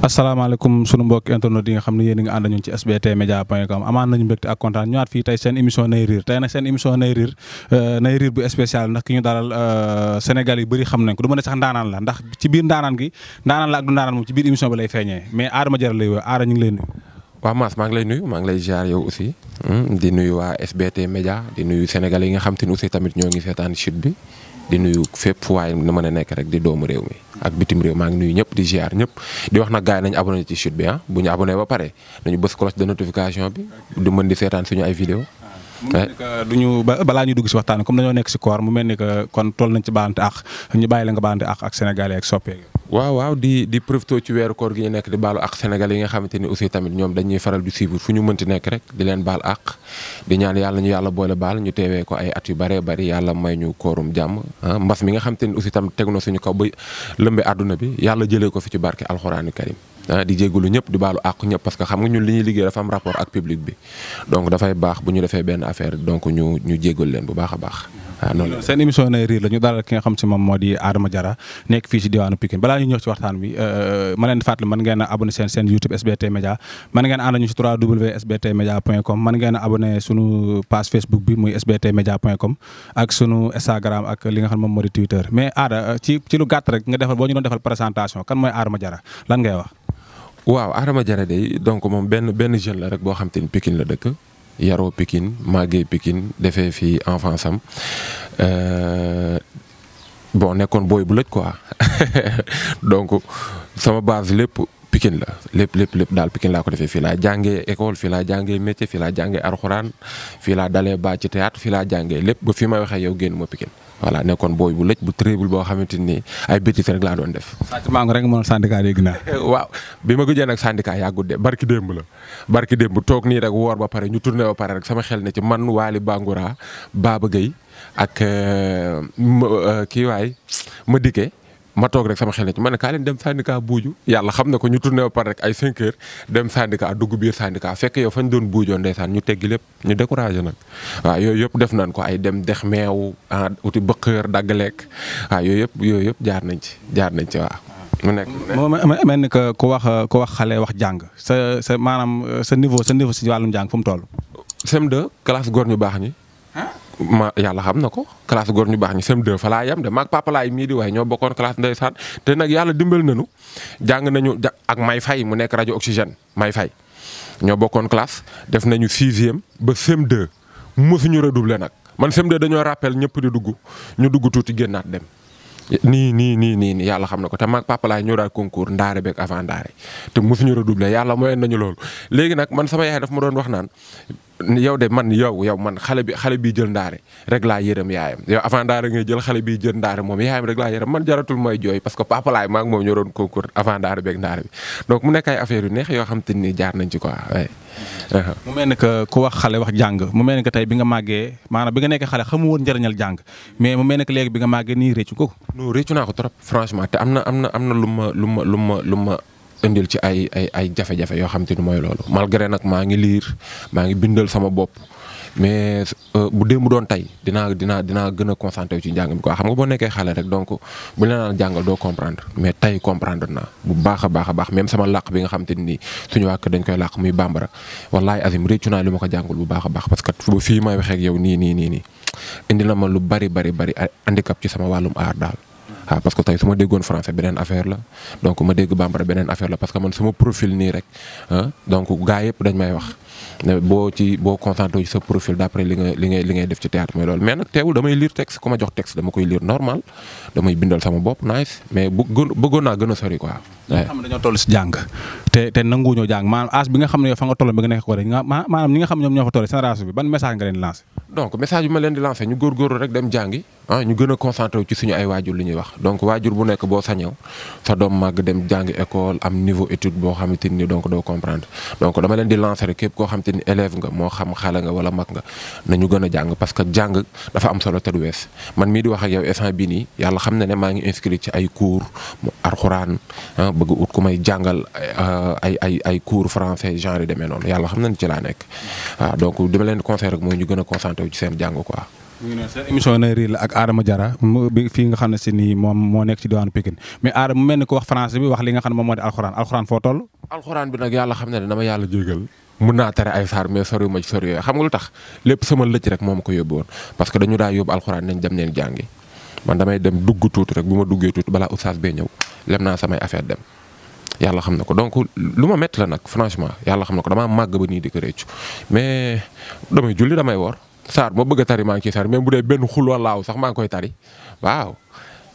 asalaamaaleykum sunu mbokk internet yi nga xam ne yéen a ngi ànd ñun ci sbt média point com amaan nañu mbégte ak kontaan ñëwaat fii tey seen émission nay riir tey nag seen émission nay riir euh, nay riir bu spécial ndax ki ñu dalal euh, Sénégal yu bëri xam nañ ko du ma ne sax ndaanaan la ndax ci biir ndaanaan gi ndaanaan la ak du ndaanaan moom ci biir émission bi lay feeñee mais Adama Diarra lay woo Aara ñu ngi lay nuyu waaw Mass maa ngi lay nuyu maa ngi lay ziar yow aussi hmm, di nuyu waa sbt média di nuyu Sénégal yi nga xam te ne aussi tamit ñoo ngi seetaan chute bi di nuyu fépp fu waay na mën a nekk rek di doomu réew mi ak bitim réew maa ngi nuyu ñëpp di ziar ñëpp di wax nag gars yi nañu ci chute bi ah bu ñu abonné ba pare nañu bës cloche de notification bi du mën di seetaan suñu ay vidéo mu mel ni que du ñu balaa ñu dugg si waxtaan comme dañoo nekk si koor mu mel ni que kon toll nañ ci baalante àq ñu bàyyi la nga baalante àq ak sénégalais ak soppeeku. waaw waaw di di profité ci weeru koor gi ñu nekk di baalu ak Sénégal yi nga xamante ni aussi tamit ñoom dañuy faral di suivre fu ñu mënti nekk rek di leen baal ak di ñaan yàlla ñu yàlla boole baal ñu teewee ko ay at yu bëree bëri yàlla may ñu koorum jàmm ah, mbas mi nga xamante ni aussi tamit tegu na suñu kaw ba lëmbe àdduna bi yàlla jëlee ko fi ci barke alxuraani karim ah, di jégalu ñëpp di baalu àq ñëpp parce xam nga ñun li ñuy liggéey dafa am rapport ak public bi donc dafay baax bu ñu defee benn affaire donc ñu ñu jégal leen bu a baax waaw ah, noonu seen émission nay riir la ñu dalal ki nga xam si moom moo Adama Diarra nekk fii diwaanu Pikine balaa ñu ñëw ci waxtaan bi euh, euh, ma leen di a abonné seen seen YouTube SBT Média mën ngeen ànd a abonné sunu page Facebook bi muy SBT Média point com ak sunu Instagram ak li nga xam moom moo di Twitter mais Ada euh, ci ci lu rek nga defal boo ñu doon defal présentation kan mooy Adama Diarra lan ngay wax. waaw Adama Diarra day donc moom benn benn jeune la rek boo xam te ni Pikine la dëkk. yaro Pikine màggee Pikine defee fii enfance am euh, bon nekkoon booy bu lëj quoi donc sama base lépp Pikine la lépp lép lépp daal Pikine laa ko defee fii laa jàngee école fii laa jàngee métier fii laa jàngee arxuraan fii laa dalee ba ci théâtre fii laa jàngee lépp ba fi may waxee yow génn ma Pikine voilà nekkoon booy bu lëj bu trébul boo xamante ni ay bêtises rek laa doon def. Sadji Mango rek ma syndicat dégg naa. waaw bi ma gëjee nag syndicat yàggut de barki démb la barki démb toog nii rek woor ba pare ñu tourné ba pare rek sama xel ne ci man Waly Bangoura Baba Gueye ak euh, euh, kii waay ma dikkee ma rek sama xel na ci ma ne kaa leen dem syndicat buuju yàlla xam ne ko ñu tourné ba pare rek ay 5 heures dem syndicat dugg biir a fekk yow fañ doon buujoo ndeysaan ñu teggi lépp ñu découragé nag waaw yooyu yëpp def nañ ko ay dem dex meew ah uti bëqër dagg lekk waa yooyu yëpp yooyu yëpp jaar nañ ci jaar nañ ci waaw. mu nekk moom mel ni que ku wax ku wax xale wax jàng sa sa maanaam sa niveau sa niveau si wàllum jàng fu mu toll. CM2 classe góor ñu baax ñi. ma yàlla xam na ko classe góor ñu baax ñu sem 2 fa laa yem de maag papa laay mii di waaye ñoo bokkoon classe ndeysaan te nag yàlla dimbal nañu jàng nañu ak may fay mu nekk rajo oxygène may fay ñoo bokkoon classe def nañu sixième ba sem ñu mësuñu redoubler nag man sem 2 dañoo rappel ñëpp di dugg ñu dugg tuuti génnaat dem. nii nii nii nii nii yàlla xam na ko te maag papa laay ñoo daal concours ndaare beeg avant ndaare te mosuñu redoubler yàlla mooy nañu loolu léegi nag man sama yaay daf ma doon wax naan yow de man yow yow man xale bi xale bii jël ndaare rek laa yërëm yaayam yow avant ndaare ngay jël xale bi jël ndaare moom yaayam rek laa yërëm man jaratul mooy jooy parce que papa laay maag moom ñoo doon concours avant ndaare beeg ndaare bi donc mu nekk ay affaire yu neex yoo xam te ni jaar nañ ci quoi mu mel ni que ku wax xale wax jàng mu mel ni que tey bi nga màggee maana bi nga nekk xale xamu woon njëriñal jàng mais mu mel ni que léegi bi nga màggee nii réccu ko. non réccu naa ko trop franchement te am na am na am na lu ma lu ma lu ma lu ma indil ci ay ay ay jafe-jafe yoo xam te ni mooy loolu malgré nag maa ngi liir maa ngi bindal sama bopp mais euh, bu démb doon tey dinaa dinaa dinaa gën a concentré ci njàng mi xam nga boo nekkee xale rek donc bu la naan doo comprendre mais tey comprendre naa bu baax a baax a baax même sama làkk bi nga xam te nii suñu wàkk dañ koy làkk muy bambara wallahi azim réccu naa li ma ko jàngul bu baax a baax parce que ba fii may waxee yow nii nii nii nii indi na ma lu bari bari bari handicap ci sama wàllum aar daal. waaw ah, parce que tey su ma déggoon france beneen affaire la donc dégg bambara beneen affaire la parce que sama profil nii rek ah, donc gaa yëpp dañ may wax. Euh, boo ci boo concentré ci sa profil d'après li nga li ngay li ngay def ci théâtre mooy loolu mais nag teewul damay lire texte ku ma jox texte dama koy lire normal damay bindal sama bopp nice mais bëggoon naa gën a sori quoi. waaw xam ne dañoo toll si jàng te te nanguwu ñoo jàng maanaam âge bi nga xam ne yow fa nga toll ba nga nekk rek maanaam ñi nga xam ñoom ñoo fa toll seen race bi ban message nga leen di lancer. donc message bi ma leen di lancer ñu góorgóorlu rek dem jàngi ah ñu gën a concentré wu ci suñu ay waajur li ñuy wax donc waajur bu nekk boo sañew sa doom màgg dem jàngi école am niveau étude boo xamante ni donc doo comprendre donc dama leen di lancer képp koo xamante ni élève nga moo xam xale nga wala mag nga nañu gën a jàng parce que jàng dafa am solo te man mii di wax ak yow instant bii nii yàlla xam na ne maa ngi inscrit ay cours mu arxuraan ah, bëgg ku may jàngal ah, ay ay ay cours français genre demee noonu yàlla xam na ne ci laa nekk waaw ah, donc dama leen di conseil ñu gën a concentré wu ci seen jàng quoi mu ngi noonu seen émission nay nga xam ne si nii moom moo nekk ci diwaanu Pikine mais ne moom moo di alxuraan alxuraan foo toll. alxuraan bi nag yàlla xam ne dama yàlla jégal mun ay saar mais sori ma xam nga lu tax lépp sama lëcc rek moo ma ko yóbbu woon parce que dañu daa yóbbu alxuraan nañ dem leen jàngi man damay dem dugg tuuti rek bu ma duggee tuuti balaa oustaz bee ñëw lem naa samay affaire dem yàlla xam na ko donc lu ma métti la nag franchement yàlla xam na ko damaa màgg ba nii di ko réccu mais damay julli damay woor saar ma bëgg a tari maa ngi ciy sar dee benn xul walaaw sax koy tari waaw.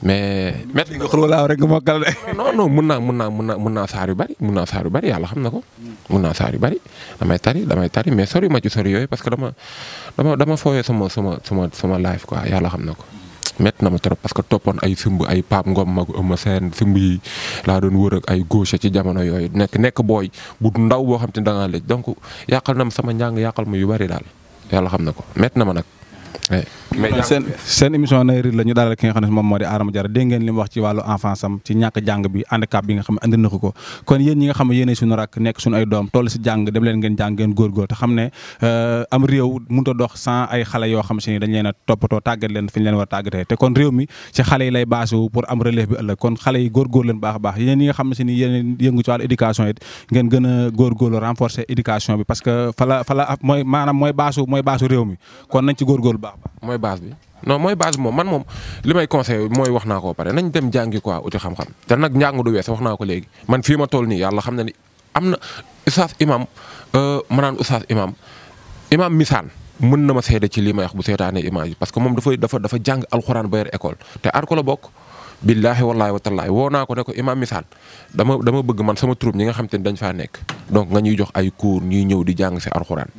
mais met nga xul walaaw rek nga mokkal de. non mun naa mun naa mun naa mun naa saar yu bari naa saar bari yàlla xam na ko. mun naa saar yu bari damay tari damay tari mais sori ma ci sori yooyu parce que dama dama dama fooyee sama sama sama sama life quoi yàlla xam na ko. mett na ma trop parce que toppoon ay simb ay paam ngom mag ëmma seen simb yi laa doon wër ak ay gauche ci jamono yooyu nekk nekk booy bu ndaw boo xam te ne da ngaa lëj donc yàqal na ma sama njàng yàqal ma yu bari daal. yàlla xam na ko met na ma nag mais seen seen émission nay rit la ñu dalal xam ne moom moo di Adama Diarra dégg ngeen li mu wax ci wàllu enfance am ci ñàkk jàng bi handicap bi xam ne andi na kon yéen ñi nga xam ne suñu rakk nekk suñu ay doom toll si jàng dem leen ngeen jàng ngeen góorgóor te xam ne euh, am réew mënut a dox sans ay xale yoo xam si ni dañ leen a toppatoo leen fi leen war a te kon réew mi ci xale yi lay baasu pour am relève bi ëllëg kon xale yi góorgóor leen a baax yéen ñi nga a góorgóorlu renforcer éducation baax mooy baas bi no mooy base bi moom man moom li may conseil mooy wax naa ko pare nañ dem jàngi quoi uti xam-xam te nag njàng du wees wax naa ko léegi man fii ma toll nii yàlla xam na ni am na Oustaz Imam euh, ma naan Oustaz Imam Imam misaan mën na ma seede ci lii may wax bu seetaanee image yi parce que moom dafay dafa dafa jàng alxuraan ba yar école te aar ko la bokk. billaahi wallaahi wa tallaahi woo naa ko ne ko imam misaan dama bëgg man sama troupe ñi nga xam te ne dañ faa nekk donc nga ñuy jox ay cours ñuy ñëw di jàng si alxuraan.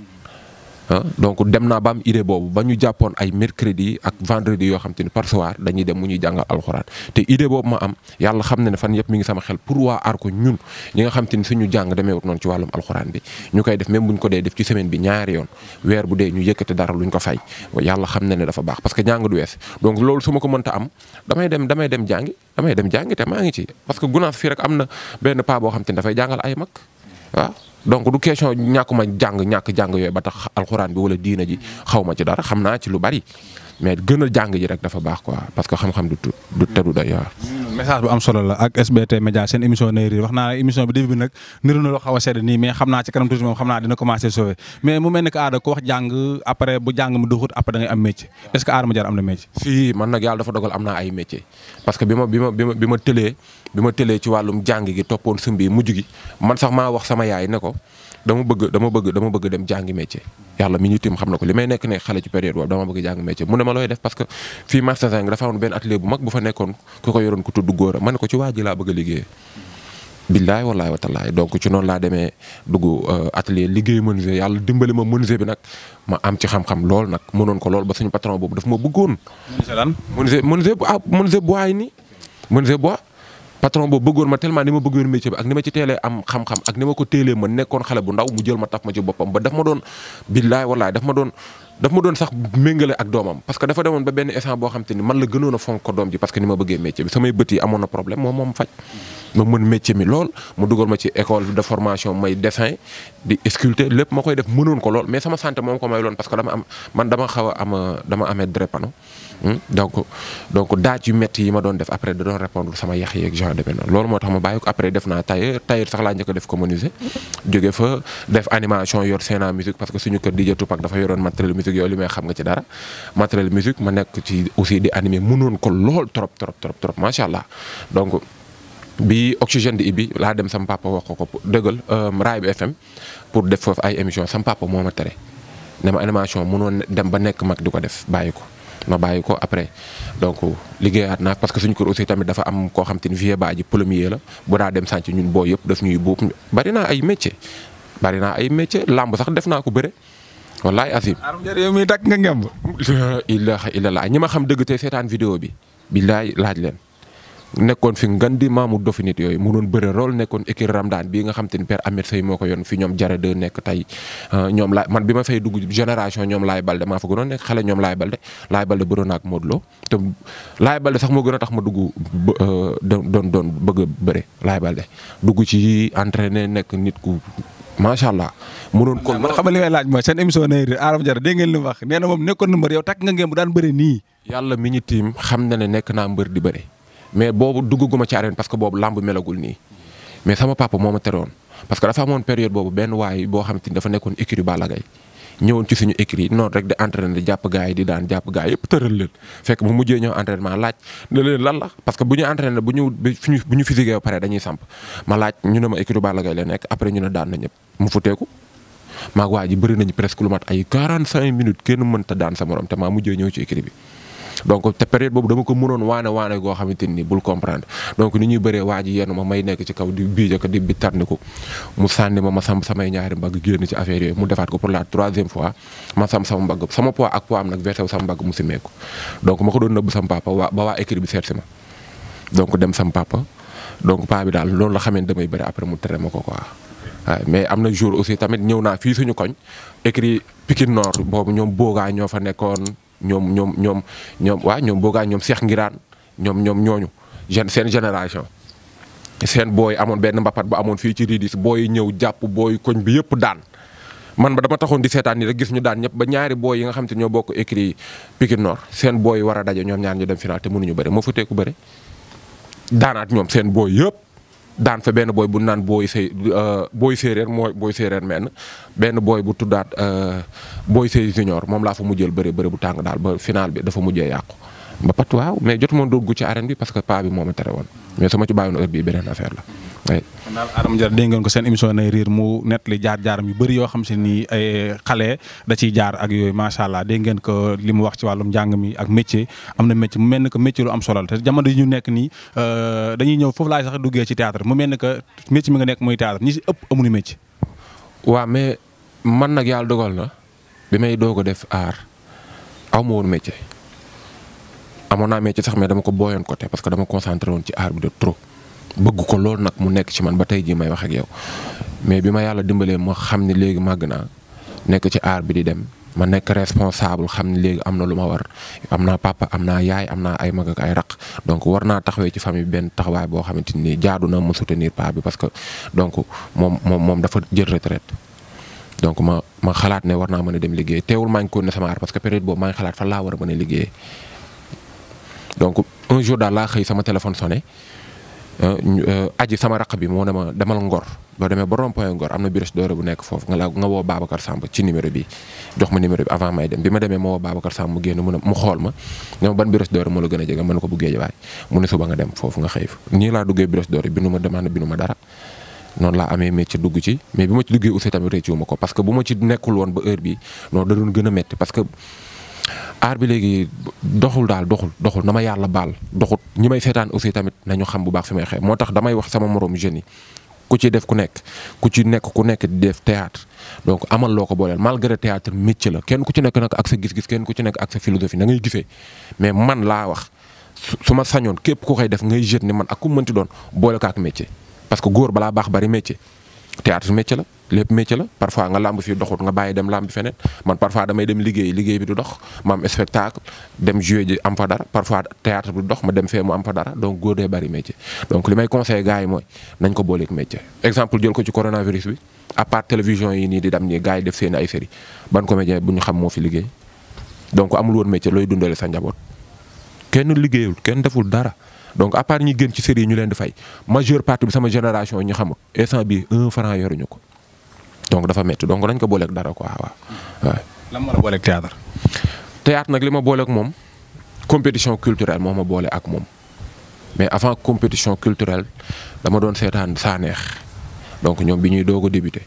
Ah, donc dem naa ba am idée boobu ba ñu jàppoon ay mercredi ak vendredi yoo xam te ni par soir dañuy dem mu ñuy jàngal alxuraan te boobu ma am yàlla xam na ne fan yëpp mi ngi sama xel pour waa aar ko ñun ñi nga xam te ni suñu jàng demee demeewut noonu ci wàllum alxuraan bi ñu koy def même buñ ko dee def ci semaine bi ñaari yoon weer bu dee ñu yëkkate dara luñ ko fay yàlla xam na ne dafa baax parce que jàng du wees donc loolu su ko mënta am damay dem damay dem jàngi damay dem jàngi te maa ngi ci parce que gunaas fii rek am na benn paa boo xam te ni dafay jàngal ay mag waaw donc du question ñàkkuma jàng ñàkk jàng yooyu ba tax alxuraan bi wala diina ji xaw ma ci dara xam naa ci lu bari mais gën a jàng ji rek dafa baax quoi parce que xam-xam du du teddu day waar. message bu am solo la ak SBT Média seen émission nay riir wax naa émission bi début bi nag niru na loo xaw a sedd nii mais xam naa ci kanam tuuti moom xam naa dina commencé sauvé mais mu mel ni que aada ku wax jàng après bu jàng mu duxut après da ngay am métier est ce que aada ma jar am na métier. fii man nag yàlla dafa dogal am naa ay métier parce que bi ma bi ma bi ci wàllum jàng gi toppoon sëmb yi mujj gi man sax maa wax sama yaay ne ko. dama bëgg dama bëgg dama bëgg dem jàngi métier yàlla mi xam na ko li may nekk ne xale ci période boobu dama bëgg jàngi métier mu ne ma looy def parce que fii marché Zinc dafa amoon benn atelier bu mag bu fa nekkoon ko yoroon ku tudd góor a ma ne ko ci waa ji laa bëgg a liggéey billaay wallaay watalaay donc ci noon laa demee dugg euh, atelier liggéey menuisier yàlla dimbali ma menuisier bi nag ma am ci xam-xam lool nag mënoon ko lool ba suñu patron boobu daf ma bëggoon. menuisier patron boobu bëggoon ma tellement ni ma bëggoon métier bi ak ni ma ci teelee am xam-xam ak ni ma ko teelee ma nekkoon xale bu ndaw mu jël ma taf ma doon sax méngale ak doomam parce que dafa demoon ba benn instant boo xam te ni man a fonk ko doom ji parce que ni ma bëggee métier bi samay bët yi amoon na problème moom moom faj ma mën métier mi lool mu dugal ma ci école de formation may dessin di sculpter lépp ma koy def mënoon ko lool mais sama santé moom ko may loon parce que dama am man dama xaw a am dama amee drépano Hmm? donc donc daaj yu métti yi ma doon def après da doon répondre sama yax yeeg genre demee noonu lool moo tax ma bàyyi ko après def naa tailleur tailleur sax laa njëkk a def communiser jóge fa def animation yor Sena musique parce que suñu kër DJ Tupac dafa yoroon matériel musique yooyu li may xam nga ci dara matériel musique ma nekk ci aussi di animer mënoon ko lool trop trop trop trop macha allah donc. bi oxygène di ibi laa dem sama papa wax ko ko dëggal euh, raay FM pour def foofu ay émission sama papa moo ma tere ne ma mënoon dem ba nekk mag di ko def bàyyi ko. na bàyyi ko après donc at na parce que suñu kër aussi tamit dafa am koo xam te ni vieux baa ji plombier la bu daa dem sànc ñun boo yëpp daf ñuy buub bari naa ay métier bari naa ay métier làmb sax def naa ko bëre wallaay Azim. yow mii takk nga ngemb. la ilaha illallah ñi ma xam dëgg te seetaan vidéo bi billaay laaj leen. nekkoon fi ngan di maamu dofi nit yooyu mu doon bëre rôle nekkoon équipe ramdaan bii nga xam te ni père Ahmed Seye moo ko yoon fi ñoom jare de nekk tey euh, ñoom laay man bi ma fay dugg génération ñoom laay balde maa fa gënoon nekk xale ñoom laay balde laay Lo te laay balde sax a tax ma dugg euh, doon doon bëgg a bëre laay dugg ci entraîné nekk nit ku macha allah mënoon kon man xam li ngay laaj ma seen émission nay Arame Diarra dégg ngeen li mu wax na moom nekkoon na mbër yow takk nga ngeen daan bëre nii yàlla mi ñu tiim xam na ne nekk naa mbër di bëre mais boobu dugguma ci arène parce que boobu làmb melagul nii mais sama papa moo a teroon parce que dafa amoon période boobu benn waay boo xam te dafa nekkoon écurie Balla Gaye ñëwoon ci suñu écrit noonu rek di entraîné di jàpp gars yi di daan jàpp gars yëpp tëral leen fekk mu mujjee ñëw entraînement laaj ne leen lan la parce bu ñu entraîné bu ñu bu ba pare dañuy samp ma laaj ñu ne ma écrit Balla Gaye la nekk après ñu ne daan na ñëpp mu futeeku maag waa ji bëri nañu presque lu mat ay 45 minutes kenn morom te maa ñëw ci écrit bi donc te période boobu dama ko mënoon waane waane goo xamante ni bul comprendre donc ni ñuy bëree waa ji yenn ma may nekk ci kaw di biijaka di bi tànniku mu sànni ma ma sam samay ñaari mbag génn ci affaire yooyu mu defaat ko pour la troisième fois ma sam sama mbagg sama poids ak poids am nag versew sama mbagg mu simeeku donc ma ko doon nëbb sama papa waa ba waa écrit bi si ma donc dem sama papa donc paa bi daal loolu la xamee damay bëri après mu tere ma ko quoi mais am na jour aussi tamit ñëw naa fii suñu koñ écrit Pikine Nord boobu ñoom boogaa ñoo fa nekkoon ñoom ñoom ñoom ñoom waa ñoom boogaa ñoom seex Ngiraan ñoom ñoom ñooñu jeune seen génération seen booy amoon benn mbapat bu amoon fii ci Ridis booy ñëw jàpp booy koñ bi yëpp daan man ba dama taxoon di seetaan nii rek gis ñu daan ñëpp ba ñaari booy yi nga xam te ñoo bokk écrit yi Pikine Nord seen booy war a daje ñoom ñaar ñu dem final te mënuñu bëre moo fa teeku bëre daanaat ñoom seen booy yëpp daan fa benn booy bu naan booy sëy euh, booy séeréer mooy booy menn benn booy bu tuddaat euh, booy sëy junior moom laa fa mujjël bëri bëri bu tàng daal ba final bi dafa mujjee yàqu. ba pat waaw mais jotuma dugg ci arène bi parce que paa bi moom ma tere woon. mais sama ci bàyyiwoon heure bii beneen affaire la. oui kon ko seen émission nay riir mu net nettali jaar jaaram yu bëri yoo xam si ni ay xale da ciy jaar ak yooyu macha allah dégg ngeen ko li mu wax ci wàllum njàng mi ak métier am na métier mu mel ni que métier lu am solo la te jamono yi ñu nekk nii euh, dañuy ñëw foofu laay sax duggee ci théâtre mu mel ni que métier mi nga nekk mooy théâtre ñi si ëpp amuñu métier. waa mais man nag yàlla dogal na bi may doog a def aar aw ma woon métier amoon naa métier sax mais dama ko booyoon côté parce que dama concentré woon ci aar bi de trop bëgg ko loolu nag mu nekk ci man ba tey jii may wax ak yow mais bi ma yàlla dimbalee ma xam ne léegi màgg naa nekk ci aar bi di dem ma nekk responsable xam ne léegi am na lu ma war am naa papa am naa yaay am naa ay mag raq donc war naa taxawee ci famille benn taxawaay boo xamante ni jaadu na ma soutenir paa bi parce que donc moom moom moom dafa jël retraite donc ma ma xalaat naa mën a dem liggéey teewul maa ngi ko ne sama aar parce que période boobu maa ngi xalaat fan laa war a mën a liggéey donc un daal laa xëy sama téléphone sonné euh, euh, aji sama raq bi moo demal Ngor boo demee ba rond Ngor am na Brioche Dorée bu nekk foofu nga woo Babacar Samb ci numéro bi jox ma numéro bi avant may dem bi ma demee ma woo Babacar mu génn mu ne a jege mën suba nga dem foofu nga xëy fa nii laa duggee Brioche Dorée bindu ma demande bindu ma dara noonu laa amee métier dugg ci mais bi ma ci duggee aussi tamit réccuwuma ko parce que bu ma ci nekkul woon ba heure bi noonu que aar bi léegi doxul daal doxul doxul na ma yàlla baal doxut ñi may seetaan aussi tamit nañu xam bu baax su may xew moo tax damay wax sama moroom jeunes yi ku ci def ku nekk ku ci nekk ku nekk di def théâtre donc amal loo ko booleel malgré théâtre métier la kenn ku ci nekk nag ak sa gis-gis kenn ku ci nekk ak sa philosophie na ngay gisee mais man laa wax su ma sañoon képp ku koy def ngay jeune ni man ak ku mënti doon boole ko ak métier parce que góor balaa baax bari métier. théâtre métier la lépp métier la parfois nga làmb fii doxut nga bàyyi dem làmb feneen man parfois damay dem liggéey liggéey bi du dox ma am spectacle dem joué ji am fa dara parfois théâtre bi du dox ma dem fee mu am fa dara donc góor bari métier donc li may conseillé gars yi mooy nañ ko booleeg métier exemple jël ko ci coronavirus bi à part télévision yi nii di dem nii gars yi def seen ay série ban comédien bu ñu xam moo fi liggéey donc amul woon métier looy dundale sa njaboot kenn liggéeyul kenn deful dara. donc à part ñi gën ci série ñu leen di fay majeure partie bi sama génération ñu xamul instant bi un franc yoruñu ko donc dafa métti donc dañ ko booleek dara quoi waaw. lan ma la booleeg théâtre. théâtre nag li ma booleeg moom compétition culturelle moo ma boole ak moom mais avant compétition culturelle dama doon seetaan saa neex donc ñoom bi ñuy doog a débuté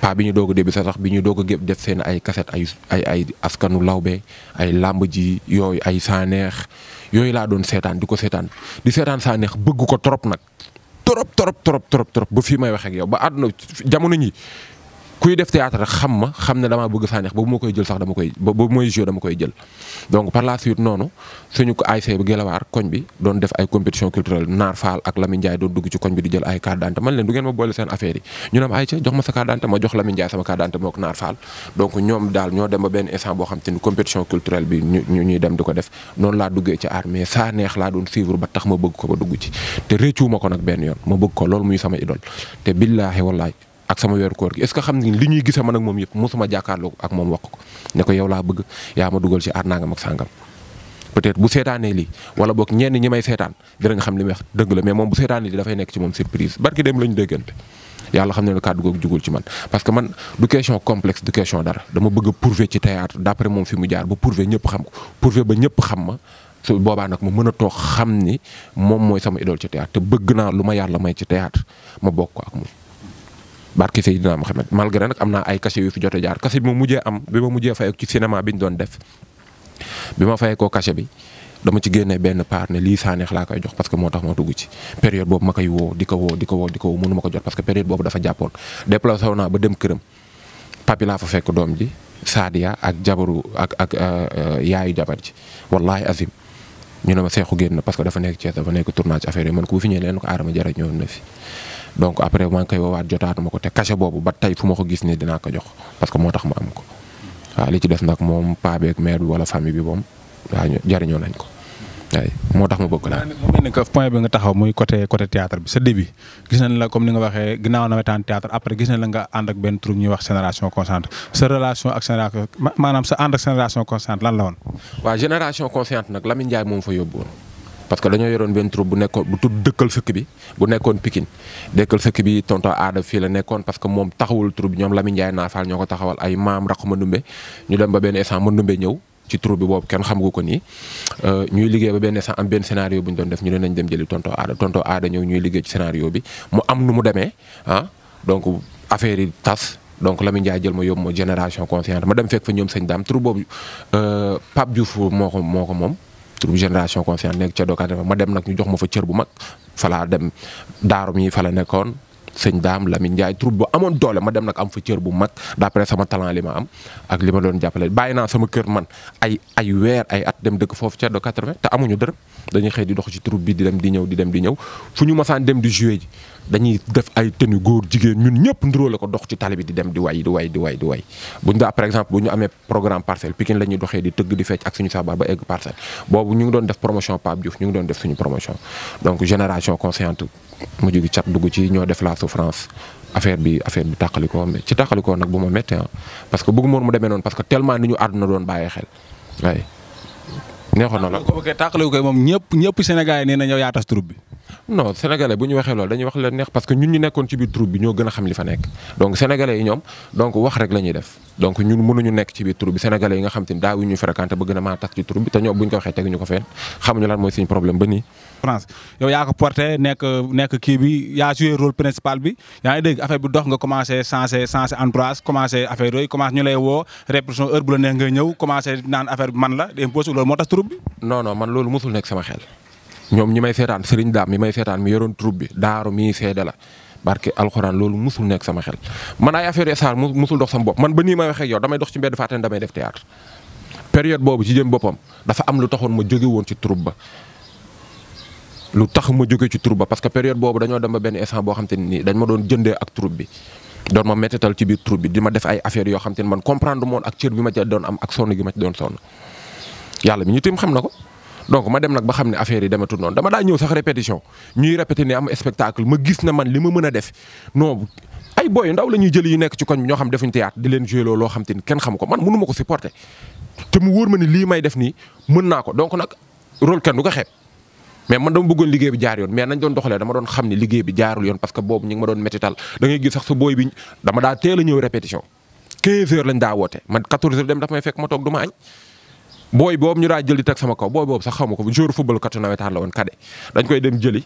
pas bi ñu doog a débuté sax bi ñuy doog a gépp def seen ay cassette ay ay ay askanu lawbe ay làmb ji yooyu ay saa neex yooyu laa doon seetaan di ko seetaan di seetaan saa neex bëgg ko trop nag trop trop trop trop trop ba fii may wax ak yow ba àdduna jamono ñi kuy def théâtre xam ma xam ne dama bëgg Sanekh boobu ma koy jël sax dama koy boobu mooy joué dama koy jël donc par la suite noonu suñu ko ASC bi Gelawaar koñ bi doon def ay compétition culturelle Naar Fall ak Lamine Ndiaye doon dugg ci koñ bi di jël ay carte d'identité man leen du ngeen ma boole seen affaire yi ñu ne ma ay ca jox ma sa carte d'identité ma jox Lamine Ndiaye sama carte d'identité mook Naar Fall donc ñoom daal ñoo dem ba benn instant boo xam te ni compétition culturelle bi ñu ñuy dem di ko def noonu laa duggee ci art mais Sanekh laa doon suivre ba tax ma bëgg ko ba dugg ci te réccuwuma ko benn yoon ma bëgg ko loolu muy sama idole te billaahi wallaahi ak sama weeru koor gi est ce que xam ni li ñuy gisa man ak moom yëpp mosuma jàkkaarloo ak moom wax ko ne ko yow laa bëgg yaa ma dugal ci aar nangam ak sàngam peut bu seetaanee lii wala book ñenn ñi may seetaan dinañ xam li may dëgg la mais moom bu seetaanee lii dafay nekk ci moom surprise barki dem lañu déggante yàlla xam ne ne kàddu googu jugul ci man parce que man du question complexe du question dara dama bëgg a prouver ci théâtre d'après moom fi mu jaar ba ba ñëpp xam ma su boobaa nag a toog xam ni moom mooy sama idole ci te bëgg naa lu ma yàlla may ci théâtre ma bokk barke Seydina Mohamed malgré nag am naa ay cachet yu fi jot a jaar cachet bi ma mujjee am bi ma mujjee fay ci cinéma bi ñu doon def bi ma fayee ko cachet bi dama ci génnee benn part ne lii saaneex laa koy jox parce que moo tax moo dugg ci période boobu ma koy woo di ko woo di ko woo di ko woo mënu ma ko parce que période boobu dafa jàppoon déplacé naa ba fekk doom ji Sadia ak jabaru ak ak euh, euh, yaayu jabar ji wallahi azim ñu ne ma seexu génn parce que dafa nekk Thiès dafa nekk tournage donc après maa ngi koy woowaat jotaatuma ko te cachet boobu ba tey fu ma ko gis nii dinaa ko jox parce que moo tax ma am ko waaw li ci des nag moom paa beeg bi wala famille bi moom waaw jariñoo nañ ko moo tax ma bëgg naa. mu bi nga taxaw muy côté côté théâtre bi sa début gis na la comme ni nga waxee ginnaaw nawetaan théâtre après gis nañ la nga ànd ak benn troupe ñuy wax génération consciente sa relation ak génération maanaam sa ànd ak génération consciente lan la woon. waaw génération consciente nag Lamine Ndiaye moom fa yóbbu parce que dañoo yoroon benn troupe bu nekkoon bu tudd dëkkal sëkk bi bu nekkoon Pikine dëkkal sëkk bi tonton aada fii la nekkoon parce que moom taxawul troupe bi ñoom Lamine Ndiaye naafaal ñoo ko taxawal ay maam raq Mandumbe ñu dem ba benn instant Mandumbe ñëw ci troupe bi boobu kenn xamagu ko nii euh, ñuy liggéey ba benn instant am benn scénario bu ñu doon def ñu ne nañ dem jëli tonton aada tonton aada ñëw ñuy liggéey ci scénario bi mu am nu mu demee ah donc affaire yi tas donc Lamine Ndiaye jël ma yóbbu ma génération consciente ma dem fekk fa ñoom sëñ daam troupe boobu euh, Pape Diouf moo ko moo ko moom troupe génération confiance nekk ca Docane ma dem nag ñu jox ma fa cër bu mag falaa dem daaru mi fa la nekkoon sëñ daam Lamine Ndiaye troupe boo amoon doole ma dem nag am fa cër bu mag d'après sama talent li ma am ak li ma doon jàppale bàyyi naa sama kër man ay weer ay at dem dëkk foofu ca do 80 te amuñu dërëm dañuy xëy di dox ci troupe bi di dem di ñëw di dem di ñëw fu ñu masaan dem di jouer ji dañuy def ay tenue góor jigéen ñun ñëpp nduróole ko dox ci tali bi di dem di way di waay di way di way buñ daa par exemple bu ñu amee programme parcelle Pikine la ñuy doxee di tëgg di fecc ak suñu sabar ba egg parcelle boobu ñu ngi doon def promotion Pape Diouf ñu ngi doon def suñu promotion donc génération consciente mu jógi cat dugg ci ñoo def la souffrance affaire bi affaire bi tàqalikoo mais ci tàqalikoo nag bu ma méttee ah. parce parce que tellement ah, moom ñëpp ñëpp Sénégal yi nee na ñëw yaa tas bi non sénégalais bu ñu waxee loolu dañuy wax la neex parce que ñun ñu nekkoon ci biir troupe bi ñoo gën a xam li fa nekk donc sénégalais yi ñoom donc wax rek la def donc mënuñu nekk ci biir troupe bi sénégalais yi nga xam te ni daaw ba gën a maa tax ci troupe bi te ñoom bu ñu ko waxee teguñu ko fenn xamuñu lan mooy problème ba nii France yow yaa nekk nekk kii bi yaa joué rôle principal bi yaa ngi dégg affaire bi dox nga commencé changé changé entourage commencé affaire yooyu commencé ñu lay woo répression ñëw commencé naan affaire bi man la imposé loolu moo tax troupe bi ñoom ñi may seetaan sëriñ daam mi may seetaan mi yoroon troupe bi daaru mii seede la barke alxuraan loolu musul nekk sama xel man ay affaire yu saar musul dox sama bopp man ba nii may wax ak yow damay dox ci mbedd fàtte ne boobu ci jëm boppam dafa am lu taxoon ma jóge woon ci troupe ba lu tax ma jóge ci troupe ba que période boobu dañoo dem ba benn instant boo xam te ni dañ ma doon jëndee ak troupe bi doon ma bi di ma def ay affaires yoo xam te ni man comprendre moon ak cër bi ma ca doon am ak sonn gi ma ci doon sonn yàlla mi ñu tim xam na ko donc ma dem nag ba xam ne affaire yi demetul noonu dama daa ñëw sax répétition ñuy répété ne am spectacle ma gis na man li ma mën a def non ay boy ndaw la jëli yu nekk ci koñ bi ñoo xam defuñu théâtre di leen joué loo xam te ni kenn xamu ko man mënu ma ko supporter te mu wóor ma ni lii may def nii mën naa ko donc nag rôle kenn du ko xeeb mais man dama bëggoon liggéey bi jaar yoon mais nañ doon doxalee dama doon xam ne liggéey bi jaarul yoon parce que boobu da a ñëw répétition 15 booy boobu ñu daa jël di teg sama kaw booy boobu sax xamu ko joueur football katu nawetaan la woon kade dañ koy dem jëli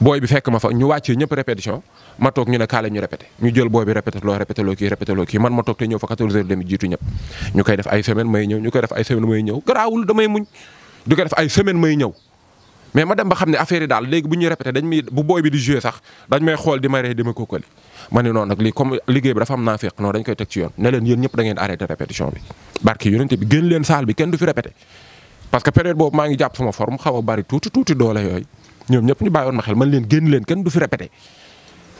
booy bi fekk ma fa ñu wàccee ñëpp répétition ma ñu ne kaale ñu répété ñu jël booy bi répété loo répété loo kii répété loo kii man ma toog te ñëw fa 14 heures jiitu ñëpp ñu koy def ay semaine may ñëw ñu koy def ay semaine may ñëw garaawul damay muñ di ko def ay semaine may ñëw mais ma dem ba xam ne affaire yi daal léegi bu ñuy répété dañ may bu booy bi di joué sax dañ may xool di ma ree di ma kookali ma ne noonu nag lii comme liggéey bi dafa am naa féq noonu dañ koy teg ci yoon ne leen yéen ñëpp da ngeen arrêté répétition bi barki yonente bi génn leen salle bi kenn du fi répété parce que période boobu maa ngi jàpp sama forme xaw a bari tuuti tuuti doole yooyu ñoom ñëpp ñu bàyyi woon ma xel man leen génn leen kenn du fi répété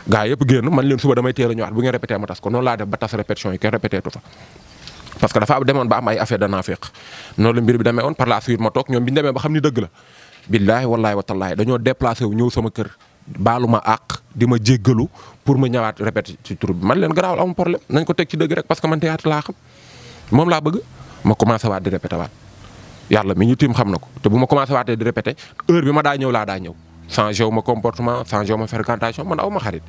gaa yëpp génn man leen suba damay teel a ñëwaat bu ngeen répété ma tas ko noonu laa def ba tas répétition yi kenn répété tu fa parce que dafa demoon ba am ay affaire danaa féq noonu la mbir bi demee woon par la suite ma toog ñoom bi ñu demee ba xam ni dëgg la billaahi wallaahi watallaahi dañoo déplacé wu ñëw sama kër baalu ma àq di ma jéggalu pour ma ñëwaat répété ci tur bi man leen garaawul amul problème nañ ko teg ci dëgg rek parce que man théâtre laa xam moom laa bëgg ma commencé waat di répété waat yàlla mi ñu tiim xam na ko te bu ma commencé waatee di répété heure bi ma daa ñëw laa daa ñëw changé wu comportement changé wu ma fréquentation man aw ma xarit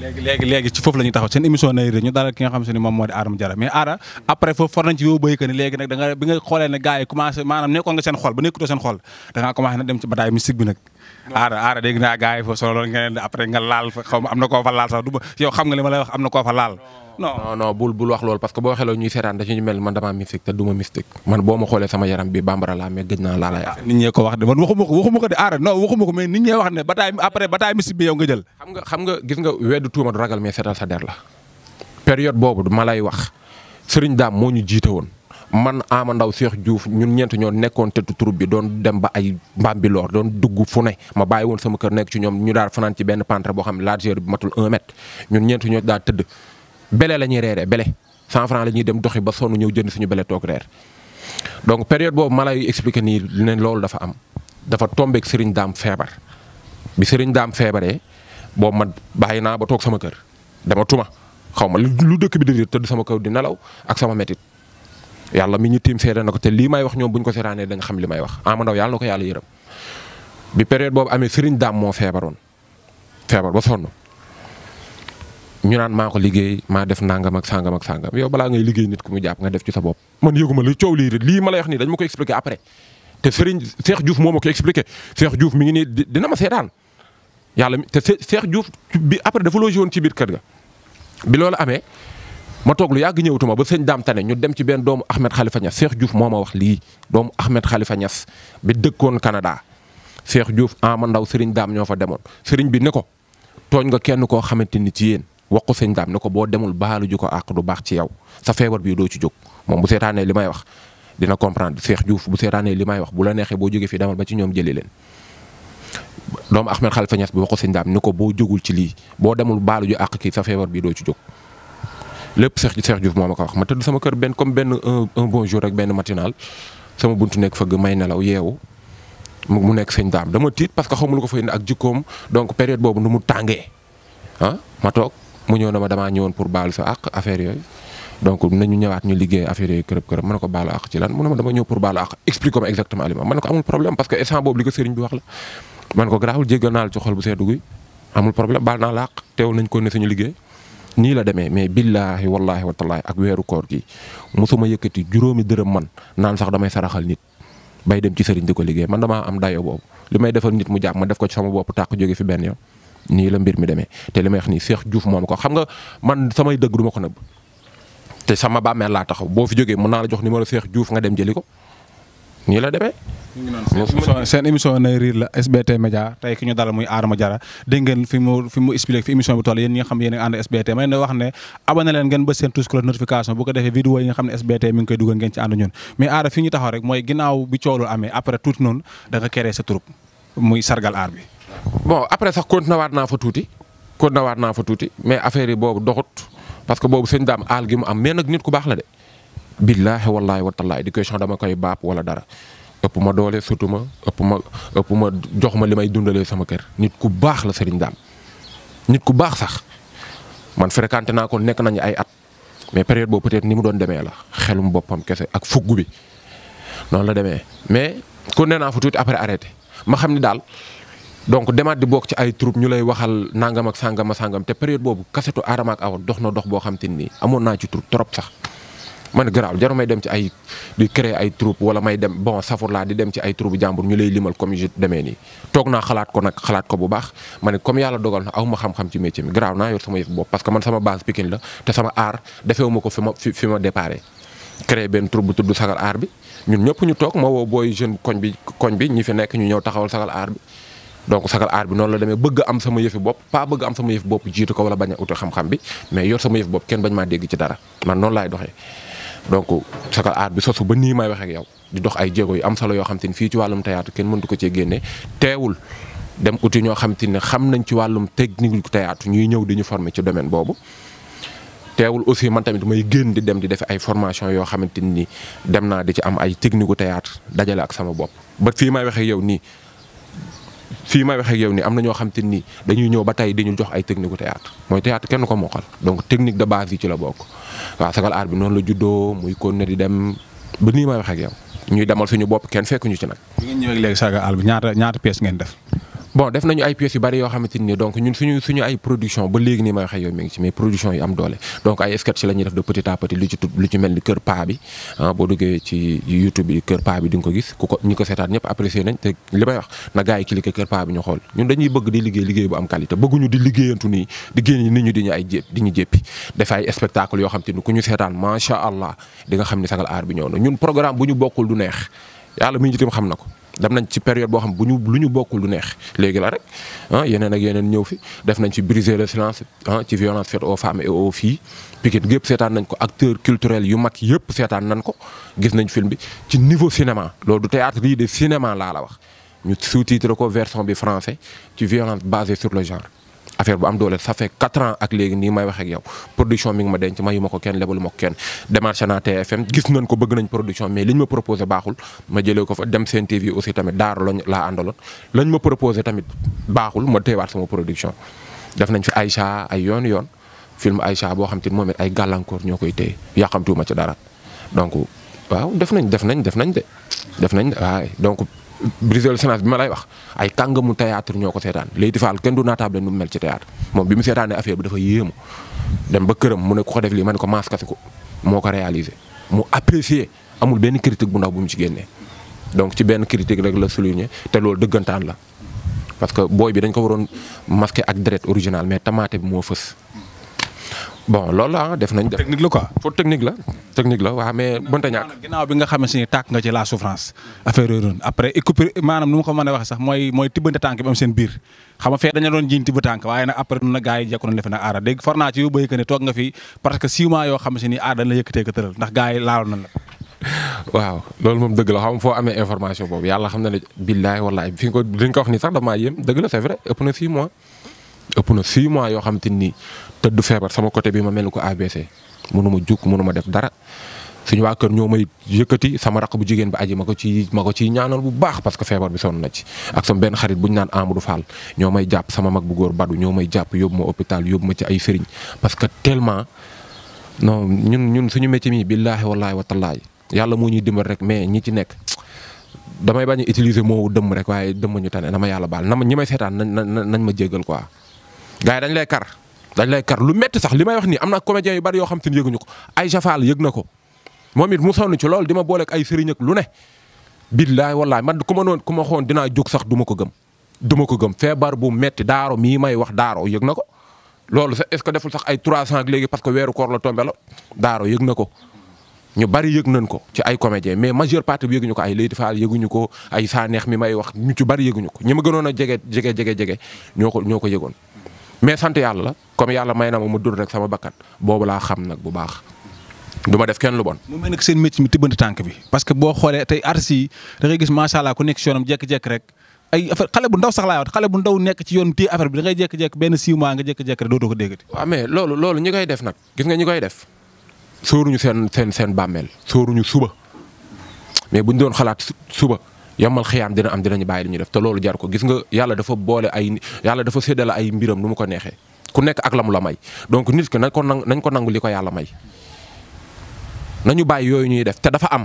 léegi léegi léegi ci foofu la ñuy taxaw seen émission nay ré ñu dalal ki nga xam se ni moom moo di Adama Diarra mais Ada après foofu for nañ ci yow béykat ni nag bi nga xoolee ne yi commencé maanaam nekkoon nga seen xol ba nekkutoo seen xol da ngaa commencé dem ci bataille mystique bi nag aara aara dégg naa gars yi fa solo loolu nga ne après nga laal fa xaw ma am na koo fa xam nga li ma lay wax am na koo fa laal. non non bul bul wax loolu parce que boo xeloo ñuy seetaan dañuy mel man damaa mystique te du mystique man boo ma xoolee sama yaram bi bambara laa mais gëj naa laa lay nit ñee ko wax de man ko de aara non waxuma ko mais nit ñee wax ne bataay mystique bi yow nga jël. xam nga xam nga gis nga weddu tuuma du ragal mais seetal sa der la période boobu ma lay wax Serigne Dame moo ñu jiite woon man Ama Ndaw Cheikh Diouf ñun ñeent ñoo nekkoon tëtu troupe bi doon dem ba ay Bambilor doon dugg fu ne ma bàyyi woon sama kër nekk ci ñoom ñu daal fanaan ci benn pantre boo xam ne largeur bi matul 1 mètre ñun ñeent ñoo daal tëdd bele la ñuy reeree bele 100 francs la ñuy dem doxi ba sonn ñëw jënd suñu bele toog donc période boobu ma lay expliqué nii ne loolu dafa am dafa tombeek sëriñ Dame feebar bi Serigne daam feebaree boobu ma bàyyi naa ba toog sama kër dama tuma xaw ma lu dëkk bi di tëdd sama kaw di nelaw ak sama métit yàlla mi ñu tiim seede na ko te lii may wax ñoom bu ñu ko seetaanee dañ xam li may wax Ama Ndaw yàlla ko yàlla yërëm bi période boobu amee Serigne Dame moo feebaroon feebar ba sonn ñu naan maa ko liggéey maa def nangam ak sangam ak sangam yow balaa ngay liggéey nit ku mu jàpp nga def ci sa bopp. man yëguma li coow lii lii ma lay wax nii dañ ma ko expliqué après te Serigne Cheikh Diouf moo ma ko expliqué Cheikh Diouf mi ngi nii dina ma seetaan yàlla te Cheikh juuf bi après dafa logé woon ci biir kër ga bi loolu amee. ma toog lu yàgg ñëwatuma ba sëñ daam tane ñu dem ci benn doomu Ahmed Khalifa Niass Cheikh Diouf moo ma wax lii doomu Ahmed Khalifa bi dëkkoon Canada Cheikh Diouf ama ah, ndaw sëriñ daam ñoo fa demoon sëriñ bi ne ko tooñ nga kenn koo xamante ni ci yéen wax ko sëñ daam ne ko boo demul baalu ju ko àq du baax ci yow sa feebar bii doo ci jóg moom bu seetaanee li may wax dina comprendre Cheikh Diouf bu seetaanee li may wax bu la neexee boo jógee fii demal ci ñoom jëli leen doomu Ahmed Khalifa Niass bi wax ko sëñ ne ko boo jógul ci lii boo demul baalu ju kii sa feebar bii doo ci jóg lépp Cheikh Cheikh Diouf moo ma ko wax ma tëdd sama kër benn comme benn un bon rek benn matinal sama buntu nekk fëgg may nelaw yeewu mu nekk sëñ daam dama tiit parce que xaw ma lu ko fa indi ak jikkoom donc période boobu nu mu tàngee ah ma toog mu ñëw na ma damaa ñëwoon pour baalu sa àq affaire yooyu. donc nañu ñëwaat ñu liggéey affaire yooyu kërëb kërëb mën na ko baalu àq ci lan mu ne ma dama ñëw pour baalu àq explique exactement li ma na ko amul problème parce que instant boobu li sëriñ bi wax la man ko suñu liggéey nii la demee mais billaahi wallaahi watallaahi ak weeru koor gi mosuma yëkkati juróomi dërëm man naan sax damay saraxal nit bay dem ci sëriñ di ko liggéey man damaa am dayo boobu li may defal nit mu jàpp ma def ko ci sama bopp tàq jóge fi benn yoon nii la mbir mi demee te li may wax nii Cheikh Diouf moom ko xam nga man samay dëgg du ma ko nëbb te sama bàmmeel laa taxaw boo fi jógee mën naa la jox numéro Cheikh Diouf nga dem jëli ko nii la demee seen émission nay riir la SBT Média tey ki ñu dalal muy Adama Diarra dégg ngeen fi mu fi fi émission bi toll yéen ñi xam yéen a SBT may wax ne abonné leen ngeen ba seen tous cloche notification bu ko defee yi nga xam ne SBT mi ngi koy dugal ngeen ci ànd ñun mais aada fi ñu taxaw rek mooy ginnaaw bi coolul amee après tuuti noonu da nga créé sa troupe muy sargal aar bi waat naa fa tuuti waat naa fa tuuti mais affaire yi boobu doxut parce que boobu sëñ daam aal gi mu am mais nit ku baax la de billaahi ëpp ma doole surtout ma ëpp ma ëpp ma jox ma li may dundalee sama kër nit ku baax la Serigne Dame nit ku baax sax man fréquenté naa ko nekk nañu ay at mais période boobu peut ni mu doon demee la xelum boppam kese ak fugg bi noonu la demee mais kon nee naa fa tuuti après arrêté ma xam ni daal donc demaat di bokk ci ay troupe ñu lay waxal nangam ak sangam ak sangam te période boobu kasetu aadama ak awoon dox na dox boo xam te ni amoon naa ci troupe trop sax. man garaaw jaru may dem ci ay di créer ay troupe wala may dem bon safur laa di dem ci ay troupe jàmbur ñu lay limal comme yu demee nii toog naa xalaat ko nag xalaat ko bu baax ma ne comme yàlla dogal na aw ma xam-xam ci métier mi garaaw naa yor sama yëf bopp parce que la te sama aar defewu ma ko fi ma fi ma déparé sagal aar bi ñun ñëpp ñu toog ma woo booy jeune koñ bi koñ bi ñi fi nekk ñu ñëw taxawal sagal aar bi donc sagal noonu la demee bëgg am sama yëfi bopp pas bëgg am sama yëfi bopp jiitu ko wala a uti xam-xam bi mais yor sama yëfi bopp kenn bañ maa dégg ci dara man noonu laay doxee donc Sakal Art bi sosu ba nii may wax ak yow di dox ay jéego yu am solo yoo xam te fii ci wàllum théâtre kenn mëntu ko cee génne teewul dem uti ñoo xam te ne xam nañ ci wàllum technique théâtre ñuy ñëw di ñu former ci domaine boobu. teewul aussi man tamit may génn di dem di defee ay formation yoo xamante ni dem naa di ci am ay technique gu théâtre dajale ak sama bopp ba fii may waxee yow nii fii may wax ak yow nii am na ñoo xam te nii dañuy ñëw ba tey di ñu jox ay technique u théâtre mooy théâtre kenn ko mokkal donc technique de base yi ci la bokk waaw Sagal Art bi noonu la juddoo muy kon ne di dem ba nii may wax ak ñuy demal suñu bopp kenn ñu ci nag. bi ngeen ñëwee léegi Sagal bi ñaata ñaata pees ngeen def. bon def nañu ay pièces yu bari yoo xamante ni donc ñun suñu suñu ay production ba léegi nii may wax yow mi ngi ci mais production yu am doole donc ay sketch la ñuy def de petit à lu ci mel ni Kër Paa bi ah boo duggee ci YouTube bi Kër Paa bi di ko gis ku ko ñi ko seetaan ñëpp apprécier nañ te li may wax na gars yi cliquer Kër Paa bi ñu xool ñun dañuy bëgg di liggéey liggéey bu am qualité bëgguñu di liggéeyantu nii di génn nit ñu di ñu ay jépp di ñu xam te ni ku ñu seetaan macha allah di xam ni sagal aar bi ñëw na ñun programme bu ñu bokkul du neex yàlla xam na ko dem nañ ci période boo xam bu ñu lu ñu bokkul lu neex léegi la rek ah yeneen ak yeneen ñëw fi def nañ ci briser le silence ah ci violence faite aux femmes et aux filles Pikine gépp seetaan nañ ko acteurs culturels yu mag yëpp seetaan nañ ko gis nañ film bi ci niveau cinéma loolu du théâtre lii de cinéma laa la wax ñu sous-titre ko version bi français ci violence base sur le genre affaire bu am doole ça fait quatre ans ak léegi nii may wax ak production mi ma denc mayu ma ko kenn lebalu ma ko kenn démarché naa TFM gis nañ ko bëgg nañ production mais liñ ma proposé baaxul ma jëlee ko lañ ma proposé tamit baaxul ma teewaat sama production def nañ fi Aïcha ay yoon yoon film Aïcha boo xam te moom ay gàllankoor ñoo koy téye ma ci dara donc waaw def nañ def nañ def nañ de def nañ waaye donc brisel séance bi ma lay wax ay kàngamu théâtre ñoo ko seetaan Leyti Fall kenn du naataable nu mu mel ci théâtre moom bi mu seetaanee affaire bi dafa yéemu dem ba këram mu ne ku ko def lii man ne ko maas kasi ko moo ko réalisé mu apprécier amul benn critique bu ndaw bu mu ci génnee donc ci benn critique rek la souligné te loolu dëggantaan la parce que booy bi dañ ko waroon masqué ak deret original mais tamaate bi moo fës bon loolu la def nañ. technique la quoi faute technique la. technique la waaw mais mënut a ñàkk. ginnaaw bi nga xam ne tàkk nga ci la souffrance. affaire yooyu après écoupé maanaam nu ma ko mën a waxee sax mooy mooy tibbante tànk seen biir. xam nga fee dañu doon jiñ waaye nag après na gars yi jekku nañ defe nag aara dégg for naa ci yu bëri que ne aada la yëkkatee ko ndax gars yi laaloon nañ waaw loolu moom dëgg la xam foo information boobu yàlla ëpp na six mois yoo xamante ni tëdd feebar sama côté bi ma mel ni ko ABC mënu ma jug mënu ma def dara suñu waa kër ñoo may yëkkati sama raq bu jigéen bi aji ma ko ci ma ko ciy ñaanal bu baax parce que feebar bi soon na ci ak sama benn xarit bu ñu naan Amadou Fall ñoo may jàpp sama mag bu góor badu ñoo may jàpp yóbbu ma hôpital yóbbu ci ay sëriñ parce que tellement non ñun ñun suñu métier mi billaahi wallaahi wa tallaahi yàlla moo ñuy dimbal rek mais ñi ci nekk damay bañ a utiliser moo dëmm rek waaye dëmm ñu tane na ma yàlla baal na ma ñi may seetaan nañ ma jéggal quoi gars dañ lay kar dañ lay kar lu metti sax li may wax ni am na comédiens yu bari yoo xam te ni yëguñu ko ay jafaal yëg na ko moom it mu sonn ci loolu di ma booleeg ay sëriñ ak lu ne. billaay wallaay man ku ma noon ku ma xoon dina jóg sax duma ko gëm du ko gëm feebar bu metti daaro mii may wax daaro yëg na ko. loolu sax est-ce deful sax ay trois ak léegi parce que weeru koor la tombé la daaro yëg na ko. ñu bari yëg nañ ko ci ay comédien mais majeure partie bi yëguñu ko ay Leyti Fall yëguñu ko ay Sanex mi may wax ñu ci bari yëguñu ko ñi ma gënoon a jege jege jege jege ñoo ko ñoo ko yëgoon mais sant yàlla la comme yàlla may na ma mu dund rek sama bakkan boobu laa xam nag bu baax du def kenn lu bon. moom mel ne seen métier mi tibbante tànk bi parce que boo xoolee te artistes yi da ngay gis macha allah ku nekk jékki-jékki rek ay affaire xale bu ndaw sax xale bu ndaw nekk ci yoon téye affaire bi da ngay jékki-jékki benn six mois nga jékki-jékki rek dootoo ko déggati. waaw mais loolu loolu ñi koy def nag gis nga ñi koy def sóoruñu seen seen seen bàmmeel sóoruñu suba mais buñ doon xalaat suba yamal xiyaam dina am dinañu bàyyi li ñu def te loolu jar ko gis nga yàlla dafa boole ay yàlla dafa séddale ay mbiram nu mu ko neexee ku nekk ak la mu la may donc nit ki nañ ko nangu nañ ko nangu li ko yàlla may nañu bàyyi yooyu ñuy def te dafa am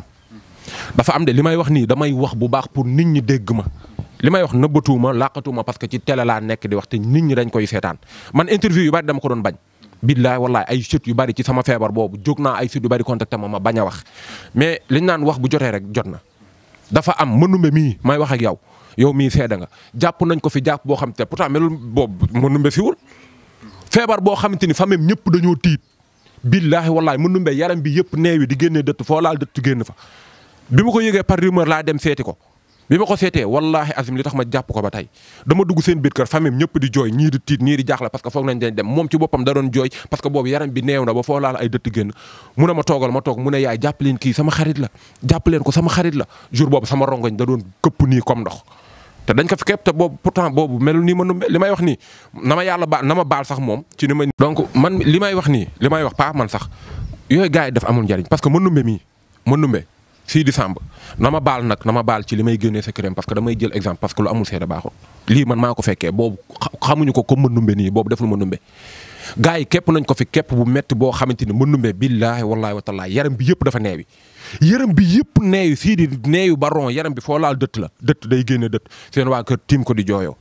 dafa am de li may wax nii damay wax bu baax pour nit ñi dégg ma li may wax nëbbatuuma làqatuuma parce que ci télé nekk di wax te nit ñi dañ koy seetaan man interview yu bari dama ko doon bañ billaay wallaay ay chute yu bari ci sama feebar boobu jóg naa ay chute yu bari contacté ma bañ a wax mais liñ naan wax bu jotee rek jot na dafa am mënumbe mii may wax ak yow yow mii seede nga jàpp nañ ko fi jàpp boo xam te pourtant melul boobu mënumbe fiwul feebar boo xamante ni famille ñëpp dañoo tiit billaahi wallaahi mënumbe yaram bi yëpp neewi di génnee dëtt foo laal dëtt génn fa bi mu ko yëgee par rumeur laa dem seeti ko bi ma ko seetee wallaahi azim li tax ma jàpp ko ba tey dama dugg seen biir kër famille ñëpp di jooy ñii di tiit ñii di jaaxle parce que foog na ba ne toogal ma toog mu ne yaay jàpp leen kii sama xarit la jàpp leen ko sama xarit la jour boobu sama rongoñ da doon këpp nii comme ndox te dañ ko fi képp te boobu pourtant nii man li may wax nii nama ma yàlla baal na baal sax moom ci ni ma donc man may wax nii li may wax pas man sax yooyu gars yi daf amul njariñ parce que mën numbe mii mën Sidi Samb na ma baal nag na ma baal ci li may génnee sa këram parce que damay jël exemple parce que lu amul seede baaxul lii man maa ko fekkee boobu xamuñu ko comme Madoumbe nii boobu deful Madoumbe gars yi képp nañ ko fi képp bu metti boo xamante ni Madoumbe billaahi wallaahi wa taalaa yaram bi yëpp dafa neewi yaram bi yëpp neewi Sidi neewi baron yaram bi foo laal dëtt la dëtt day génne dëtt seen waa kër tiim ko di jooyoo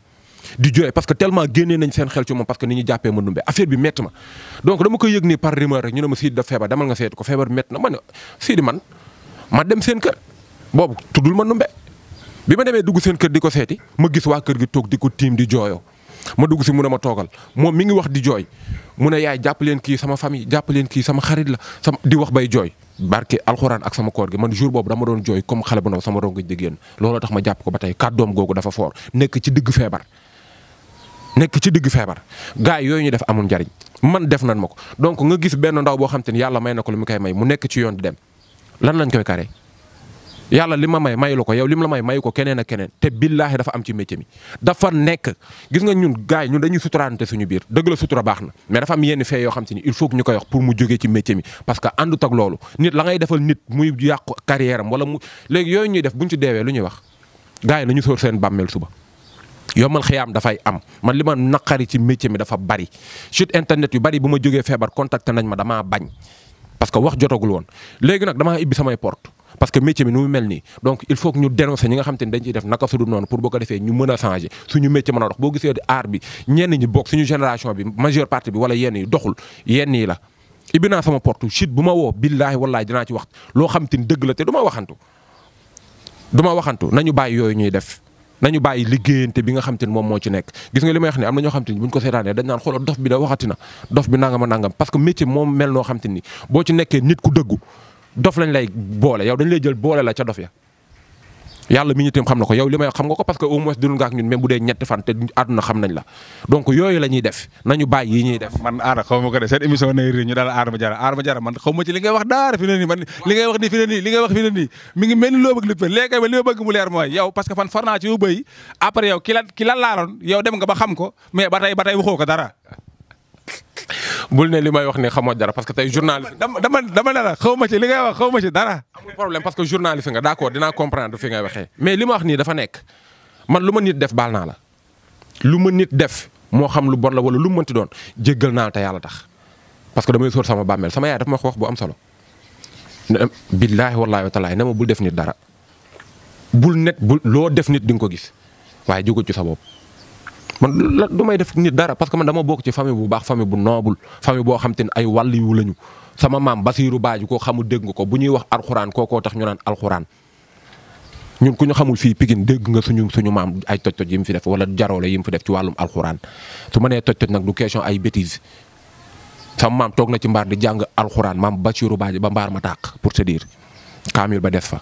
di jooy parce que tellement génnee nañ seen xel ci moom parce que ni ñu jàppee Madoumbe affaire ko feebar métti na ma man ma dem seen kër boobu tuddul ma numbe bi ma demee dugg seen kër di ko seeti ma gis waa kër gi toog di ko tiim di jooyoo ma dugg si mu a ma toogal moom mi ngi wax di jooy mu ne yaay jàpp leen kii sama famille jàpp leen kii sama xarit la sama di wax bay jooy barke alxuraan ak sama koor gi man jour boobu dama doon jooy comme xale bu ndaw sama rongoñ di génn looloo tax ma jàpp ko ba tey kàddoom googu dafa foor nekk ci digg feebar nekk ci digg feebar gars yooyu ñu def amul njariñ man def nan ma ko donc nga gis benn ndaw boo xam te ni yàlla may na ko lu mu koy may mu nekk ci yoon di dem lan lañ koy kare yàlla li ma may mayu ko yow li mu la may mayu ko keneen ak keneen te billaahi dafa am ci métier mi dafa nekk gis nga ñun gars yi ñun dañuy suturaante suñu biir dëgg la sutura baax na mais dafa am yenn yoo xam si ni il faut que wax pour mu jógee ci métier mi parce que àndut ak loolu nit la ngay defal nit muy yàqu carrière am wala mu léegi yooyu ñuy def buñ ci deewee lu ñuy wax gars yi nañu sóor seen bàmmeel suba yomal xiyaam dafay am man li ma naqari ci métier mi dafa bari sut internet yu bari bu ma jógee feebar contacté nañ ma damaa bañ parce que wax jotagul woon léegi nag damaa ibbi samay porte parce que métier bi nu mu mel nii donc il faut que ñu dénoncer ñi nga xam te dañ ciy def naka su dul noonu pour boo ko defee ñu mën a changer suñu métier mën a dox boo gisee art bi ñenn ñi bokk ñu génération bi majeure partie bi wala yenn yi doxul yenn yi la. ibbi naa sama porte chute bu ma woo billaahi wallaahi dinaa ci wax loo xam te ni dëgg la te du ma waxantu du ma waxantu nañu bàyyi yooyu ñuy def. nañu bàyyi liggéeyante bi nga xam ne moom moo ci nekk gis nga li may wax ne am na ñoo xam buñ ko seetaanee dañ naan xoolal dof bi da waxati dof bi nangam a nangam parce que métier moom mel noo xam te ni boo ci nekkee nit ku dëggu dof lañ lay boole yow dañ lay jël boole la ca dof ya yàlla mi ñu xam na ko yow li may xam nga ko parce que au moins dund nga ñun même bu dee ñetti fan te àdduna xam nañ la donc yooyu la def nañu bàyyi yi def. man aara xaw ko de seen émission nay ñu daal aar ma jara aar ma jara man xaw ma ci li ngay wax daara fi ne nii man li ngay wax nii fi ne nii li ngay wax fi ne nii mi ngi mu leer mooy yow parce que fan far ci yu après yow ki laaloon yow dem nga ba xam ko mais ba tey ba tey waxoo ko dara bul ne li may wax ne xamoo dara parce que tey journaliste. dama dama dama ne xaw ma ci li nga wax xaw ma ci dara. amul problème parce que journaliste nga d' accord dinaa comprendre fi ngay waxee. mais li ma wax nii dafa nekk man lu ma nit def baal naa la lu ma nit def moo xam lu bon la wala lu mu mënti doon jéggal naa la te yàlla tax parce que damay sóor sama bàmmeel sama yaay dafa ma ko wax bu am solo. billaahi wallaahi wa taalaa ne ma bul def nit dara bul net bul loo def nit di nga ko gis waaye jógal ci sa bopp. man la du may def nit dara parce que man dama bokk ci famille bu baax famille bu noble famille boo xam te ne ay wàlliyu lañu sama maam Basiirou Badji koo xamul dégg nga ko bu ñuy wax alxuraan kookoo tax ñu naan alxuraan ñun ku ñu xamul fii Pikine dëgg nga suñu suñu maam ay toj-toj yi mu fi def wala jaroole yi mu fi def ci wàllum alxuraan su ma nee toj-toj nag du question ay bêtises sama maam toog na ci mbaar di jàng alxuraan maam Basiirou Badji ba mbaar ma tàq pour te dire kaamil ba des fa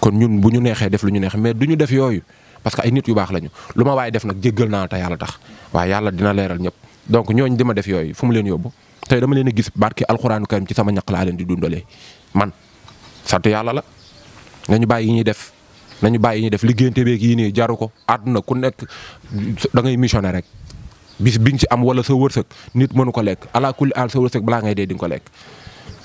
kon ñun bu ñu neexee def lu ñu neex mais du ñu def yooyu. parce que ay nit yu baax lañu lu ma waaye def nag jéggal naa te yàlla tax waaye yàlla dina leeral ñëpp donc ñooñu di ma def yooyu fu mu leen yóbbu te dama leen a gis barki alxuraanu karim ci sama ñaq laa leen di dundalee man sant yàlla la nañu bàyyi yi ñuy def nañu bàyyi yi ñuy def liggéeyante beeg yi nii jaru ko àdduna ku nekk da ngay rek bis bi nga ci am wala sa wërsëg nit mënu ko lekk alaa kulli aal sa wërsëg balaa ngay dee di nga ko lekk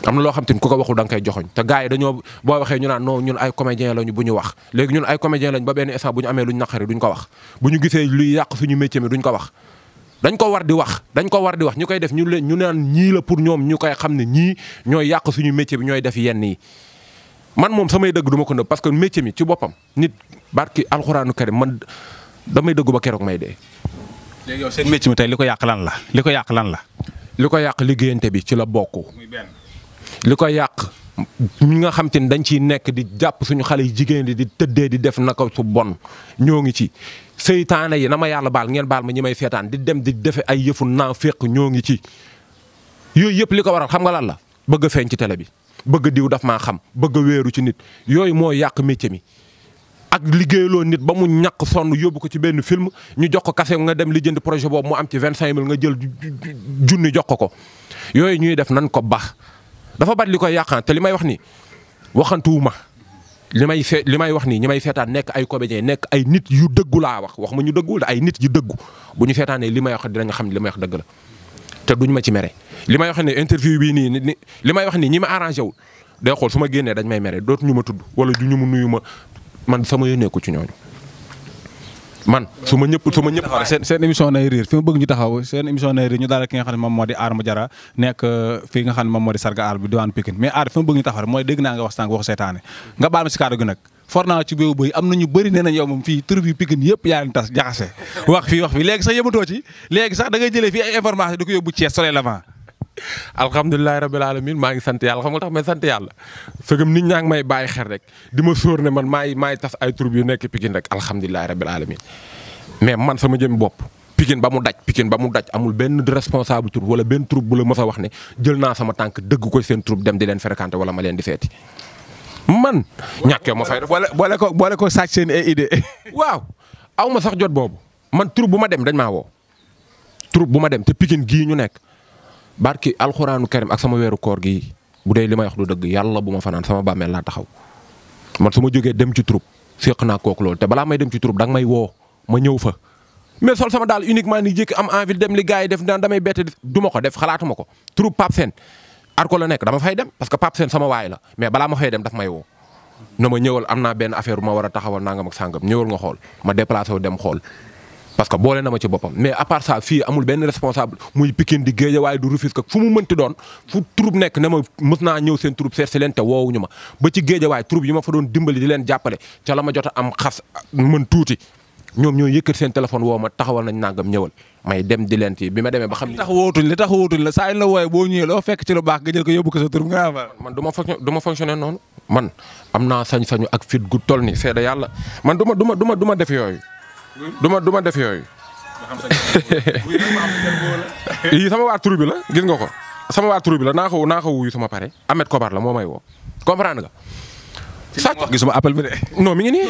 am na loo xam te ni ku ko waxu danga nga koy joxoñ te gars yi dañoo boo waxee ñu naan non ñun ay comédien lañu bu ñu wax léegi ñu ay comédien lañ ba benn instant bu ñu amee luñ ko wax bu ñu gisee luy yàq suñu métier mi duñ ko wax dañ ko war di wax dañ ko war di wax ñu koy def ñu leen ñu naan ñii la pour ñoom ñu koy xam ne ñii ñooy yàq suñu métier bi ñooy def yenn yi man moom samay dëgg du ko nëb parce que métier mi ci boppam nit barki alxuraanu karim man damay dëggu ba keroog may dee. yow seen métier mi tey li ko yàq lan la li ko yàq lan la. li ko yàq liggéeyante bi ci la bokk. muy benn li ko yàq ñi nga xam te ne dañ ciy nekk di jàpp suñu xale yu jigéen di di tëddee di def naka su bon ñoo ngi ci. seytaane yi na ma yàlla baal ngeen baal ma ñi may seetaan di dem di defe ay yëfu naa féq ñoo ngi ci yooyu yëpp li ko waral xam nga lan la bëgg a feeñ ci tele bi bëgg diw daf ma xam bëgg a wéeru ci nit yooyu mooy yàq métier mi. ak liggéeyloo nit ba mu ñàkk sonn yóbbu ko ci benn film ñu jox ko kase nga dem li jënd projet boobu mu am ci vingt cinq mille nga jël junni jox ko ko yooyu ñuy def nan ko baax. dafa bari li koy yàqaan te li may wax ni waxantuwuma li may fe li may wax nii ñi may feetaan nekk ay comédien nekk ay nit yu dëggu laa wax wax ma ñu dëggul ay nit yu dëggu bu ñu feetaanee li may wax nga xam ne li may wax dëgg la te duñ ma ci mere li may wax ne interview bii nii ni li may wax nii ñi ma arrangé wul day xool suma génnee dañ may mere dootuñu ma tudd wala du ñu mu nuyu ma man sama yónnee ko ci ñooñu man su ma ñëpp su ma ñëpp seen seen émission nay riir fi ma bëgg ñu taxaw seen émission nay riir ñu daal ki nga xam ne moom moo di aar mu jara nekk uh, fii nga xam ne moom moo di sarga aar bi diwaan Pikine mais aar fi ma bëgg ñu taxaw mooy dégg naa nga wax sànq waxu seetaane nga baal ma si kàddu gi nag for naa ci béew bëy am na ñu bëri nee nañ yow moom fii tur yëpp yaa tas jaxase wax fii wax fii léegi sax yëmatoo ci léegi sax da ngay jëlee fii ay information alhamdulilah rabil alamin maa ngi sant yàlla xam nga tax may sant yàlla sëgëm nit ñaa ngi may bàyyi xel rek di ma sóor ne man maay maay tas ay troupe yu nekk Pikine rek alhamdulilah rabil alamin mais man sama jëm bopp Pikine ba mu daj Pikine ba mu daj amul benn responsable troupe wala benn troupe bu la mës a wax ne jël naa sama tànk dëgg ko seen troupe dem di leen fréquenté wala ma leen di seeti man. ñàkkee ma fay boole boole ko boole ko sàcc seen ay idée waaw aw ma sax jot boobu man troupe bu ma dem dañ maa woo troupe bu ma dem te Pikine gii ñu nekk. barki alxuraanu karim ak sama weeru koor gi bu dee li ma wax du dëgg yàlla bu ma fanaan sama bàmmeel laa taxaw man su ma jógee dem ci troupe séq naa kooku loolu te balaa may dem ci troupe danga may woo ma ñëw fa. mais sol sama daal uniquement ni jékki am envie dem li gars yi def naan damay bett du ma ko def xalaatuma ko troupe Pape Sène arko nekk dama fay dem parce que Pape Sène sama waay la mais balaa ma fay dem daf may woo. na ma ñëwal am naa benn affaire bu war a taxawal nangam ak sàngam ñëwal nga xool ma déplacé wu dem xool. parce que boole na ma ci boppam mais à part ça fii amul benn responsable muy Pikine di Guédiawaye du Rufisque fu mu mënti doon fu troupe nekk ne ma mës naa ñëw seen troupe seet si leen te woowuñu ma ba ci Guédiawaye troupe yi ma fa doon dimbali di leen jàppale ca la ma jot a am xas mën tuuti ñoom ñoo yëkkat seen téléphone woo ma taxawal nañ nangam ñëwal may dem di leen ci bi ma demee ba xam. li tax wootuñ li tax wootuñ la saa yu la wooyee boo ñëwee loo fekk ci lu baax nga jël ko yóbbu ko sa tur nga naa sañ ak fit gu toll ni seede yàlla man du ma du ma du ma def yooyu du ma du ma def yooyu. yii sama waa tur bi la gis nga ko sama waa tur bi la naa ko naa ko sama pare amet Kobar la moo may woo comprendre nga. sàcc gisuma appel bi de. non mi ngi nii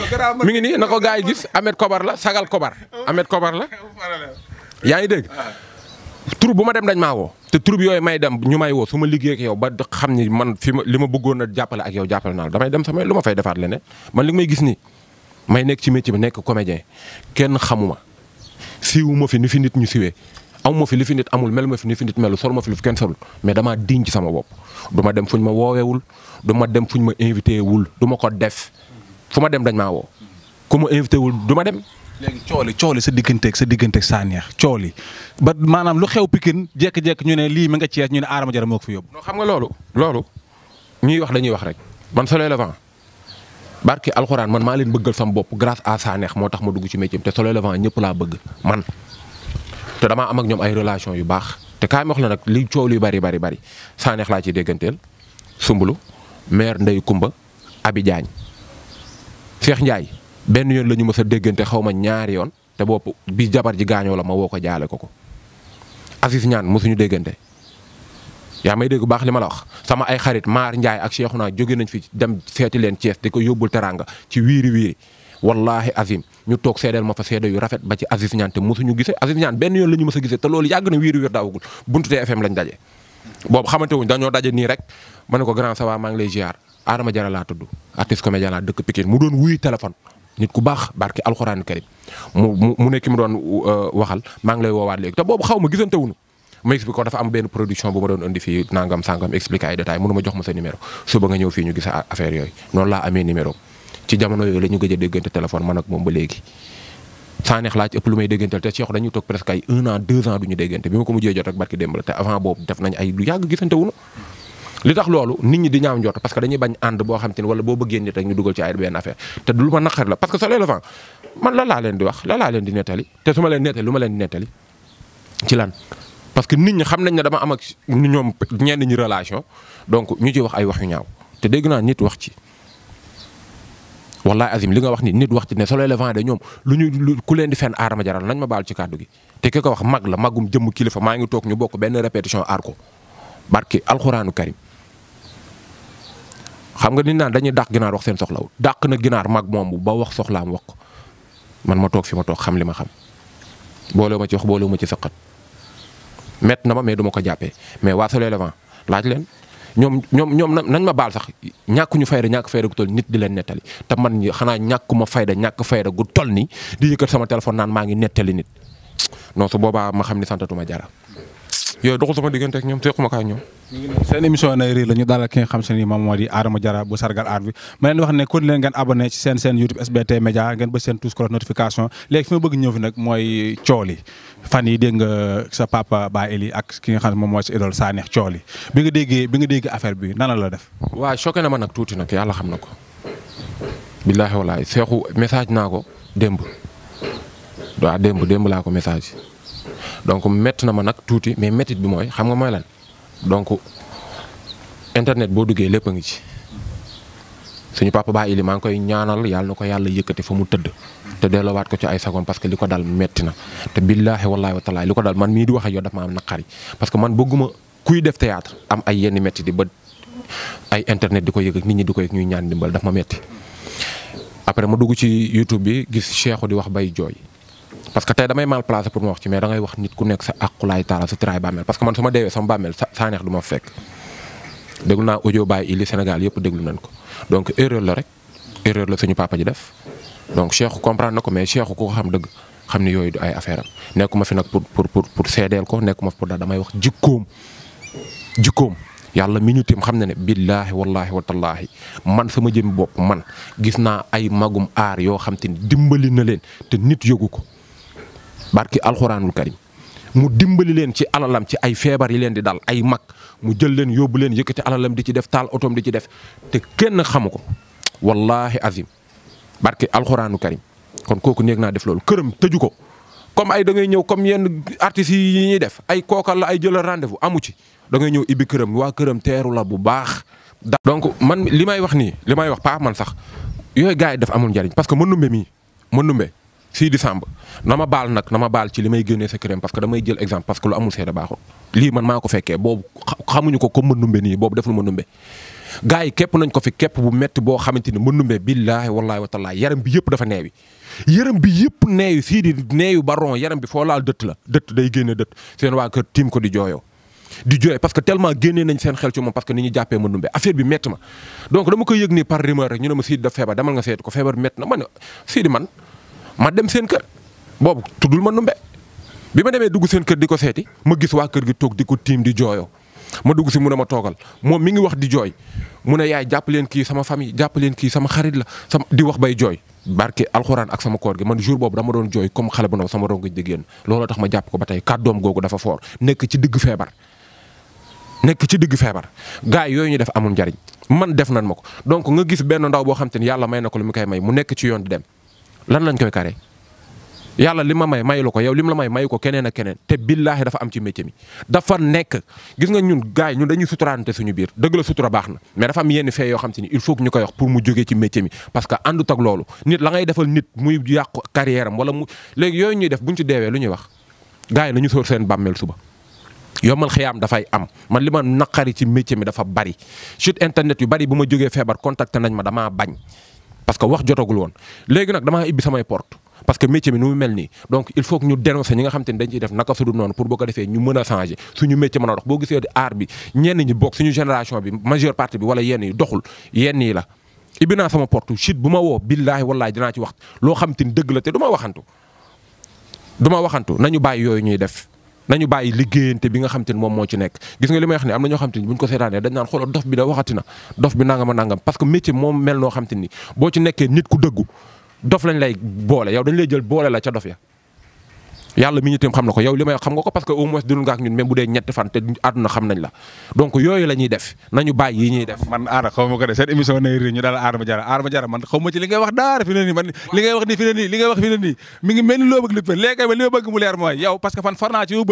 mi ngi nii na ko gars yi gis Ahmed Kobar la sagal Kobar Ahmed Kobar la yaa ngi dégg. tur bu ma dem dañ maa woo te tur bi yooyu may dem ñu may woo suma ma liggéey yow ba xam ni man fi ma li ma bëggoon a jàppale ak yow jàppale naa la damay dem samay lu ma fay defaat leneen man li may gis nii. may nekk ci métier bi nekk comédien kenn xamuma siiwu ma fi ni fi nit ñu siwee amuma fi li fi nit amul mel ma fi ni fi nit melu sol ma fi li fi kenn solul mais damaa diñ sama bopp du ma dem fuñ ma woowewul du ma dem fuñ ma invité wul du ma ko def fu ma dem dañ maa woo comme ma invité wul du ma dem. léegi cooli cooli sa digganteek sa digganteeg sa neex cooli ba maanaam lu xew Pikine jékki-jékki ñu ne lii ma nga ceet ñu ne aarama jara moo ko fi yóbbu. xam nga loolu. loolu ñuy wax dañuy wax rek man Soleil Levant barki alxuraan man maa leen bëggal sama bopp grâce à Sanekh moo tax ma dugg ci métier te Soleil Levant ñëpp laa bëgg man. te damaa am ak ñoom ay relation yu baax te kaay wax la nag li coow li bari bari bari Sanekh laa ciy dégganteel Sumbulu maire Ndeye Kumba Abi Diagne Cheikh Ndiaye benn yoon lañu ñu mës a déggante xaw ma ñaari yoon te bopp bi jabar ji gaañoo la ma woo ko jaale ko ko Aziz Niane mësuñu déggante. yaa may dégg bu baax li ma la wax sama ay xarit Maar Ndiaye ak Cheikhouna jóge nañ fi dem seeti leen Thiès di ko yóbbul teraanga ci wiiri wiiri wallahi azim ñu toog seedeel ma fa seede yu rafet ba ci Aziz Niane te ñu gisee Aziz Niane benn yoon la ñu mës a gisee te loolu yàgg na wiiri wiir daawagul buntu TFM lañ daje. boobu xamante wuñ dañoo daje nii rek ma ne ko grand ça va maa ngi lay ziar Adama Diarra laa tudd artiste comédien laa dëkk Pikine mu doon wuyu téléphone. nit ku baax barke alxuraan karim mu mu nekk mu doon euh, waxal maa ngi lay woowaat léegi te boobu xaw ma gisante ma expliqué ko dafa am benn production bu ma doon indi fii nangam sangam expliqué ay détails mënu ma jox ma sa numéro suba nga ñëw fii ñu gis affaire yooyu noonu laa amee numéro ci jamono yooyu la ñu a déggante téléphone man ak moom ba léegi saa neex laaj ëpp lu may déggante bi ma ko mujjee jot rek barki démb la te avant boobu def nañ ay lu yàgg gisante wuñu li tax loolu nit ñi di ñaaw njort parce que dañuy bañ ànd boo xam te ne wala boo bëggee leen di wax la te su ma leen parce que nit ñi xam nañ ne dama am ak ñoom ñenn ñi relation donc ñu ci wax ay wax yu ñaaw te dégg naa nit wax ci. wallaay azim li nga wax ni nit wax ci ne solo le vent ñoom lu ñu ku leen di fenn aar ma jaral nañ ma baal ci kàddu gi te ko wax mag la jëmm kilifa maa ngi toog ñu bokk benn répétition aar ko barki alxuraanu xam nga ni naan dañuy dàq ginaar wax seen soxlaw dàq na ginaar mag moom ba wax soxlaam wax man ma toog fi ma toog xam li ma xam boolewuma ci wax boolewuma ci saqat mett na ma mais du ma ko jàppee mais waa Soleil Levant laaj leen ñoom ñoom ñoom nañ ma baal sax ñàkkuñu fayda ñàkk fayda gu toll nit di leen nettali te man xanaa ñàkkuma fayda ñàkk fayda gu toll ni di yëkkat sama téléphone naan maa ngi nettali nit non su boobaa ma xam ni santatuma jara yooyu doxul sama diggante ak ñoom teeku ma kaay ñoom. seen émission nay riir la daal ki xam se ni moom moo di Adama Diarra bu sargal aar bi ma leen wax ne kon leen ngeen abonné ci seen seen YouTube SBT Média ngeen ba seen tous cloche notification léegi fi ma bëgg ñëw fi nag mooy cool yi fan yi dégg nga sa papa Ba Eli ak ki nga xam ne moom mooy sa idole Sanekh cool yi bi nga déggee bi nga dégg affaire bi nana la def. waaw choqué na ma nag tuuti nag yàlla xam na ko. billaahi wallaahi seex message naa ko démb waaw démb laa ko message. donc métti na ma nag tuuti mais métit bi mooy xam nga mooy lan donc internet boo duggee lépp a ngi ci suñu papa Baye Ili maa ngi koy ñaanal yàlla na ko yàlla yëkkati fa mu tëdd te delloowaat ko ci ay sagoom parce que li ko dal metti na te billaahi wallaahi wa taala li ko dal man mii di waxee ak yow dafa ma am naqari parce que man bëgguma kuy def théâtre am ay yenn métti di ba ay internet di ko yëg ak nit ñi di ko yëg ñuy ñaan dimbal daf ma metti après ma dugg ci YouTube bi gis Cheikhou di wax bay jooy parce que tey damay mal placé pour ma wax ci mais da ngay wax nit ku nekk sa àqulaay taala sa tiraay bàmmeel parce que man su ma deewee sama bàmmeel saa neex du ma fekk déglu naa audio bàyyi ili Sénégal yëpp déglu nañ ko donc erreur la rek erreur la suñu papa ji def donc Cheikh comprendre na ko mais Cheikh ku ko xam dëgg xam ni yooyu du ay affaire am nekkuma fi nag pour pour pour pour seedeel ko nekkuma fi pour daal damay wax jikkoom jikkoom yàlla mi ñu tim xam na ne billaahi wallaahi watallaahi man sama jëm bopp man gis naa ay magum aar yoo xam ni dimbali na leen te nit yëgu ko. barki alxuraanul karim mu dimbali leen ci alalam ci ay feebar yi leen di dal ay mag mu jël leen yóbbu leen yëkkati alalam di ci def taal otoom di ci def te kenn xamu ko wallaahi azim barki alxuraanu karim kon kooku néeg naa def loolu këram tëju ko comme ay da ngay ñëw comme yenn artistes yi ñuy def ay kookal ay jëlal rendez-vous amu ci da ngay ñëw ibbi këram waa këram teeru la bu baax. donc man li may wax nii li may wax paa man sax yooyu gars yi daf amul njariñ parce que Manoumbe mii Manoumbe Sidi Samb na ma baal nag na ma baal ci li may génnee sa parce que damay jël exemple parce que lu amul seede baaxul lii man maa ko fekkee boobu xamuñu ko comme mënumbe nii boobu deful mënumbe gars yi képp nañ ko fi képp bu metti boo xamante ni mënumbe billaahi wallaahi wa taala yaram bi yëpp dafa neewi yaram bi yëpp neewi Sidi neewi ba ron yaram bi foo laal dëtt la dëtt day génne dëtt seen waa kër tiim ko di jooyoo di jooy parce que tellement génnee nañ seen xel ci moom parce que ni ñu jàppee mëndumbe affaire na man ma dem seen kër boobu tuddul ma numbe bi ma demee dugg seen kër di ko seeti ma gis waa kër gi toog di ko tiim di jooyoo ma dugg si mu a ma toogal moom mi ngi wax di jooy mu ne yaay jàpp leen kii sama famille jàpp leen kii sama xarit la sama di wax bay jooy barke alxuraan ak sama koor gi man jour boobu dama doon jooy comme xale bu ndaw sama rongoñ di génn looloo tax ma jàpp ko ba tey kàddoom googu dafa foor nekk ci digg feebar. nekk ci digg feebar gars yooyu ñu def amul njariñ man def nan ko donc nga gis benn ndaw boo xam te ni yàlla may na ko lu mu koy may mu nekk ci yoon di lan lañ koy kare yàlla li ma may mayu ko yow li mu la may mayu ko keneen ak keneen te billaahi dafa am ci métier mi dafa nekk gis nga ñun gars yi ñun dañuy suturaante suñu biir dëgg la sutura baax na mais dafa am yenn yoo xam te ni il faut que wax pour mu jógee ci métier mi parce que àndut ak loolu nit la ngay defal nit muy yàqu carrière am wala mu léegi yooyu ñuy def buñ ci deewee lu ñuy wax gars yi nañu sóor seen bàmmeel suba yomal xiyaam dafay am man li ma naqari ci métier mi dafa bari sut internet yu bari bu ma jógee feebar contacté nañ ma damaa bañ parce que wax jotagul woon léegi nag damaa ibbi samay porte parce que métier bi nu mu mel nii donc il faut que ñu dénoncer ñi nga xam te ne dañ ciy def naka su dul noonu pour boo defee ñu mën a changer suñu métier mën a dox boo gisee art bi ñenn ñi bokk suñu génération bi majeure partie bi wala yenn yi doxul yenn yi la. ibbi naa sama porte chute bu ma woo billaahi wallaahi dinaa ci wax loo xam te ni dëgg la te du ma waxantu du ma waxantu nañu bàyyi yooyu ñuy def. nañu bàyyi liggéeyante bi nga xam te moom moo ci nekk gis nga li may wax ne am na ñoo xam te ni buñ ko seetaanee dañ naan xoolal dof bi da waxati dof bi nangam a nangam parce que moom mel noo xam te ni boo ci nekkee nit ku dëggu dof lañ lay boole yow dañ lay jël boole la ca dof ya yàlla mi ñu tim xam na ko yow li may xam nga ko parce que au moins dul ñun même bu dee ñetti fan te àdduna xam nañ la donc yooyu la def nañu bàyyi yi ñuy def man aara xaw ma ko de seen émission nay réew ñu daal aar ma jara aar ma jara man xaw ci li wax daara fi ne nii man wax fi ne nii li ngay wax fi ne nii mi li ma bëgg mu leer mooy yow parce que fan far ci yu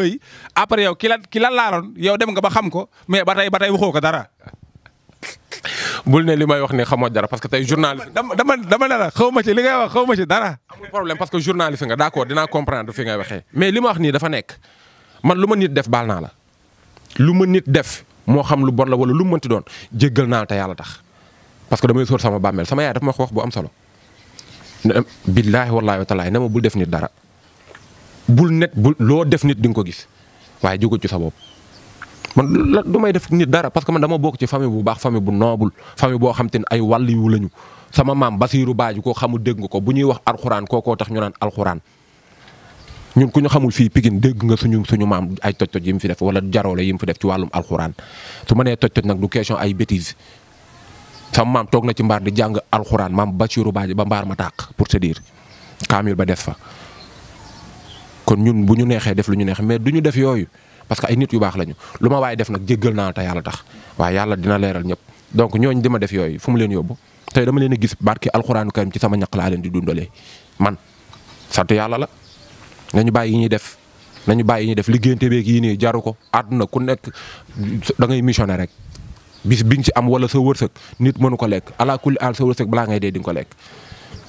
après yow ki laaloon yow dem nga ba xam ko mais ba tey dara bul ne li may wax ni xamoo dara parce que tey journaliste. dama dama dama da la xaw ma ci li ngay xaw ma ci dara. amul problème parce que journaliste nga d'accord dinaa comprendre fi ngay waxee. mais li ma wax nii dafa nekk man lu ma nit def baal naa la lu ma nit def moo xam lu bon la wala lu mu mënti doon jéggal naa la te yàlla tax parce que damay sóor sama bàmmeel sama yaay dafa ma ko wax bu am solo. billaahi wallaahi wa taalaa ne ma bul def nit dara bul net bul loo def nit di nga ko gis waaye jógu ci sa bopp. man la du may def nit dara parce que man dama bokk ci famille bu baax famille bu noble famille boo xam te ne ay wàlliyu lañu sama maam Basiirou Badji koo xamul dégg nga ko bu ñuy wax alxuraan kookoo tax ñu naan alxuraan ñun ku ñu xamul fii Pikine dëgg nga suñu suñu maam ay toj-toj yi mu fi def wala jaroole yi mu fi def ci wàllum alxuraan su ma nee toj-toj nag du question ay bêtises sama maam toog na ci mbaar di jàng alxuraan maam Basiirou Badji ba mbaar ma tàq pour te dire kaamil ba des fa kon ñun bu ñu neexee def lu ñu neex mais du ñu def yooyu. parce que ay nit yu baax lañu lu ma waaye def nag jéggal naa te yàlla tax waaye yàlla dina leeral ñëpp donc ñooñu di ma def yooyu fu mu leen yóbbu te dama leen a gis barki alxuraanu karim ci sama ñaq laa leen di dundalee man sant yàlla la nañu bàyyi yi ñuy def nañu bàyyi yi ñuy def liggéeyante beeg yi nii jaru ko àdduna ku nekk da ngay rek bis bi nga ci am wala sa wërsëg nit mënu ko lekk ala kulli aal sa wërsëg balaa ngay dee di nga ko lekk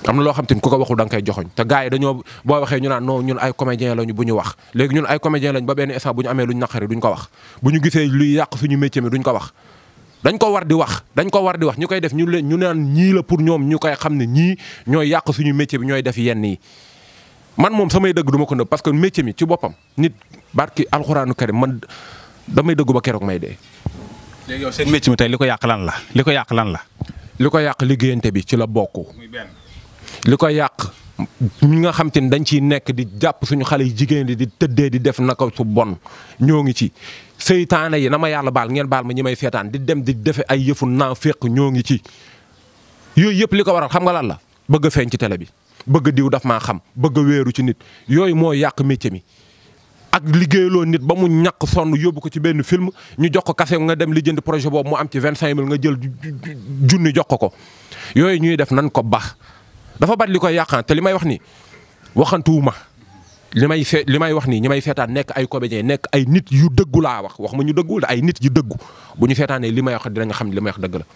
am na loo xam te ni ko waxul danga koy joxoñ te gars yi dañoo boo waxee ñu naan non ñun ay comédien lañu bu ñu wax léegi ñun ay comédien lañ ba benn instant bu ñu amee luñ ko wax bu ñu gisee luy yàq suñu métier mi ko wax dañ ko war di wax dañ ko war di wax ñu koy def ñu leen ñu naan ñii la pour ñoom ñu koy xam ne ñii ñooy yàq suñu métier bi ñooy def yenn yi man moom samay dëgg du ko nëb parce que métier mi ci boppam nit barki alxuraanu karim man damay dëggu ba keroog may dee. léegi yow seen métier mi tey li ko yàq lan la li ko yàq lan la. li ko yàq liggéeyante bi ci la bokk. muy li ko yàq ñi nga xam te ni dañ ciy nekk di jàpp suñu xale yi jigéen di di tëddee di def naka su bon ñoo ngi ci. seytaane yi na ma yàlla baal ngeen baal ma ñi may seetaan di dem di defe ay yëfu naaféq ñoo ngi ci yooyu yëpp li ko waral xam nga lan la bëgg feeñ ci tele bi bëgg diw daf ma xam bëgg weeru ci nit yooyu mooy yàq métier mi. ak liggéeyloo nit ba mu ñàkk sonn yóbbu ko ci benn film ñu jox ko kase nga dem li jënd projet boobu mu am ci vingt cinq mille nga jël junni jox ko ko yooyu ñuy def nan ko baax. dafa bari li koy yàqaan te li may wax ni waxantuwuma li may fe li may wax nii ñi may feetaan nekk ay comédien nekk ay nit yu dëggu laa wax wax ma ñu dëggul ay nit yu dëggu bu ñu feetaanee li may wax dina nga xam ne li may wax dëgg la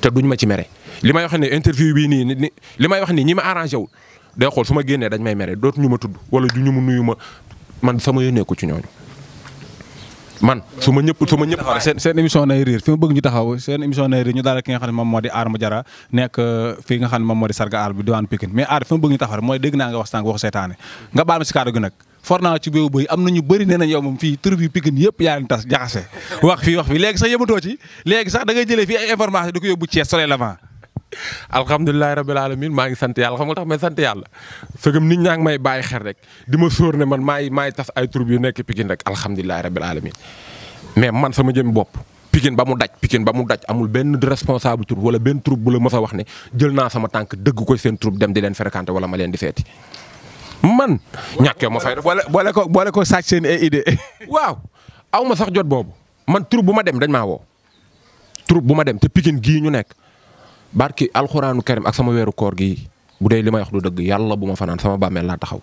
te duñ ma ci mere li may wax ne interview bii nii ni li may wax nii ñi ma arrangé wul day xool su ma génnee dañ may mere dootuñu ma tudd wala du ñu mu nuyu ma man sama yónnee ko ci ñooñu man su ma ñëpp su ma ñëpp seen seen émission nay riir fi ma bëgg ñu taxaw seen émission nay riir ñu daal ki nga xam ne moom moo di aar mu jara nekk uh, fii nga xam ne moom moo di sarga aar bi diwaan Pikine mais aar fi ma bëgg ñu taxaw rek mooy dégg naa nga wax sànq waxu seetaane nga baal ma si kàddu gi nag for naa ci béew bëy am nañu bëri nee nañ yow moom fii tur bi yëpp yaa tas jaxase wax fii wax fii léegi sax yëmatoo ci léegi sax da ngay jëlee fii alhamdulilah rabbil alamin maa ngi sant yàlla xam nga tax may sant yàlla sëgëm nit ñaa ngi may bàyyi xel rek di ma sóor ne man maay maay tas ay troupe yu nekk Pikine rek alhamdulilah rabbil alamin mais man sama jëm bopp Pikine ba mu daj Pikine ba mu daj amul benn responsable troupe wala benn troupe bu la mës a wax ne jël naa sama tànk dëgg ko seen dem di leen fréquenter wala ma leen di seeti man. ñàkkee ma fay boole boole ko boole ko sàcc seen ay waaw aw ma sax jot boobu man troupe bu ma dem dañ maa woo troupe bu ma dem te Pikine gii ñu nekk. barki alxuraanu karim ak sama weeru koor gi bu dee li may wax du dëgg yàlla bu ma fanaan sama bàmmeel laa taxaw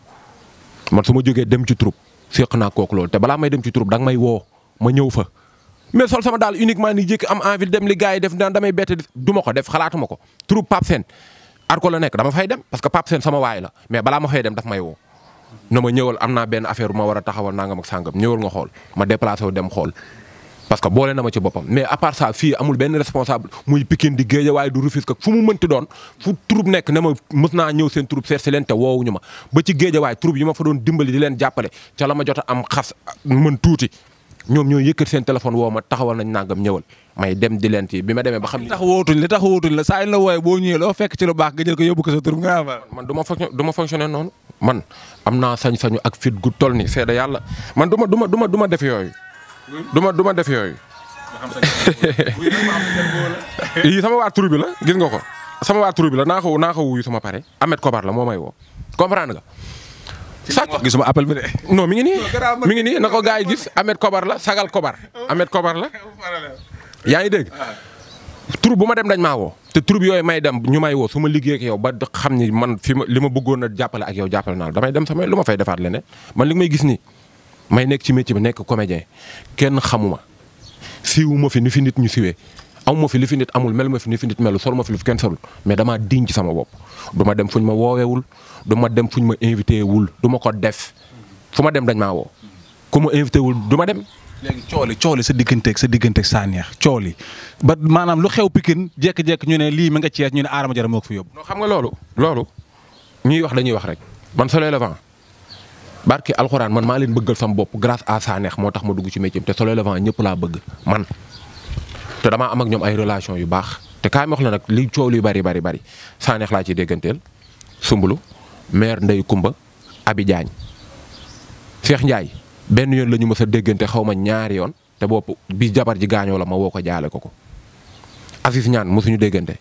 man su ma jógee dem ci troupe séq naa kooku loolu te balaa may dem ci troupe danga may woo ma ñëw fa. mais sol sama daal uniquement ni jékki am envie dem li gars yi def naan damay bett du ko def xalaatuma ko troupe Pape Sène arko la nekk dama fay dem parce que Pape Sène sama waay la mais balaa ma fay dem daf may woo. na ma ñëwal am naa benn affaire bu war a taxawal nangam ak sàngam ñëwal nga xool ma déplacé wu dem xool. parce que boole na ma ci mais à part ça fii amul benn responsable muy Pikine di Guédiawaye du Rufisque fu mu mënti doon fu troupe nekk ne ma mës naa ñëw seen troupe seet doon dimbali di leen jàppale ca la ma jot a am xas mën tuuti ñoom ñoo yëkkat seen téléphone woo ma taxawal nañ nangam ñëwal may dem di leen fii bi demee ba xam. li tax wootuñ li tax wootuñ la saa la boo ñëwee loo fekk ci lu baax nga jël ko yóbbu ko sa sañ ak fit gu toll ni yàlla man du ma du ma du ma def yooyu du ma du ma def yooyu. yii sama waa tur bi la gis nga ko sama waa tur bi la naa ko naa ko wuyu sama pare amet Kobar la moo may wo comprendre nga. sàcc gisuma appel bi de. non mi ngi nii ngi nii na ko gars yi gis Ahmed Kobar la sagal Kobar amet Kobar la yaa ngi dégg. tur bu ma dem dañ maa woo te tur bi yooyu may dem ñu may woo su ma liggéey yow ba xam ni man fi ma li ma bëggoon a jàppale ak yow jàppale naa la damay dem sama lu ma fay defaat leneen man li may gis nii. may nekk ci métier bi nekk comédien kenn xamuma siwuma fi ni fi nit ñu siwee amuma fi li fi nit amul mel ma fi ni fi nit melu sol ma fi lu fi kenn solul mais damaa diñ sama bopp du ma dem fuñ ma woowewul du ma dem fuñ ma invité wul duma ko def fu ma dem dañ maa woo ku ma invité wul du dem. léegi cooli cooli sa digganteeg sa digganteeg saa neex cooli ba maanaam lu xew Pikine jékki-jékki ñu ne lii ma nga cees ñu ne aarama jara moo ko fi yóbbu. non xam nga loolu. loolu ñuy wax dañuy wax rek man Soleil Levant barki alxuraan man maa leen bëggal sama bopp grâce à Sanekh moo tax ma dugg ci métier te Soleil Levant ñëpp laa bëgg man te damaa am ak ñoom ay relation yu baax te kaay wax la nag li coow luy bari bari bari Sanekh laa ci dégganteel Sumbulu maire Ndeye Kumba Abi Diagne Cheikh Ndiaye benn yoon lañu ñu mës a déggante xaw ma ñaari yoon te bopp bi jabar ji gaañoo la ma woo ko jaale ko ko Aziz Niane mosuñu déggante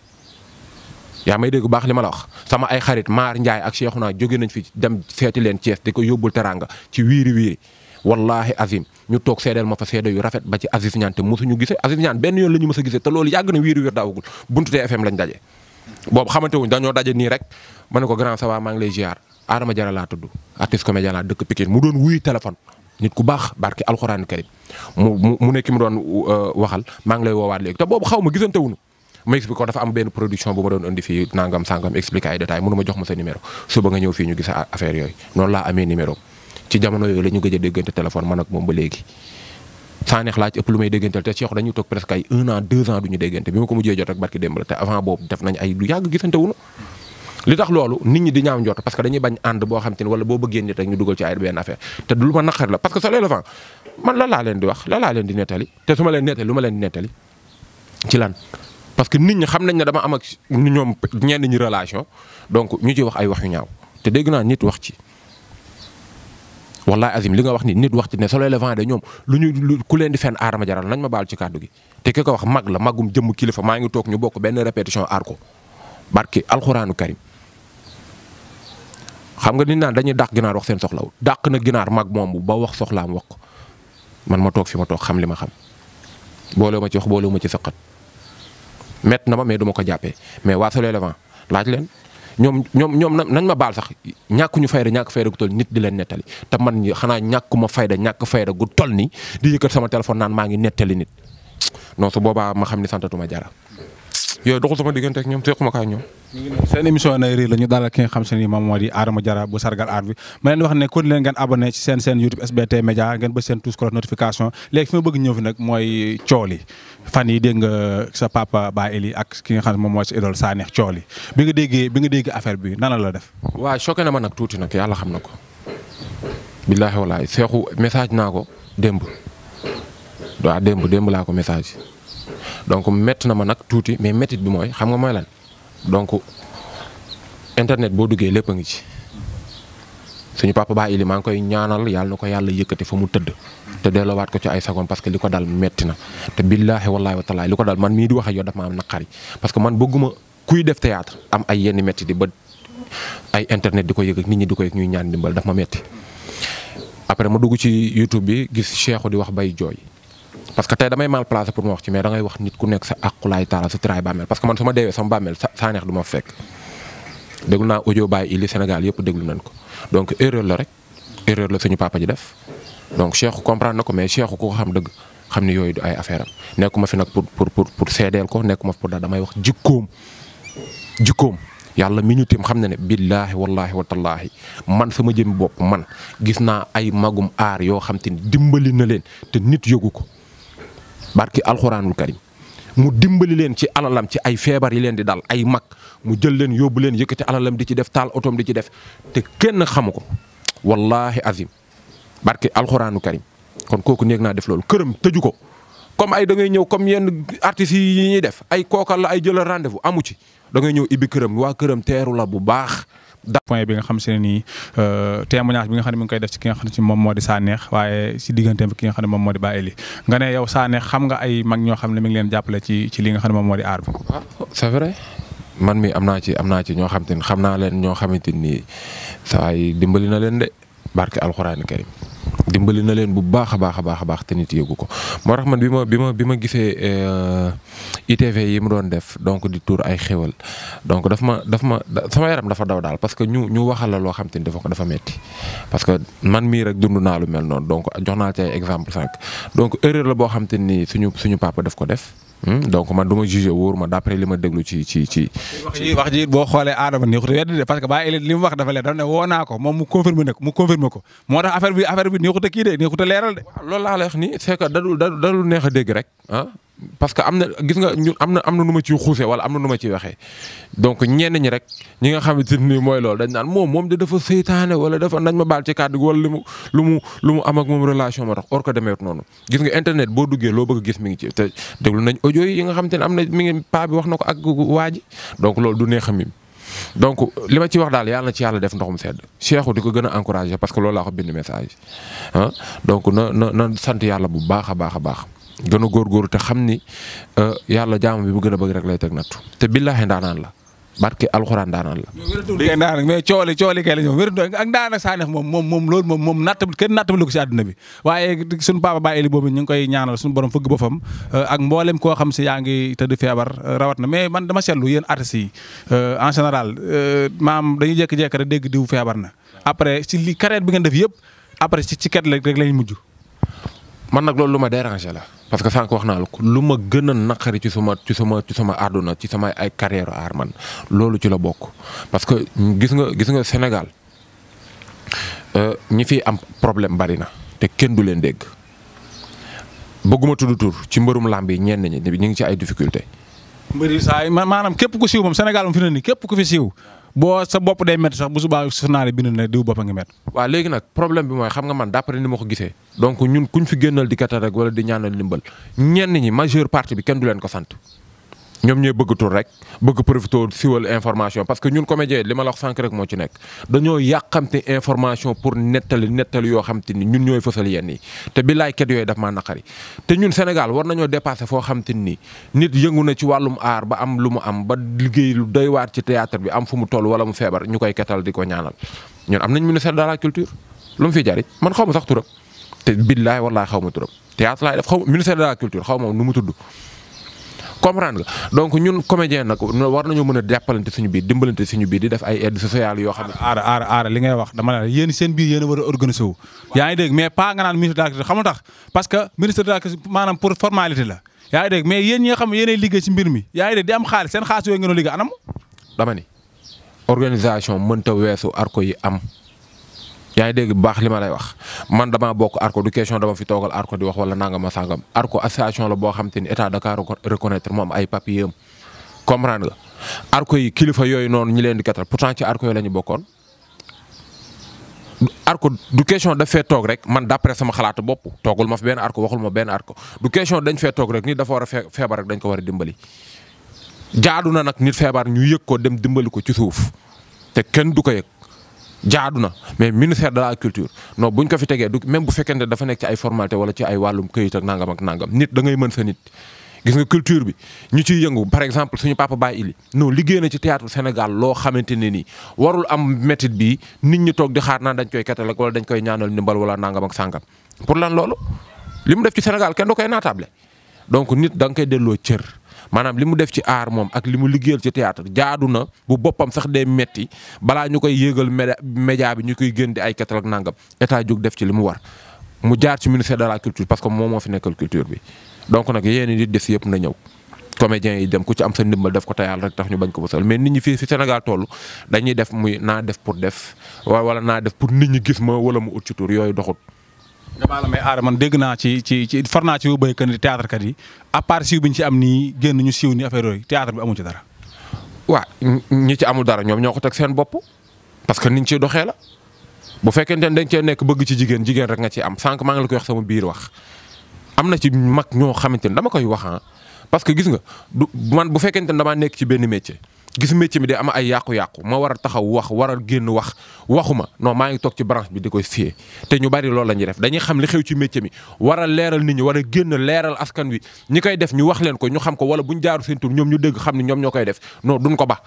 yaa may dégg bu baax li ma la wax sama ay xarit Maar Ndiaye ak Cheikhouna jóge nañ fi dem seeti leen Thiès di ko yóbbul teraanga ci wiiri wiiri wallahi azim ñu toog seedeel ma fa seede yu rafet ba ci Aziz Niane te ñu gisee Aziz Niane benn yoon la ñu mës a gisee te loolu yàgg na wiiri wiir daawagul buntu TFM lañ daje. boobu xamante wuñ dañoo daje nii rek ma ne ko grand ça va maa ngi lay ziar Adama Diarra laa tudd artiste comédien laa dëkk Pikine mu doon wuy téléphone. nit ku baax barki alxuraan karim mu mu mu nekk mu doon euh, waxal maa ngi lay woowaat léegi te boobu xaw ma gisante ma expliqué ko dafa am benn production bu ma doon indi fii nangam sangam expliqué ay détails mënu ma jox ma sa numéro suba nga ñëw fii ñu gis affaire yooyu noonu laa amee numéro ci jamono yooyu la ñu a déggante téléphone man ak moom ba léegi saaneex laa ci lu may déggante bi ma ko mujjee jot ak barki démb la te avant boobu def nañ ay lu yàgg gisante wuñu li tax loolu nit ñi di ñaaw njort parce que dañuy bañ ànd boo xam te ni wala boo bëggee nit rek wax la laa leen di nettali te su ma leen nettali parce que nit ñi xam nañ ne dama am ak ñeen ñenn ñu relation donc ñu ci wax ay wax yu ñaaw te dégg naa nit wax ci. wallaay Azim li nga wax ni nit wax ci ne solo Levant de ñoom lu ñu lu ku leen di fenn aar ma jaral nañ ma baal ci kàddu gi te ki ko wax mag la magum jëmm kilifa maa ngi toog ñu bokk benn répétition aar ko barke alxuraanu karim xam nga ni naan dañuy dàq ginaar wax seen soxlaw dàq na ginaar mag moom ba wax soxlaam wax ko man ma toog fi ma toog xam li ma xam boolewuma ci wax boolewuma ci saqat mett na ma mais du ma ko jàppee mais waa Soleil Levant laaj leen ñoom ñoom ñoom nañ ma baal sax ñàkkuñu fayda ñàkk fayda gu toll nit di leen nettali te man xanaa ñàkkuma fayda ñàkk fayda gu toll ni di yëkkat sama téléphone naan maa ngi nettali nit non su boobaa ma xam ni santatuma jara yooyu doxul sama diggante ak ñoom teekuma ñoom. seen émission nay riir la ñu dalal ki nga xam se ni moom moo di Adama Diarra bu sargal aar bi ma leen wax ne kon leen ngeen abonné ci seen seen YouTube SBT Média ngeen ba seen tous cloche notification léegi fi ma bëgg ñëw fi nag mooy cool yi fan nga sa papa Ba Eli ak ki nga xam ne moom mooy sa idole saa neex cool yi bi nga déggee bi nga déggee affaire bi nana la def. waaw choqué na ma nag tuuti nag yàlla xam na ko. billaahi wallaahi seexu message naa ko démb waaw démb démb laa ko message. donc métti na ma nag tuuti mais méttit bi mooy xam nga mooy lan donc internet boo duggee lépp a ngi ci suñu papa Ba Ili maa ngi koy ñaanal yàlla na ko yàlla yëkkati fa mu tëdd. te delloowaat ko ci ay sagoom parce que li ko dal metti na te billaahi wallaahi wa taala li ko dal man mii di wax ak yow dafa ma am naqari parce que man bëgguma kuy def théâtre am ay yenn métti di ba ay internet di ko yëg ak nit ñi di ko yëg ñuy ñaan dimbal daf ma metti après ma dugg ci YouTube bi gis Cheikhou di wax bay jooy. parce que tey damay mal placé pour ma wax ci mais da ngay wax nit ku nekk sa àqulaay taala sa tiraay bàmmeel parce que man su ma deewee sama bàmmeel saa neex du ma fekk déglu naa audio bàyyi ili Sénégal yëpp déglu nañ ko donc erreur la rek erreur la suñu papa ji def donc Cheikh comprendre na ko mais Cheikh ku ko xam dëgg xam ni yooyu du ay affaire nekkuma fi nag pour pour pour pour seedeel ko nekkuma fi pour daal damay wax jikkoom jikkoom yàlla mi ñu tim xam na ne billaahi wallaahi watallaahi man sama jëm bopp man gis naa ay magum aar yoo xam ni dimbali na leen te nit yëgu ko. barki alxuraanul karim mu dimbali leen ci alalam ci ay feebar yi leen di daal ay mag mu jël leen yóbbu leen yëkkati alalam di ci def taal otoom di ci def te kenn xamu ko wallaahi azim barki alxuraanu karim kon kooku néeg naa def loolu këram tëju ko comme ay da ngay ñëw comme yenn artistes yi ñuy def ay kokal la ay jëlal rendez-vous amu ci da ngay ñëw ibbi këram waa këram teeru la bu baax. da point bi nga xam si ne nii euh, témoignage bi nga xam ne mi ngi koy def ci ki nga xam ne si moom moo di Sanekh waaye si digganteem ki nga xam ne moom moo di Baye Ely nga ne yow Sanekh xam nga ay mag ñoo xam ne mi ngi leen jàppale ci ci li nga xam ne moom moo di aar bi ah, c'est vrai man mi am naa ci am naa ci ñoo xam te ni xam naa leen ñoo xamante ni a yi dimbali na leen de barke ke karim dimbali na leen bu baax a baax a baax a baax te nit yëgu ko moo tax man bi ma bi ma bi ma gisee euh, ITV yi mu doon def donc di tuur ay xéwal donc daf ma daf ma sama yaram dafa daw daal parce que ñu ñu waxal la loo xam te ni dafa dafa metti parce que man mii rek dund naa lu mel noonu donc jox naa ci ay exemple sànq donc erreur la boo xam te ni suñu suñu papa daf ko def. Hmm? donc ma du ma jugé wóor ma d' après li ma déglu ci ci ci. wax ji boo xoolee aadama neexut wedd de parce que baa li mu wax dafa leer dafa ne woo ko moom mu confirmer nag mu confirmer ko moo tax affaire bi affaire bi neexut a kii a leeral de. waaw loolu laa lay wax nii que dadul dadul neex a dégg rek ah. parce que am na gis nga ñun am na am na nu ma ciy xuusee wala am na nu ma ciy waxee donc ñenn ñi rek ñi nga xamante ni mooy loolu dañ naan moom moom de dafa seytaane wala dafa nañ ma baal ci kàddu gi wala lu mu lu mu lu mu am moom relation ma tax or ko demeewut noonu. gis nga internet boo duggee loo bëgg gis mi ngi ci te déglu nañ audio yi nga xamante ne am na mi ngi paa bi wax na ko ak waa ji donc loolu du neex a mim donc li ma ci wax daal yàlla na ci yàlla def ndoxum sedd Cheikhou di ko gën a parce que loolu laa ko bind message ah donc na na na sant yàlla bu baax a baax a baax. gën a góorgóorlu te xam ni euh, yàlla jaam bi bu gën a bëgg rek lay teg nattu te billaahi ndaanaan la barke alxuraan ndaanaan la. wér ndaanaan mais cooli cooli kay la ñëw wér ak ndaanaan Sanekh moom moom moom loolu moom moom natt kenn nattablu ko si àdduna bi waaye suñu papa Baye Eli boobu koy ñaanal suñu borom fëgg boppam euh, ak mboolem koo xam si yaa ngi tëdd feebar euh, rawat na mais man dama seetlu yéen artistes yi en général maam dañu jékki-jékki rek dégg diw feebar na après si li carrière bi ngeen def yëpp après si ci ket rek lañ mujj. man nag loolu lu ma dérangé la parce que sànq wax naa la ko lu ma gën a naqari ci suma ci sama ci sama àdduna ci sama ay carrière aar man loolu ci la bokk parce que gis nga gis nga Sénégal euh, ñi fi am problème bari na te kenn du leen dégg bëgguma tudd tur ci mbërum làmb yi ñenn ñi ñu ngi ci ay difficulté mbëri saa maanaam képp ku siiw moom Sénégal moom fi ne nii képp ku fi siiw boo sa bopp day métti sax bu subaa journal bind na diw bopp a ngi métti. waaw léegi nag problème bi mooy xam nga man d'après ni ma ko gisee donc ñun kuñ fi génnal di kata rek wala di ñaanal ndimbal ñenn ñi majeure partie bi kenn du leen ko sant ñoom ñooy bëgg tur rek bëgg profité siwal information parce que ñun comédien li ma la wax sànq rek moo ci nekk dañoo yàqamte information pour nettali nettali yoo xam te ni ñun ñooy fësal yenn yi te bi laay ket yooyu daf maa naqari te ñun Sénégal war nañoo dépassé foo xam te ni nit yëngu na ci wàllum aar ba am lu mu am ba liggéey lu doy waar ci théâtre bi am fu mu toll wala mu feebar ñu koy ketal di ko ñaanal ñoon am nañ ministère de la culture mu fi jariñ man xaw ma sax turam te billaay wallaay xaw ma turam théâtre laay def xaw ministère de la culture xaw ma nu mu tudd comprendre nga donc ñun comédien nag war nañoo mën a jàppalante suñu biir di def ay aide sociale yoo xam ne aara aara li ngay wax dama ne yéen seen biir yéen a war a organisé wu yaa ngi dégg mais pas nga naan ministre de la culture xam nga tax parce que ministre de la culture maanaam pour formalité la yaa ngi dégg mais yéen ñi nga xam liggéey ci mbir mi yaa ngi dégg di am xaalis seen xaalis yooyu ngeen liggéey anam dama ni organisation mënta weesu arko yi am yaa dégg bu baax li ma lay wax man damaa bokk arko du question dama fi toogal arko di wax wala nangam a sangam arko association la boo xam te ni état Dakar reconnaître moom ay papier am comprendre nga arko yi kilifa yooyu noonu ñi leen di katal pourtant ci arko yi la ñu bokkoon. arko du question daf fee toog rek man d'après sama xalaatu bopp toogul ma fi benn arko waxul ma benn arko du question dañ fee toog rek nit dafa war a feebar rek dañ ko war a dimbali. jaadu na nag nit feebar ñu yëg ko dem dimbali ko ci suuf te kenn du ko yëg. jaadu na mais ministère de la culture non ñu ko fi tegee du même bu fekkente dafa nekk ci ay formalité wala ci ay wàllum këyit ak nangam ak nit da ngay mën sa nit. gis nga culture bi ñu ciy yëngu par exemple suñu papa Baye Ili no liggéey na ci théâtre Sénégal loo xamante ne nii warul am métit bi nit ñi toog di xaar naa dañ koy kettal ak wala dañ koy ñaanal ndimbal wala nangam ak sàngam pour lan loolu li mu def ci Sénégal kenn du koy naatable donc nit da koy delloo cër. maanaam li mu def ci aar moom ak li mu liggéeyal ci théâtre jaadu na bu boppam sax day metti balaa ñu koy yëgal média bi ñu koy gën di ay ketal ak nangam jóg def ci li mu war mu jaar ci ministère de la culture parce que moom moo fi nekkal culture bi donc nag yéen di def yëpp na ñëw. comédiens yi dem ku ci am sa ndimbal def ko te yàlla rek tax ñu bañ ko bësal mais nit ñi fii fi Sénégal toll dañuy def muy naa def pour def wala naa def pour nit ñi gis ma wala mu ut ci yooyu doxut. nga baal may aar man dégg naa ci ci ci far naa ci wu bëri théâtre kat yi à part siiw bi ci am nii génn ñu siiw ni affaire yooyu théâtre bi amu ci dara. waa ñi ci amul dara ñoom ñoo ko teg seen bopp parce que niñ ciy doxee la bu fekkente ne dañ cee nekk bëgg ci jigéen rek nga ci am sànq maa ngi la koy wax sama biir wax am na ci mag ñoo xamante ne dama koy wax ah, parce que gis nga du man bu fekkente ne damaa nekk ci benn métier. gis métier mi day am ay yàqu-yàqu ma war a taxaw wax war a génn wax waxuma non maa ngi toog ci branche bi di koy fiyee te ñu bari loolu la ñuy def dañuy xam li xew ci métier mi war a leeral nit ñi war a génn leeral askan wi ñi koy def ñu wax leen ko ñu xam ko wala buñ jaaru seen ñoom ñu dégg xam ne ñoom ñoo koy def non duñ ko ba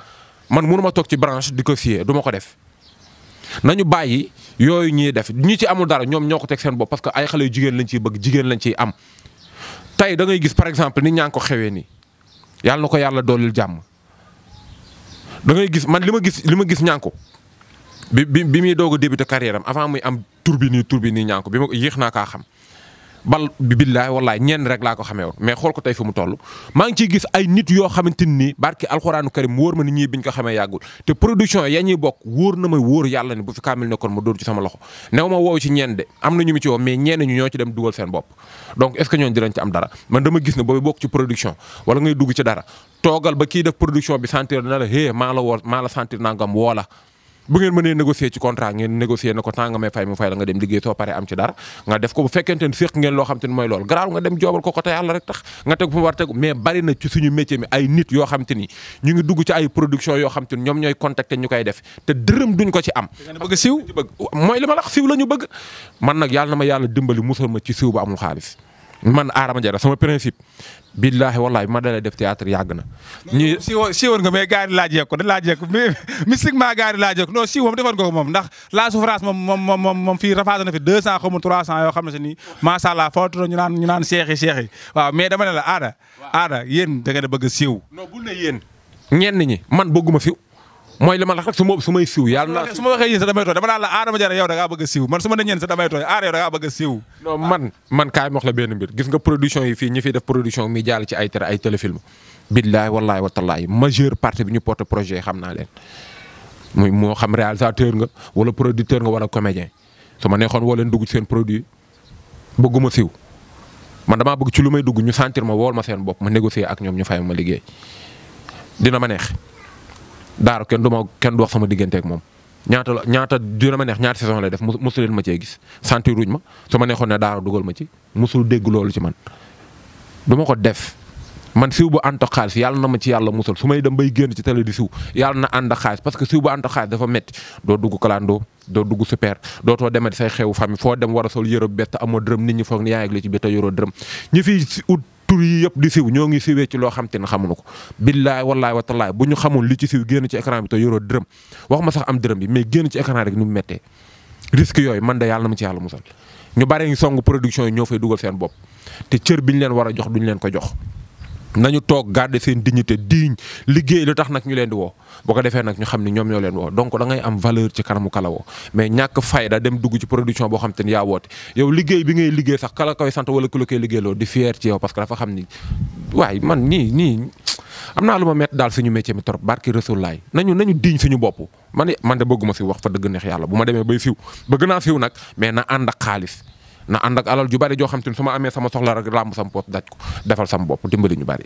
man mënu ma toog ci di ko fiyee du ko def nañu bàyyi yooyu ñuy def ñi ci amul dara ñoom ñoo ko teg seen bopp parce que ay xale jigéen lañ ciy bëgg jigéen lañ ciy am tey da gis par exemple ni ñaa ngi ko xewee nii yàlla na ko yàlla doolil jàmm da ngay gis man li ma gis li ma gis ñànku bi bi bi muy doog a débuté carrière am avant muy am tur bi nii tur bi nii ñànku bi ma yéex naa kaa xam. bal bi billaay wallaay ñenn rek laa ko xamee woon mais xool ko tey fi mu toll maa ngi ciy gis ay nit yoo xamante ni barki alxuraanu karim wóor ma ni ñii biñ ko xamee yàggul te production ya ñuy bokk wóor na may wóor yàlla ni bu fi kaamil nekkoon ma dóor ci sama loxo new ma woow ci ñenn de am na ñu mu ci woo mais ñenn ñu ñoo ci dem dugal seen bopp donc est ce que ñooñu dinañ ci am dara man dama gis ne boobu bokk ci production wala ngay dugg ci dara toogal ba kii def production bi sentir na la hé woo maa la sentir nangam woo la bu ngeen mënee négocier ci contrat ngeen négocier na ko temps nga may fay mu fay la nga dem liggéey soo paree am ci dara nga def ko bu fekkente ni séq ngeen loo xam te mooy loolu garaaw nga dem joobal ko ko te yàlla rek tax nga teg fu mu war tegu mais bari ci suñu métier mi ay nit yoo xam te ni ñu ngi dugg ci ay production yoo xam te ni ñoom ñooy contacter ñu koy def te dërëm duñ ko ci am bëgg siw bëgg mooy li ma la wax siw la ñu bëgg man nag yàlla na ma yàlla dimbali musal ma ci siw ba xaalis man Adama Diarra sama principe. billaahi wallaahi ma dalee def théâtre yàgg na. ñii nga mais gars yi laajee da laajee ko mais mystiquement gars yi laajee ko non si woon nga moom ndax la souffrance moom moom moom moom fii rafaat na fi 200 xaw ma 300 yoo xam ne ni macha allah foofu ñu seexi seexi waaw mais dama ne la aada. aada yéen da ngeen a bëgg siiw. non bul ñi man bëgguma fi mooy li ma la rek su ma su may siiw yàlla ma waxee yéen sax damay tooy dama naan la Adama Diarra a siiw ma ne ñeen sax damay tooy a siiw. man man kaay ma wax la benn mbir gis nga production yi fii ñi fiy def production mi jàll ci ay télé ay téléfilm. billaay wallaay watalaay majeure partie bi ñu porte projet xam naa leen muy moo xam réalisateur nga wala producteur nga wala comédien su ma neexoon woo dugg ci seen produit bëgguma siiw man damaa bëgg ci lu may dugg ñu sentir ma wool ma seen bopp ma négocier ak ñoom ñu fay ma liggéey dina ma neex daaro kenn du kenn du wax sama digganteeg moom ñaata la ñaata dina ma neex ñaata saison lay def mosu ma cee gis sentir ruñ ma su ma neexoon ne daaro dugal ma ci mosul dégg loolu ci man du ma ko def. man siw bu ànd ak xaalis yàlla na ma ci yàlla musal su may dem bay génn ci télé di siw yal na ànd ak xaalis parce que siw bu ànd ak xaalis dafa métti doo dugg kalandoo doo dugg super dootoo demee say xew famille foo dem war a sol yërëb bett amoo dërëm nit ñi ni yaa ngi ci bett yoroo dërëm ñi fiy ut tur yi yëpp di siw ñoo ngi siwee ci loo xam te ne xamuñu ko billaay wallaay watalaay bu ñu xamul li ci siw génn ci écran bi te yoroo dërëm wax ma sax am dërëm bi mais génn ci écran rek ni mu méttee risque yooyu man de yàlla na ma ci yàlla musal ñu bare ngi song production yi ñoo fay dugal seen bopp te cër biñ leen war a jox duñ leen ko jox nañu toog garder seen dignité digne liggéey lu tax nag ñu leen di woo boo ko defee nag ñu xam ni ñoom ñoo leen woo donc da ngay am valeur ci kanamu kala woo mais ñàkk fayda dem dugg ci production boo xam te ni yaa woote yow liggéey bi ngay liggéey sax kala koy sant wala ku la koy liggéeyloo di fier ci yow parce que dafa xam ni waaye man nii nii am naa lu ma mett daal suñu métier mi trop barki Rasuul laay nañu nañu diñ suñu bopp man man de bëgguma si wax fa dëgg neex yàlla bu ma demee bay fiw bëgg naa fiw nag mais na ànd ak xaalis na ànd ak alal ju bari joo xam te ne su ma amee sama soxla rek làmb sam poos daj ko defal sam bopp dimbali ñu bari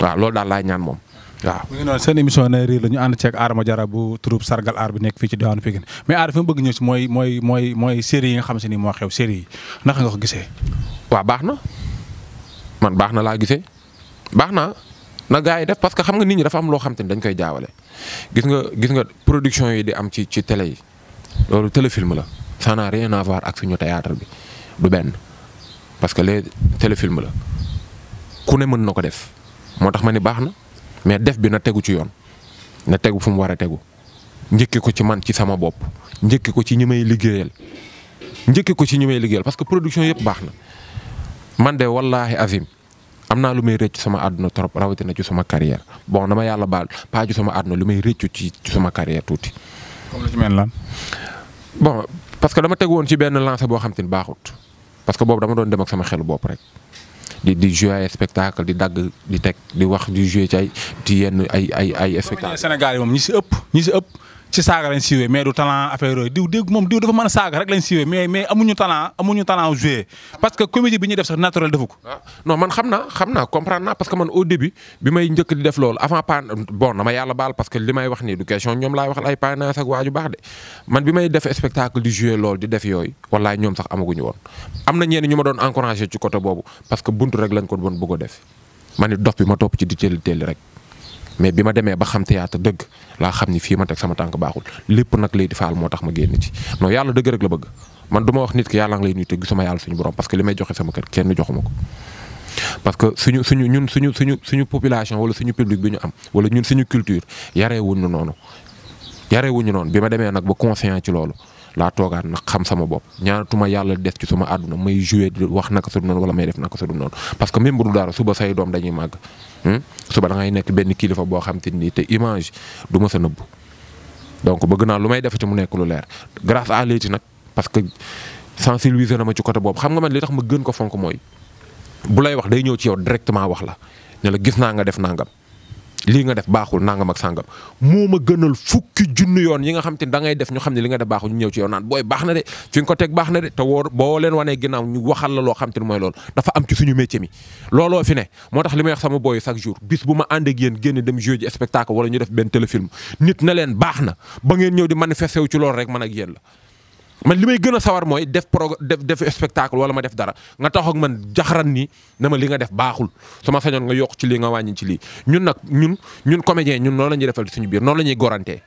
waaw loolu daal laay ñaan moom waaw. seen émission nay riir la ñu ànd ceeg Adama Diarra bu troupe sargal aar bi nekk fii ci diwaanu fi mu bëgg ñëw si mooy mooy mooy mooy série yi nga xam si ko gisee. waaw baax na man baax na laa gisee baax na na yi def parce que xam nga nit ñi dafa am loo xam te ne dañ koy jaawale gis nga gis nga production yi di am ci ci télé yi loolu téléfilm la ça n'a rien à voir ak suñu théâtre bi du benn parce que les téléfilm la ku ne mën na ko def moo tax ma ni baax na mais def bi na tegu ci yoon na tegu fu mu war a tegu njëkke ko ci man ci sama bopp njëkke ko ci ñi may liggéeyal njëkke ko ci ñi may liggéeyal parce que production yëpp baax na man de wallaahi azim am naa lu may rëcc sama àdduna trop rawatina ci sama carrière bon dama yàlla baal pas ci sama àdduna lu may rëccu ci sama carrière tuuti. comme parce que dama teg woon ci benn lancé boo xam ni baaxut. parce que boobu dama doon dem ak sama xelu bopp rek di di ay spectacle di dagg di teg di wax di jouer ci ay ci yenn ay ay ay spectacle Sénégal yi moom ñi si ëpp ñi si ëpp ci saaga lañ siiwee mais du talent affaire yooyu diw dégg moom diw dafa mën a saaga rek lañ siiwee mais mais amuñu talent amuñu talent joué parce que comédie bi ñuy def sax naturel defu ko. Ah, man xam naa xam naa comprendre naa parce que man au début bi may njëkk di def loolu avant pan bon na ma yàlla baal parce que li may wax nii du question ñoom laay waxal ay partenaires ak waaju baax de man bi may def spectacle di joué loolu di def yooyu wallaay ñoom na ñenn ñu ma doon encouragé ci côté boobu parce que buntu rek lañ ko doon bëgg rek. mais bi ma demee ba xam te te dëgg laa xam ni fii ma teg sama tànk baaxul lépp nag Lady Fall moo tax ma génn ci non yàlla dëgg rek la bëgg man du wax nit ki yàlla nga lay nuyu te gisuma yàlla suñu borom parce que li may parce que suñu suñu ñun suñu suñu suñu population wala suñu public bi ñu am wala ñun suñu culture yaree wuñu noonu yaree wuñu noonu bi ma demee nag ba conscient ci loolu. laa toogaat nag xam sama bopp ñaanatuma yàlla des ci sama àdduna may jouer di wax naka su du wala may def naka su parce que même bu du dara suba say doom màgg Hmm? suba da ngay nekk benn kilifa boo xam te ni te image du ma sa nëbbu donc bëgg naa lu may def ci mu nekk lu leer grace à Leyti nag parce que sensibiliser na ma ci côté boobu xam nga man li tax ma gën ko fonk mooy bu lay wax day ñëw ci yow directement wax la ne la gis naa nga def nangam. lii nga def baaxul nangam ak sangam moo ma gënal fukki junni yoon yi nga xam te da ngay def ñu xam ne li nga def baaxul ñu ñëw ci yow naan booy baax na de fi ko teg baax na de te woo boo leen wanee ginnaaw ñu waxal la loo xam te ne mooy lool dafa am ci suñu métier mi looloo fi ne moo tax li may wax sama booy chaque jour bis bu ma ànd ak yéen génn dem jouer ji spectacle wala ñu def benn téléfilm nit na leen baax na ba ngeen ñëw di manifester wu ci lool rek man ak yéen la man li may gën a sawar mooy def pro def def spectacle wala ma def dara nga tax ak man jaxaran ni na ma li nga def baaxul ma sañoon nga yokk ci lii nga wàññi ci lii ñun nag ñun ñun comédien ñun noonu la ñuy defal suñu biir noonu la ñuy gorantee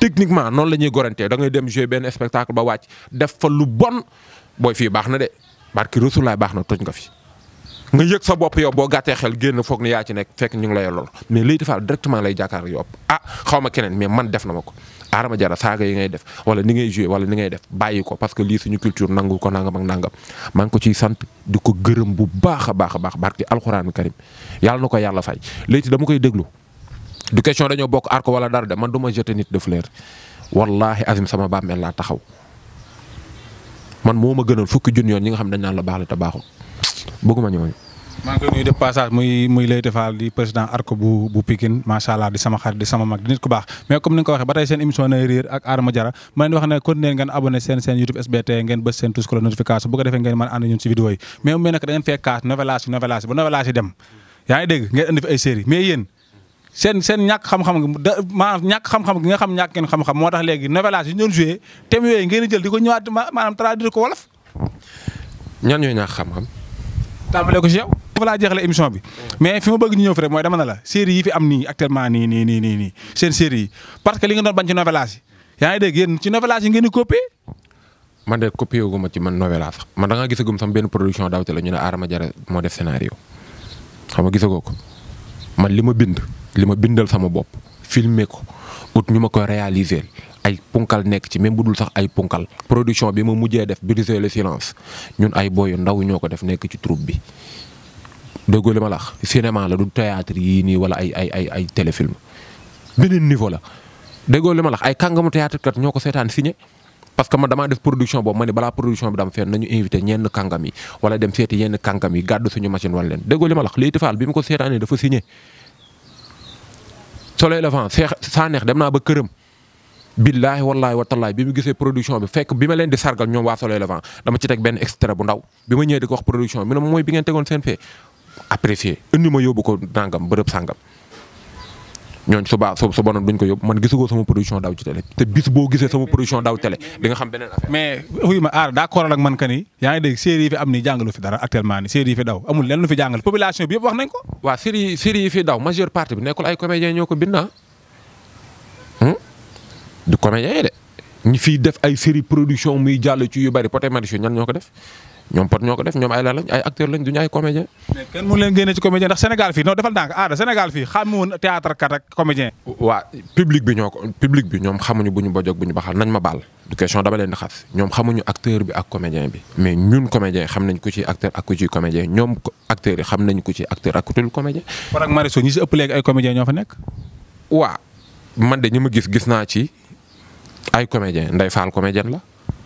techniquement noonu la ñuy gorantee da ngay dem jouer benn spectacle ba wàcc def fa lu bon booy fii baax na de barki Rasulullah baax na toj nga fi. nga yëg sa bopp yow boo gàttee xel génn foog ne yaa ci nekk fekk ñu ngi lay lool mais liy defal directement lay jàkkaar yow ah ma keneen mais man def na ma ko. Adama jara saaga yi ngay def wala ni ngay joué wala ni ngay def bàyyi ko parce que lii suñu culture nangu ko nangam ak nangam maa ngi ko ciy sant di ko gërëm bu baax a baax a baax barki alxuraanu karim yàlla na ko yàlla fay léegi dama koy déglu du question dañoo bokk aar ko wala dara de man du ma jeté nit de fleur wallahi azim sama bàmmeel laa taxaw man moo ma gënal fukki junni yoon ñi nga xam dañ naan la baax la te baaxul bëgguma maa ngi koy de passage muy muy Leyti Fall di président ARCO bu bu Pikine macha allah di sama xarit di sama mag di nit ku baax mais comme ni nga ko waxee ba tey seen émission nay riir ak Adama Diarra ma leen wax ne continuer ngeen abonné seen YouTube SBT ngeen bës seen tous ko la notification defee ngeen mën ànd ñun si vidéo yi mais mu ne que ngeen fee kaas novelage novelage ba novelage dem yaa ngi dégg ngeen indi fi ay série mais yéen seen seen ñàkk xam-xam maanaam ñàkk xam-xam nga xam ñàkk ngeen xam-xam moo tax léegi novelage yi ñoon joué thème yooyu ngeen jël di ko ñëwaat maanaam traduire ko wolof ñan ñooy ñàkk xam tàmbalee ko ci yow émission bi mais fi ma bëgg ñu ñëw fi rek mooy dama ne la série yi fi am nii actuellement nii nii nii nii nii seen série yi parce que li nga doon bañ ci novelas yi yaa ngi dégg yéen ci novelas yi ngeen di copier man de copier wu ma ci man novela man da nga gisagum sama benn production daawte la ñu ne Adama Diarra moo def scénario xam nga gisagoo man li ma bind li ma bindal sama bopp filmer ko ut ñu ma ko réaliser ay ponkal nekk ci même bu dul sax ay ponkal production bi ma mujjee def briser le silence ñun ay booyu ndaw ñoo ko def nekk ci troupe bi dëgg li ma lax wax la du théâtre yii nii wala ay ay ay ay téléfilm beneen niveau la dëgg la wax ay théâtre kat ñoo ko seetaan signé parce que man damaa def production boobu ma ne balaa production bi dam fenn nañu invité ñenn kàngam yi wala dem seeti yenn kàngam yi gàdd suñu machine wan leen dëgg li ma la wax Leyti Fall bi mu ko seetaanee dafa signé Soleil Levant Cheikh dem naa ba këram. billaahi wallaahi wa tallaahi bi mu gisee production bi fekk bi ma leen di sargal ñoom waa Soleil Levant dama ci teg benn extrait bu ndaw bi ma ñëwee di ko wax production bi mu ne mooy bi ngeen tegoon seen fee apprécié indi ma yóbbu ko nangam bërëb sàngam te bis boo gisee sama production daaw télé di xam beneen affaire. mais aar d'accord ak man que ni yaa ngi dégg série yi fi am ni jàngalu fi dara actuellement ni série daw amul lenn fi jàngal population bi yëpp wax nañ ko. waaw série fi daw majeure partie bi nekkul ay comédiens ñoo ko bind ah. du comédien yi de ñu fiy def ay série production muy jàll ci yu bari Pod et Marichou ñan ñoo ko def ñoom Pod ñoo ko def ñoom ay la lañ ay acteur lañ duñu ay comédien. mais kenn mu leen génne ci comédien ndax Sénégal fii non bi ñoom xamuñu bu ñu bojog bu ñu baxal nañ ma baal du question dama leen di xas ñoom bi ak comédien bi. mais ñun comédien xam nañ ñoom acteurs yi xam nañ ku ci acteur ak ku ci comédien. Pod ak Marichou ñi si ëpp léegi ay comédien ñoo fa nekk. waa man de ñi ma gis gis naa ci ay comédien Ndeye Fall comédien la.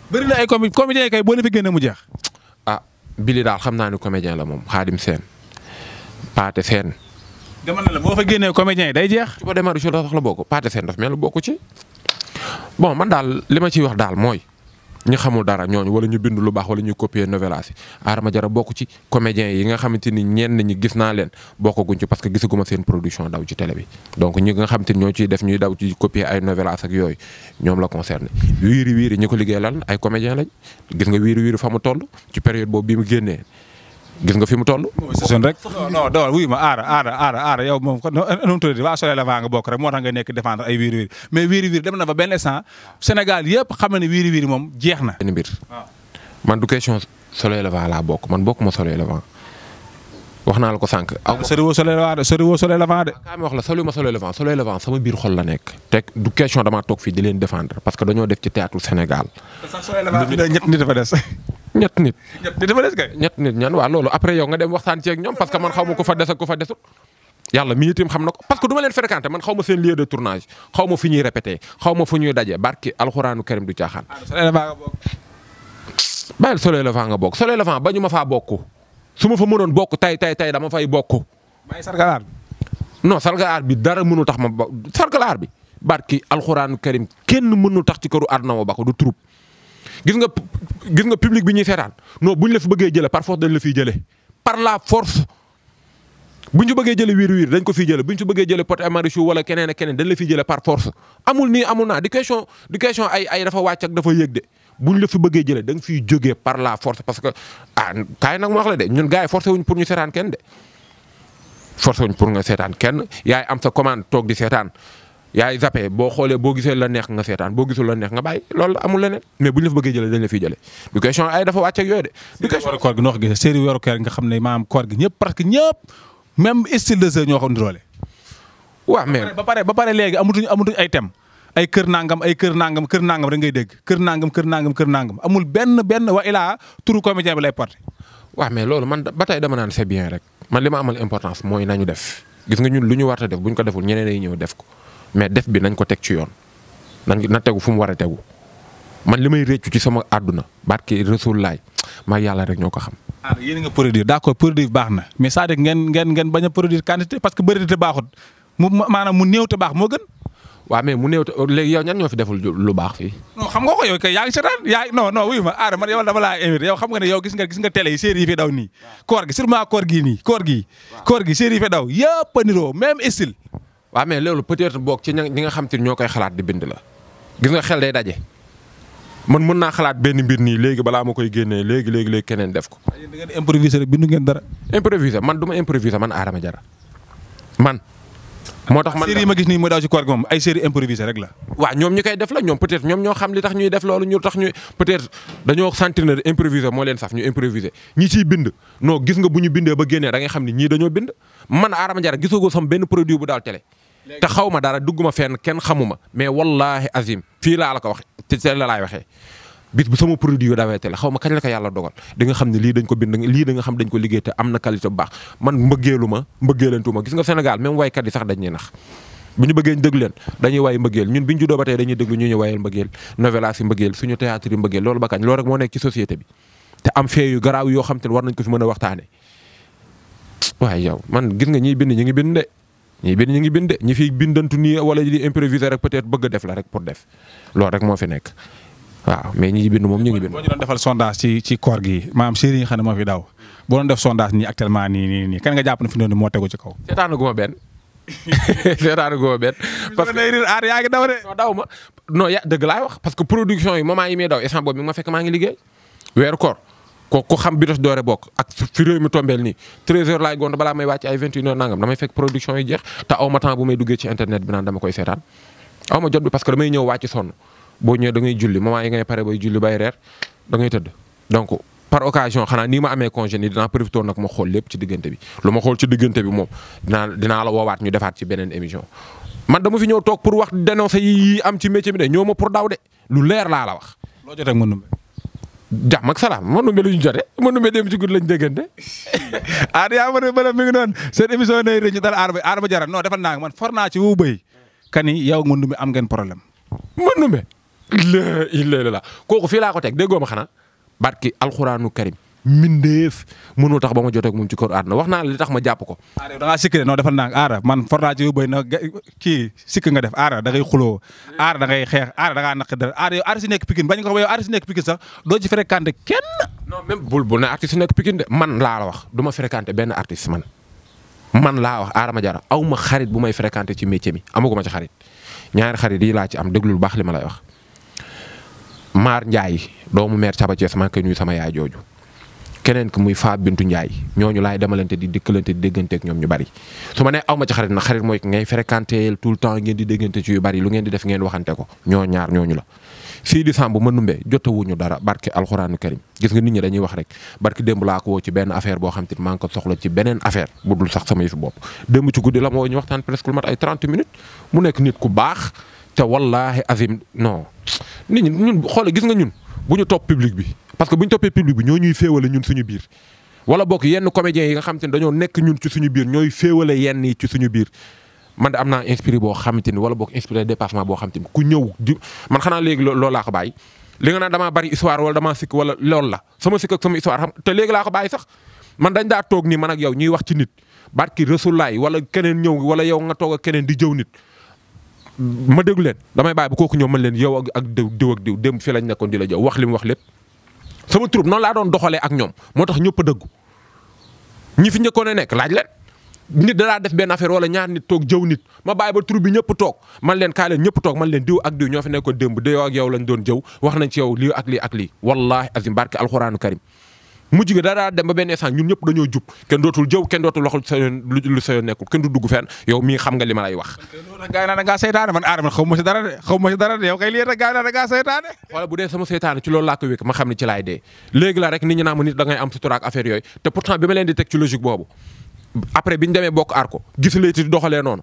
bëri na ay comi comédien kay boo leen fi génne mu jeex. a ah, bili daal xam naa ne comédien la moom Xaadim Seen Paate Seen. dama ne la boo fa génnee comédien yi day jeex. su ko demee du si la sax la bokk Paate Seen daf mel la bokk ci. bon man daal li ma ciy wax daal mooy ñu xamul dara ñooñu wala ñu bind lu baax wala ñu copier novelas yi Adama Diarra bokk ci comédiens yi nga xamante ni ñenn ñi gis naa leen bokk bokkaguñ ci parce que gisaguma seen production daw ci télé bi donc ñi nga xamante ni ñoo ciy def ñuy daw ci copier ay novelas ak yooyu ñoom la concerné wiiri wiiri ñu ko liggéey lan ay comédien lañ gis nga wiiri wiiri fa mu toll ci période boobu bi mu génnee gis nga fi mu toll. seen rek non non wuy ma aara aara aara aara yow moom eh, nu mu tuddati waa Soleil Levant nga bokk rek moo tax nga nekk défendre ay wiiri wiiri mais wiiri wiiri dem na ba benn instant Sénégal yëpp xam na ne wiiri wiiri moom jeex na. benn mbir ah. man du question Soleil Levant laa bokk man bokkuma Soleil Levant wax naa la ko sànq. aw ah, soriwoo Soleil Levant de soriwoo Soleil Levant de. kaa mi wax la soliwuma Soleil Levant Soleil Levant sama biir xol la nekk. teg du question damaa toog fii di leen défendre parce que dañoo def ci théâtre Sénégal. te sax Soleil dafa ñett nit. ñett nit dafa ñett nit ñaan waa loolu après yow nga dem waxtaan ci ak ñoom parce que man xaw ko ku fa des ak ku fa desut. yàlla mi xam na ko parce que du ma leen fréquenté man xaw ma seen lieu de tournage xaw ma fu ñuy répété xaw ma fu ñuy daje barki alxuraanu karim du caaxaan. bàyyil soleil levant nga bokk soleil levant ba ñu ma faa bokk su ma fa mënoon bokk tay tay tay dama fay bokk. may sargalaar bi. non sargalaar bi dara mënul tax ma ba sargalaar bi barki alxuraanu karim kenn mënul tax ci këru àdduna ma ba ko du troupe gis nga gis nga public bi ñuy seetaan non bu ñu la fi bëggee jële par force dañ la fi jëlee par la force bu ñu bëggee jëlee wiir wiir dañ ko fiy jëlee bu ñu si bëggee jëlee pot et marichou wala keneen ak keneen dañ la fiy jëlee par force amul nii amul naa di question di question ay ay dafa wàcc ak dafa yëg de bu ñu la fi bëggee jëlee da nga fiy jógee par la force parce que ah kaay nag ma wax la de ñun gars yi forcé wuñ pour ñu seetaan kenn de forcé wuñ pour nga seetaan kenn yaay am sa commande toog di seetaan yaay zappé boo xoolee boo gisee la neex nga seetaan boo gisul la neex nga bàyyi loolu amul leneen mais bu ñu la fa dañ la fiy jëlee question ay dafa wàcceeg yooyu de. du question koor gi noo ko ne maanaam koor gi ñëpp presque ñëpp même style de jeu ba pare ba pare léegi amatuñ amatuñ ay tem ay kër nangam ay kër nangam kër nangam rek ngay dégg kër nangam kër nangam kër nangam amul benn benn wa ilaa turu comédien bi lay porté. waaw mais loolu man ba tey dama naan c'est bien rek man li ma amal importance mooy nañu def gis nga ñun lu ñu war a def bu ñu ko deful ñeneen ñëw def ko mais def bi nañ ko teg ci yoon nañ na tegu fu mu war a tegu man li may réccu ci sama àdduna barke Rasuul laay maa yàlla rek ñoo ko xam. ah yéen nga produire d'accord produire baax na mais c'est-à-dire ngeen ngeen ngeen parce que bëri te baaxut mu maanaam mu néew te baax moo gën. waaw mais mu néew léegi yow ñan ñoo fi deful lu baax fi non xam nga ko yow kay yaa nga ne yow gis nga gis yi série yi daw nii. koor gi sûrement koor gii nii koor gii. koor gi série yi fi daw yëpp a niroo même style waaw mais loolu peut-être boog ci ñi nga xam te ñoo koy xalaat di bind la gis nga xel day daje man mën naa xalaat benn mbir nii léegi balaa moo koy génnee léegi léegi léegi keneen def ko. Ah, da ngeen improviser rek bindu ngeen dara. improviser man du ma improviser man Adama Diarra man. moo tax man série yi ma gis nii mooy daaw ci koor gi moom ñoom ñu koy def ñoom ñoo xam li tax ñuy def ñu tax ñu peut-être ne improvisé moo leen saf ñu improvisé ñi ciy bind non gis nga bu ñu bindee ba génnee da ngay xam ni ñii dañoo bind man Adama Diarra gisagoo sam benn produit bu daal télé te xaw ma a dugg ma fenn kenn mais wallaahi azim fii laa la wax te te la laay waxee. bis bu sama produit yu dawee télé xaw ma kañ la ko yàlla dogal di nga xam ne lii dañ ko bind lii da nga dañ ko liggéey te am na qualité bu baax man mbëggeelu ma mbëggeelantu dañ ñuy nax. bu ñu bëggee ñu déglu leen dañuy waay ñun bi ñu juddoo ba ñu ñu wayal mbëggeel novelas yi mbëggeel suñu théâtre yoo xam te ne war nañ ko fi mën a waxtaane waaye yow man gis nga ñiy bind ñu ngi bind de ñii bind ñu ngi bind de ñi fiy bindantu nii wala di improviser rek peut-être bëgg def la rek pour def loolu rek moo fi nekk waaw mais ñi ngi bind moom ñu ngi bind. boo ñu doon defal sondage ci ci koor gi maam série yi nga xam ne moo fi daw boo doon def sondage nii actuellement nii nii nii jàpp ne fi noonu moo tegu ci kaw. seetaanu gu ma benn seetaanu gu ma benn. parce que parce que production yi moment yi muy daw instant boobu mi ma fekk maa ngi liggéey weer koor ko ku xam Biros Doore bokk ak fi réew mi tombeel nii 13h laay gont balaa may wàcc ay 21h nangam damay fekk production yi jeex te aw temps bu may duggee ci internet bi naan dama koy seetaan aw ma jot bi bay reer da tëdd donc par occasion xanaa nii ma amee congé nii dinaa nag ma xool lépp ci diggante bi lu ma xool ci diggante bi moom dinaa dinaa ñu defaat ci beneen émission man dama fi ñëw toog pour wax dénoncé yi am ci métier bi de ñoo ma pour daw lu leer laa la wax. loo jot ak jàmm ak salaam man numbe lu ñu jote man numbe dem ci guddi lañ déggante aar yaa ma ne ma ne mi ngi noonu seen émission nay rëñ dal aar ba aar noo jara non defal naa man for naa ci wu kani yow ak man am ngeen problème man numbe la ilaha kooku fii laa ko teg déggoo ma xanaa barki alxuraanu karim mbindeef mënoo tax ba ma joteeg moom ci kër na wax naa la li tax ma jàpp ko. aara da ngaa sikk de non defal naa aara man for naa ci yóbbay na kii sikk nga def aara da ngay xuloo aara da ngay xeex aara da ngaa naq dara aara nekk Pikine bañ ko ko ba yow artiste nekk Pikine sax doo ci fréquenté kenn. non même bul bul ne artiste nekk Pikine de man laa wax duma ma benn artiste man man laa wax aara ma jara aw ma xarit bu may fréquenté ci métier mi amaguma ci xarit ñaari xarit yi laa ci am déglu lu baax li ma lay wax maar Ndiaye doomu meer Caba Thiès maa ngi sama yaay jooju keneen ki muy Faa Bintu Njaay ñooñu laay demalante di dikkalante di dégganteek ñoom ñu bari su ma nee aw ci xarit na xarit mooy ngay fréquenté tout le temps ngeen di déggante ci yu bari lu ngeen di def ngeen waxante ko ñoo ñaar ñooñu la fii di Samb ma numbee jotawuñu dara barki alxuraanu karim gis nga nit ñi dañuy wax rek barki démb laa ko ci benn affaire boo xam te maa soxla ci beneen affaire bu dul sax sama yëfu bopp démb ci guddi ñun bu ñu topp public bi parce que bu ñu toppee public bi ñoo ñuy féewale ñun suñu biir wala bokk yenn comédiens yi nga xam te ne dañoo nekk ñun ci suñu biir ñooy féewale yenn ci suñu biir man de am na inspiré boo xamante ni wala bokk inspiré dépassement boo xamante ni ku ñëw di man xanaa léegi loolu laa ko bàyyi li nga naan damaa bari histoire wala damaa sikk wala loolu la sama sikk ak sama histoire xam te léegi laa ko bàyyi sax man dañ daa toog nii man ak yow ñuy wax ci nit barki Rasulaay wala keneen ñëw wala yow nga toog ak keneen di jëw nit ma déglu leen damay bàyyi bu kooku ñëw mën leen yow ak ak diw diw ak démb fii lañ nekkoon di la jëw wax li mu wax lépp sama troupe noon laa doon doxalee ak ñoom moo tax ñëpp dëggu ñi fi njëkkoon a nekk laaj leen nit danaa def benn affaire wala ñaar nit toog jëw nit ma bàyyi ba troupe bi ñëpp toog man leen kaa leen ñëpp toog man leen diw ak diw ñoo fi nekkoon démb de yow ak yow lañ doon jëw wax nañ ci yow lii ak lii ak lii wallahi azim barke alxuraanu karim mujj gi dara dem ba benn instant ñun ñëpp dañoo jub kenn dootul jëw kenn dootul waxul sa yoon lu sa nekkul kenn du dugg fenn yow mii xam nga li ma lay wax. gaa yi naan da seytaane man aar man xaw ma si dara de xaw ma si dara de yow kay lii rek gaa yi naan da ngaa seytaane. wala bu dee sama seytaane ci loolu laa ko wékk ma xam ne ci laay dee léegi la rek nit ñi naan nit da am sutura affaire yooyu te pourtant bi ma leen di teg boobu après bi ñu bokk aar ko gis léegi doxalee noonu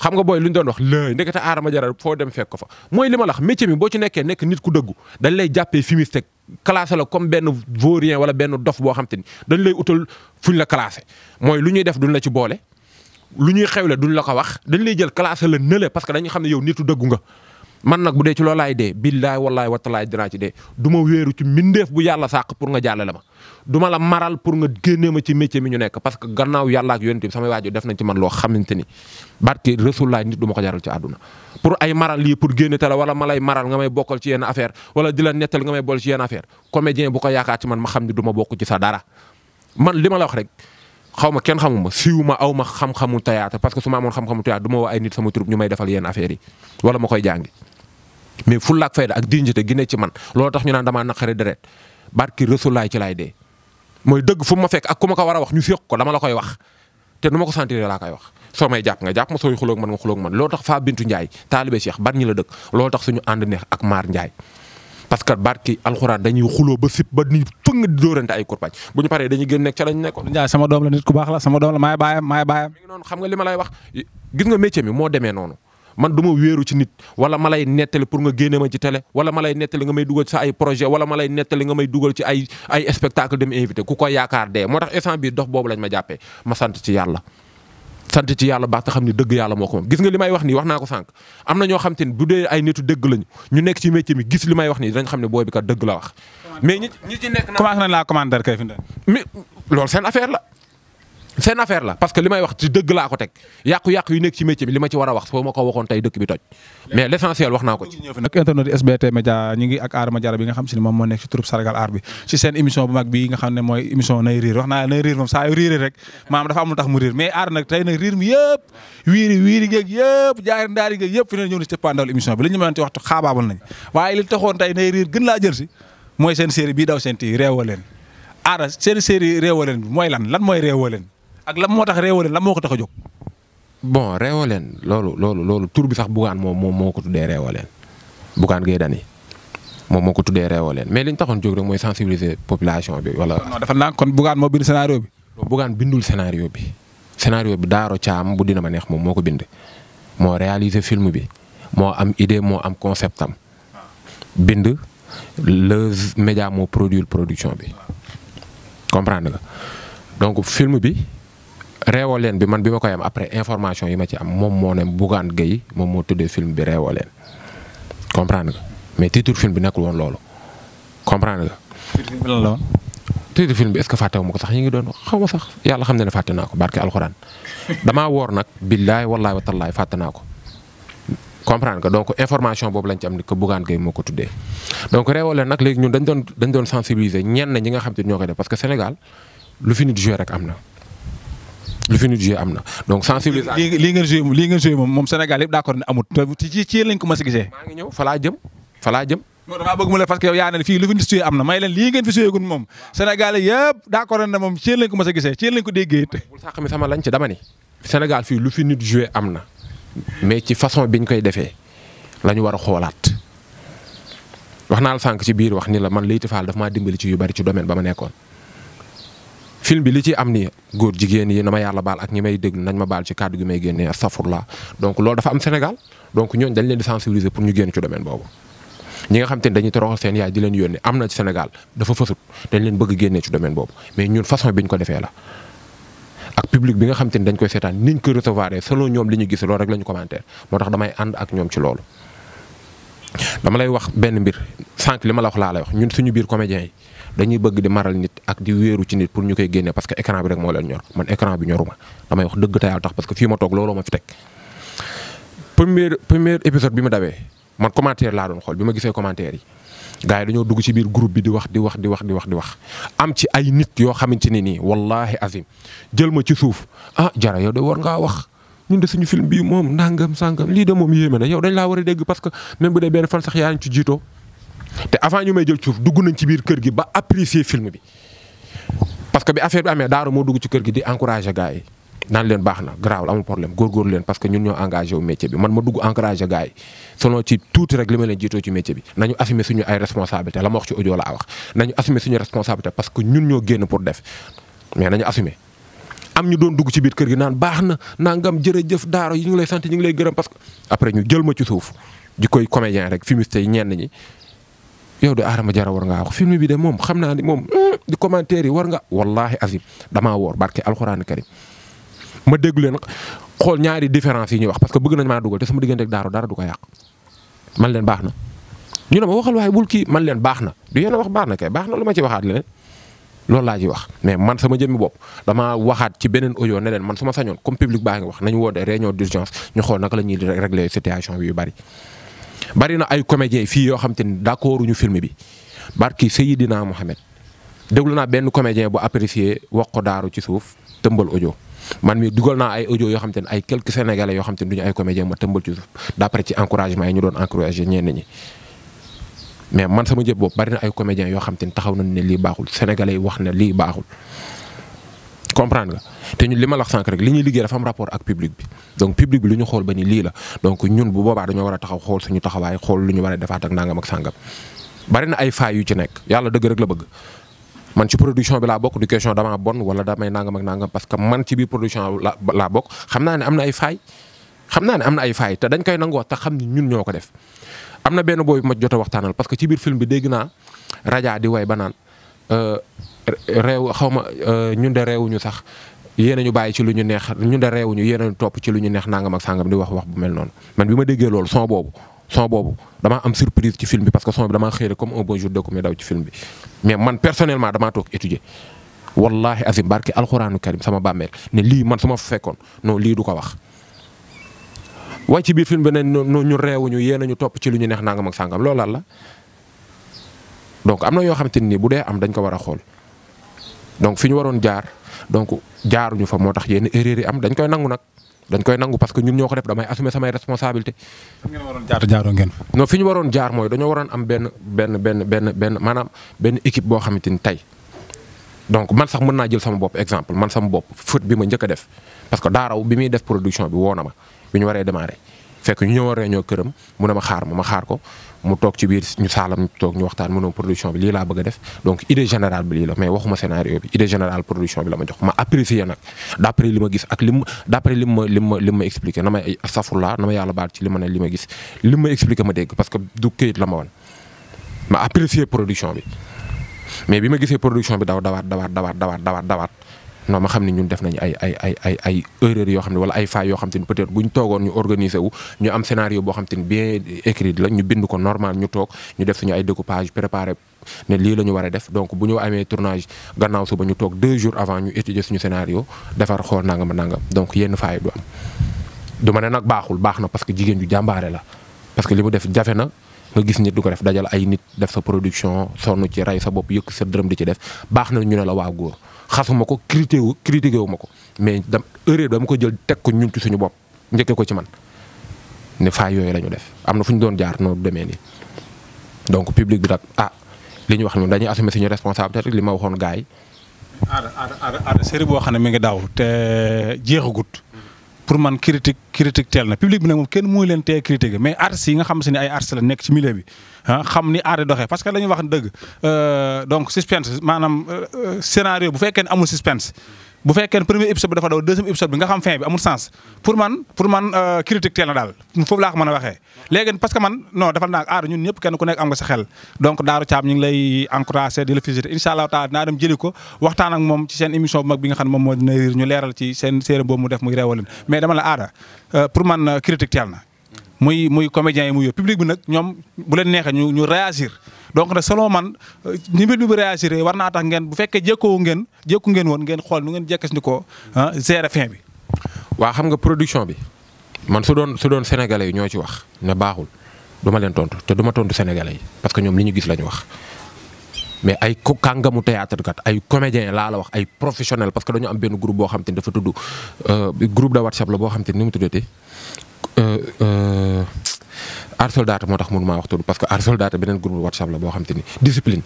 xam nga booy lu ñu doon wax lëy ndekete aadama jaral foo dem fekk fa mooy li ma la wax métier mi boo ci nekkee nekk nit ku dëggu dañ lay jàppee fumiste teg classé la comme benn vaurien wala benn dof boo xam te ni dañ lay utal fuñ la classé mooy lu ñuy def duñ la ci boole lu ñuy xewle duñ la ko wax dañ lay jël classé la nële parce que dañu xam ne yow nitu dëggu nga man nag bu dee ci loolaay dee billaay wallaay watalaay dinaa ci de du ma wéeru ci mbindeef bu yàlla sàq pour nga jàllale ma du ma la maral pour nga génnee ma ci métier mi ñu nekk parce que gannaaw yàlla ak yonent bi samay waajur def nañ ci man loo xamante ni barke Rasulullah nit du ma ci àdduna pour ay maral lii pour génne te la wala ma nga may bokkal ci yenn affaire wala di la nettal nga may bool ci ko yaakaar ci man ma xam ni bokk sa dara man li ma la rek. xaw ma kenn xamuma siiw ma aw ma xam-xamu parce que su ma amoon xam-xamu théâtre sama troupe ñu may defal yenn affaire yi wala ma koy jàngi mais fulla ak fayda ne ci man loolu tax ñu naan damaa naqari deret barki Rasuulaay ci laay dee mooy dëgg fu ma fekk ak ku ma ko war a wax ñu séq ko dama la koy wax te nu ma ko sentir laa koy wax soo may jàpp nga jàpp ma sooy xuloog man nga xuloog man loolu tax Faa Bintu Njaay taalibe Cheikh ban ñi la dëkk loolu tax suñu ànd neex ak Maar Njaay parce que barki alxuraan dañuy xuloo ba sip ba ni fëng di dóorante ay kurpañ bu ñu paree dañuy gën nekk ca lañ nekkoon. Njaay sama doom la nit ku baax la sama doom la maay baayam maay baayam. mi ngi wax gis nga métier mi moo demee noonu man du ma wéeru ci nit wala ma lay nettali pour nga génne ma ci télé wala ma lay nettali nga may dugal ci sa ay projet wala ma lay nettali nga may dugal ci ay ay spectacle dem invité ku ko yaakaar dee moo tax instant dox boobu lañ ma jàppee ma sant ci yàlla. sant ci yàlla baax te xam ni dëgg yàlla moo ko moom gis nga li may wax nii wax naa ko sànq am na ñoo xam te ni bu dee ay nitu dëgg lañu ñu nekk ci métier mi gis li may wax nii dañ xam ne boo bi kat dëgg la wax. mais ñi ñi ci laa commentaire kay seen affaire la. seen affaire la parce que li may wax ci dëgg laa ko teg yàqu-yàqu yu nekk ci métier bi li ci war a wax foo ma ko waxoon tey dëkk bi toj mais l' essentiel wax seen émission bi nga mooy seen série bii daw seen tii réewa mooy lan lan mooy réewa leen ak lan moo tax réewaleen lan moo ko tax a jóg. bon réewaleen loolu loolu loolu tur bi sax bugaan moom moom moo ko tuddee réewaleen bugaan gay dani moom moo ko tuddee réewaleen mais li ñu taxoon jóg rek mooy sensibiliser population bi wala. non dafa naan kon bugaan moo bind scénario bi. bugaan bindul scénario bi scénario bi Daaro Caam bu dina ma neex moom moo ko bind moo réaliser film bi moo am idée moo am concept am bind le média moo produire production bi comprendre nga donc film bi. reewoo leen bi man bi ma koy am après information yi ma ci am moom moo ne Bougane Gueye moom moo tuddee film bi reewoo leen comprendre nga mais titre film bi nekkul woon loolu comprendre la woon. titre film bi est que fàttewu ma ko sax ñu ngi doon xaw ma sax yàlla xam ne fàtte naa ko barke alxuraan damaa woor nag billaay wallaay wa laay fàtte naa ko. comprendre nga donc information boobu lañ ci am ni que Bougane Gueye moo ko tuddee donc reewoo leen nag léegi ñun dañ doon dañ doon sensibiliser ñenn ñi nga xam te ñoo koy def parce que Sénégal lu fi nit joué rek am na. lu fi nit joué am na donc sensibilisation. lii lii ngeen lii ngeen joué moom moom Sénégal yëpp d'accord ne amut ci ci lañ a gisee. fa laa jëm fa laa jëm. non damaa bëgg mu la parce que na may leen moom Sénégal yëpp d'accord ne moom ci lañ ko mës a gisee ci lañ ko déggee mi sama lañ ci dama ni. Sénégal fii lu fi nit joué am na mais ci façon biñ koy defee lañu ñu war a xoolaat wax naa la sànq ci biir wax ni la man Leyti Fall daf maa dimbali ci yu bari ci domaine ba ma nekkoon film bi li ci am ni góor jigéen yi na ma yàlla baal ak ñi may déglu nañ ma baal ci kàddu gi may génnee astafurla donc loolu dafa am Sénégal donc ñooñ dañ leen di sensibiliser pour ñu génn ci domaine boobu ñi nga xam te ne dañuy toroxal seen yaay di leen yónni am na ci Sénégal dafa fësut dañ leen bëgg génnee ci domaine boobu mais ñun façon bi ñu ko defee la ak public bi nga xam te ne dañ koy seetaan niñ ko recevoir solo ñoom li ñu gis loolu rek la ñu commentaire moo tax damay ànd ak ñoom ci loolu dama lay wax benn mbir sànq li ma la wax laa wax ñun suñu biir comédiens yi dañuy bëgg di maral nit ak di wéeru ci nit pour ñu koy génne parce que écran bi rek moo leen ñor man écran bi ñoruma damay wax dëgg te tax parce fii ma toog looloo ma fi teg. premier épisode bi ma dawee man commentaire laa doon xool bi ma gisee commentaire yi gars yi dañoo dugg ci biir groupe bi di wax di wax di wax di wax di wax am ci ay nit yoo xamante ne nii wallaahi azim jël ma ci suuf ah jara yow de war ngaa wax. ñun de suñu film bii moom ndàngam sàngam lii de moom yéeme na yow dañ a dégg parce que même bu benn fan sax yaa ngi ci jiitoo te avant ñu may jël suuf dugg nañ ci biir kër gi ba apprécier film bi parce que bi affaire bi amee Daara moo dugg ci kër gi di encourager gars yi naan leen baax na garaawul amul problème góorgóorlu leen parce que ñun ñoo engagé wu métier bi man ma dugg encourager gars yi selon ci tuuti rek li leen jiitoo ci métier bi nañu assumer suñu ay responsabilité la ma wax ci audio laa wax nañu assumer suñu responsabilité parce que ñun ñoo génn pour def mais nañu assumer am ñu doon dugg ci biir kër gi naan baax na nangam jërëjëf Daara yi ngi lay sant ñu ngi lay gërëm que après ñu jël ma ci suuf di koy comédien rek fumiste yi ñenn ñi yow de Adama Diarra war ngaa wax film bi de moom xam naa ni moom hmm, di commentaire yi war nga wallahi azim damaa woor barke alxuraan karim ma déglu leen xool ñaari différence yi ñu wax parce que bëgg nañ maa dugal te sama diggante ak Daaro daar du ko yàq man leen baax na. ñu ne ma waxal waaye bul kii man leen baax na du yéen a wax baax na kay baax na la ma ci waxaat leneen lool laa ci wax mais man sama jëmmi bopp damaa waxaat ci beneen audio ne leen man su ma sañoon comme public baa ngi wax nañu woote réunion d'urgence ñu xool naka la ñuy régler situation bi yu bari bari na ay comédiens fii yoo xam te ni d'accord ñu film bi barki Seydina Mohamed déglu naa benn comédien bu apprécié wax ko daaru ci suuf tëmbal audio man mii dugal naa ay audio yoo xam te ne ay quelques sénégalais yoo xam te ne duñu ay comédien ma tëmbal ci suuf d'après ci encouragement yi ñu doon encouragé ñenn ñi. mais man sama jëb boobu bari na ay comédiens yoo xam te ne taxaw nañ ne lii baaxul sénégalais yi wax na lii baaxul. comprendre nga te ñun li ma la rek li ñuy liggéey dafa am rapport ak public bi donc public bi lu ñu xool ba ni lii la donc ñun bu boobaa dañoo a taxaw xool suñu taxawaay xool lu ñu war a defaat ak nangam ak bari na ay faay yu ci nekk yàlla dëgg rek la bëgg man ci production bi la bokk xam naa ne am na ay faay te dañ koy nangoo te xam ni ñun ñoo ko def am na benn boobu ma jot waxtaanal parce que ci biir film bi dégg naa raja di way ba euh, réew xaw ma euh, ñun de réewuñu sax yéen ñu bàyyi ci lu ñu neex ñun de réewuñu yéen a topp ci lu ñu neex nangam ak sangam di wax wax bu mel noonu man bi ma déggee loolu son boobu son boobu damaa am surprise ci film bi parce que son bi damaa xëy comme un bon jour de mi daw ci film bi mais man personnellement damaa toog étudier wallahi azim barke alxuraanu karim sama bàmmeel ne lii man su ma fekkoon non lii du ko wax. waaye ci biir film bi ne ñu reewuñu yéen ñu topp ci lu ñu neex nangam ak sangam loolu la am na yoo xamante ni bu dee am dañ ko war a xool. donc fi ñu waroon jaar donc jaaruñu fa moo tax yenn erreur yi am dañ koy nangu nag dañ koy nangu parce que ñun ñoo ko def damay assumer samay responsabilité ngeen waroon jaar jaaroo ngeen fi ñu waroon jaar mooy dañoo waroon am benn benn benn benn benn maanaam benn équipe boo xamante ni tey donc man sax mën naa jël sama bopp exemple man sama bopp foot bi ma njëkk def parce que daaraw bi muy def production bi woo na ma bi ñu waree démarrer fekk ñu ñëwoon réunion këram mu a ma xaar ma ma xaar ko mu toog ci biir ñu saalam toog ñu waxtaan mu ne production bi lii laa bëgg a def donc idée générale bi lii la mais waxuma scénario bi idée générale production bi la ma jox ma apprécier nag d' après li ma gis li ma d' après li ma li ma li ma expliqué na na ma yàlla baal ci li ma ne li ma gis li ma expliqué ma dégg parce que du këyit la ma wan ma apprécier production bi mais bi ma gisee production bi daw dawaat dawaat dawaat dawaat dawaat dawaat non ma xam ne ñun def nañ ay ay ay ay ay yoo xam ne wala ay failles yoo xam te ni peut-être bu ñu toogoon ñu organiser wu ñu am scénario boo xam te ni bien écrit la ñu bind ko normal ñu toog ñu def suñu ay découpage préparé ne lii la donc bu ñu amee tournage gannaaw suba ñu toog deux jours avant ñu étudier suñu scénario defar xool ma nangam donc yenn faay du am. du ma ne nag baaxul baax na parce que jigéen ju jàmbaare la parce que li mu def jafe na nga gis nit du ko def dajal ay nit def sa production sonn ci rey sa bopp yëkk sa dërëm di ci def baax na ñu ne la waa xasuma ko critiqué wu critiqué wu ma ko mais dam erreur dama ko jël teg ko ñun ci suñu bopp njëkkee ko ci man ne faay yooyu lañu def am na fu ñu doon jaar noo demee nii. donc public bi nag ah li ñu wax noonu dañuy assumer suñu responsabilité rek li ma waxoon gars yi. aada aada aada boo xam ne mi ngi daaw te jeexagut. pour man critique critique teel na public bi nag moom kenn muy leen tee critiqué mais artistes yi nga xam si ne ay artistes la nekk ci miller bi. Ah, xam ni aada doxe parce que la ñuy wax dëgg euh, donc suspense maanaam euh, scénario bu fekkee ne amul suspense bu fekkee ne premier épisode bi dafa daw deuxième épisode bi nga xam fin bi amul sens pour man pour man euh, critique teel daal foofu laa a waxee. léegi parce que man non dafa naag aar ñun ñëpp kenn ku nekk am nga sa xel donc Daaru Thiam ñu ngi lay encouragé di la visité incha dem jëli ko waxtaan ak moom ci seen bi nga xam moom moo dina riir ñu leeral seen séeréer boobu mu def muy réewaleen mais dama aada pour man critique teel na. muy muy comédiens yi muy yóbbu public bi nag ñoom bu leen neexee ñu ñu réagir donc nag selon man euh, ni mbir mi bu réagir war naa tax ngeen bu fekkee jékkoo ngeen jékku ngeen woon ngeen xool nu ngeen jekkes ni ko ah gérer fin bi. waa xam nga production bi man su doon su doon sénégalais yi ñoo ci wax ne baaxul duma leen tontu te duma tontu sénégalais yi parce que ñoom li ñu gis la ñu wax. mais ay kàngamu théâtre kat ay comédien laa la wax ay professionnel parce que dañu am benn groupe boo xam te ni dafa tudd euh, groupe la boo xam te ni mu tuddati aar euh, euh, soldat moo tax mënumaa wax tudd parce que aar soldat beneen groupe whatsapp la boo xam te ni discipline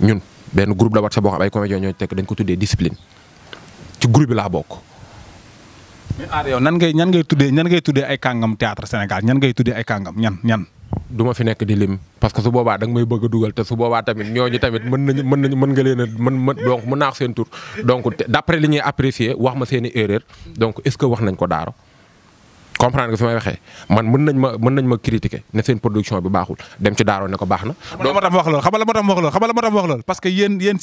ñun benn groupe la whatsapp boo xam ay comédien ñoo tekk dañ ko tuddee discipline ci groupe la laa bokk. mais aar nan ngay ñan ngay tuddee ñan ngay tuddee ay kàngam théâtre Sénégal ñan ngay tuddee ay ñan du ma fi nekk di lim parce que su boobaa da nga may bëgg dugal te su boobaa tamit ñooñu tamit mën nañu mën nañu mën nga leen a mën mën donc mën naa wax seen tur donc d' après li ñuy apprécier wax ma seen i erreur donc est ce que wax nañ ko daaro comprendre nga fi may waxee man mën nañ ma mën nañ ma critiquer ne seen production bi baaxul dem ci daaroo ne ko baax na. loolu moo tax a da ngeen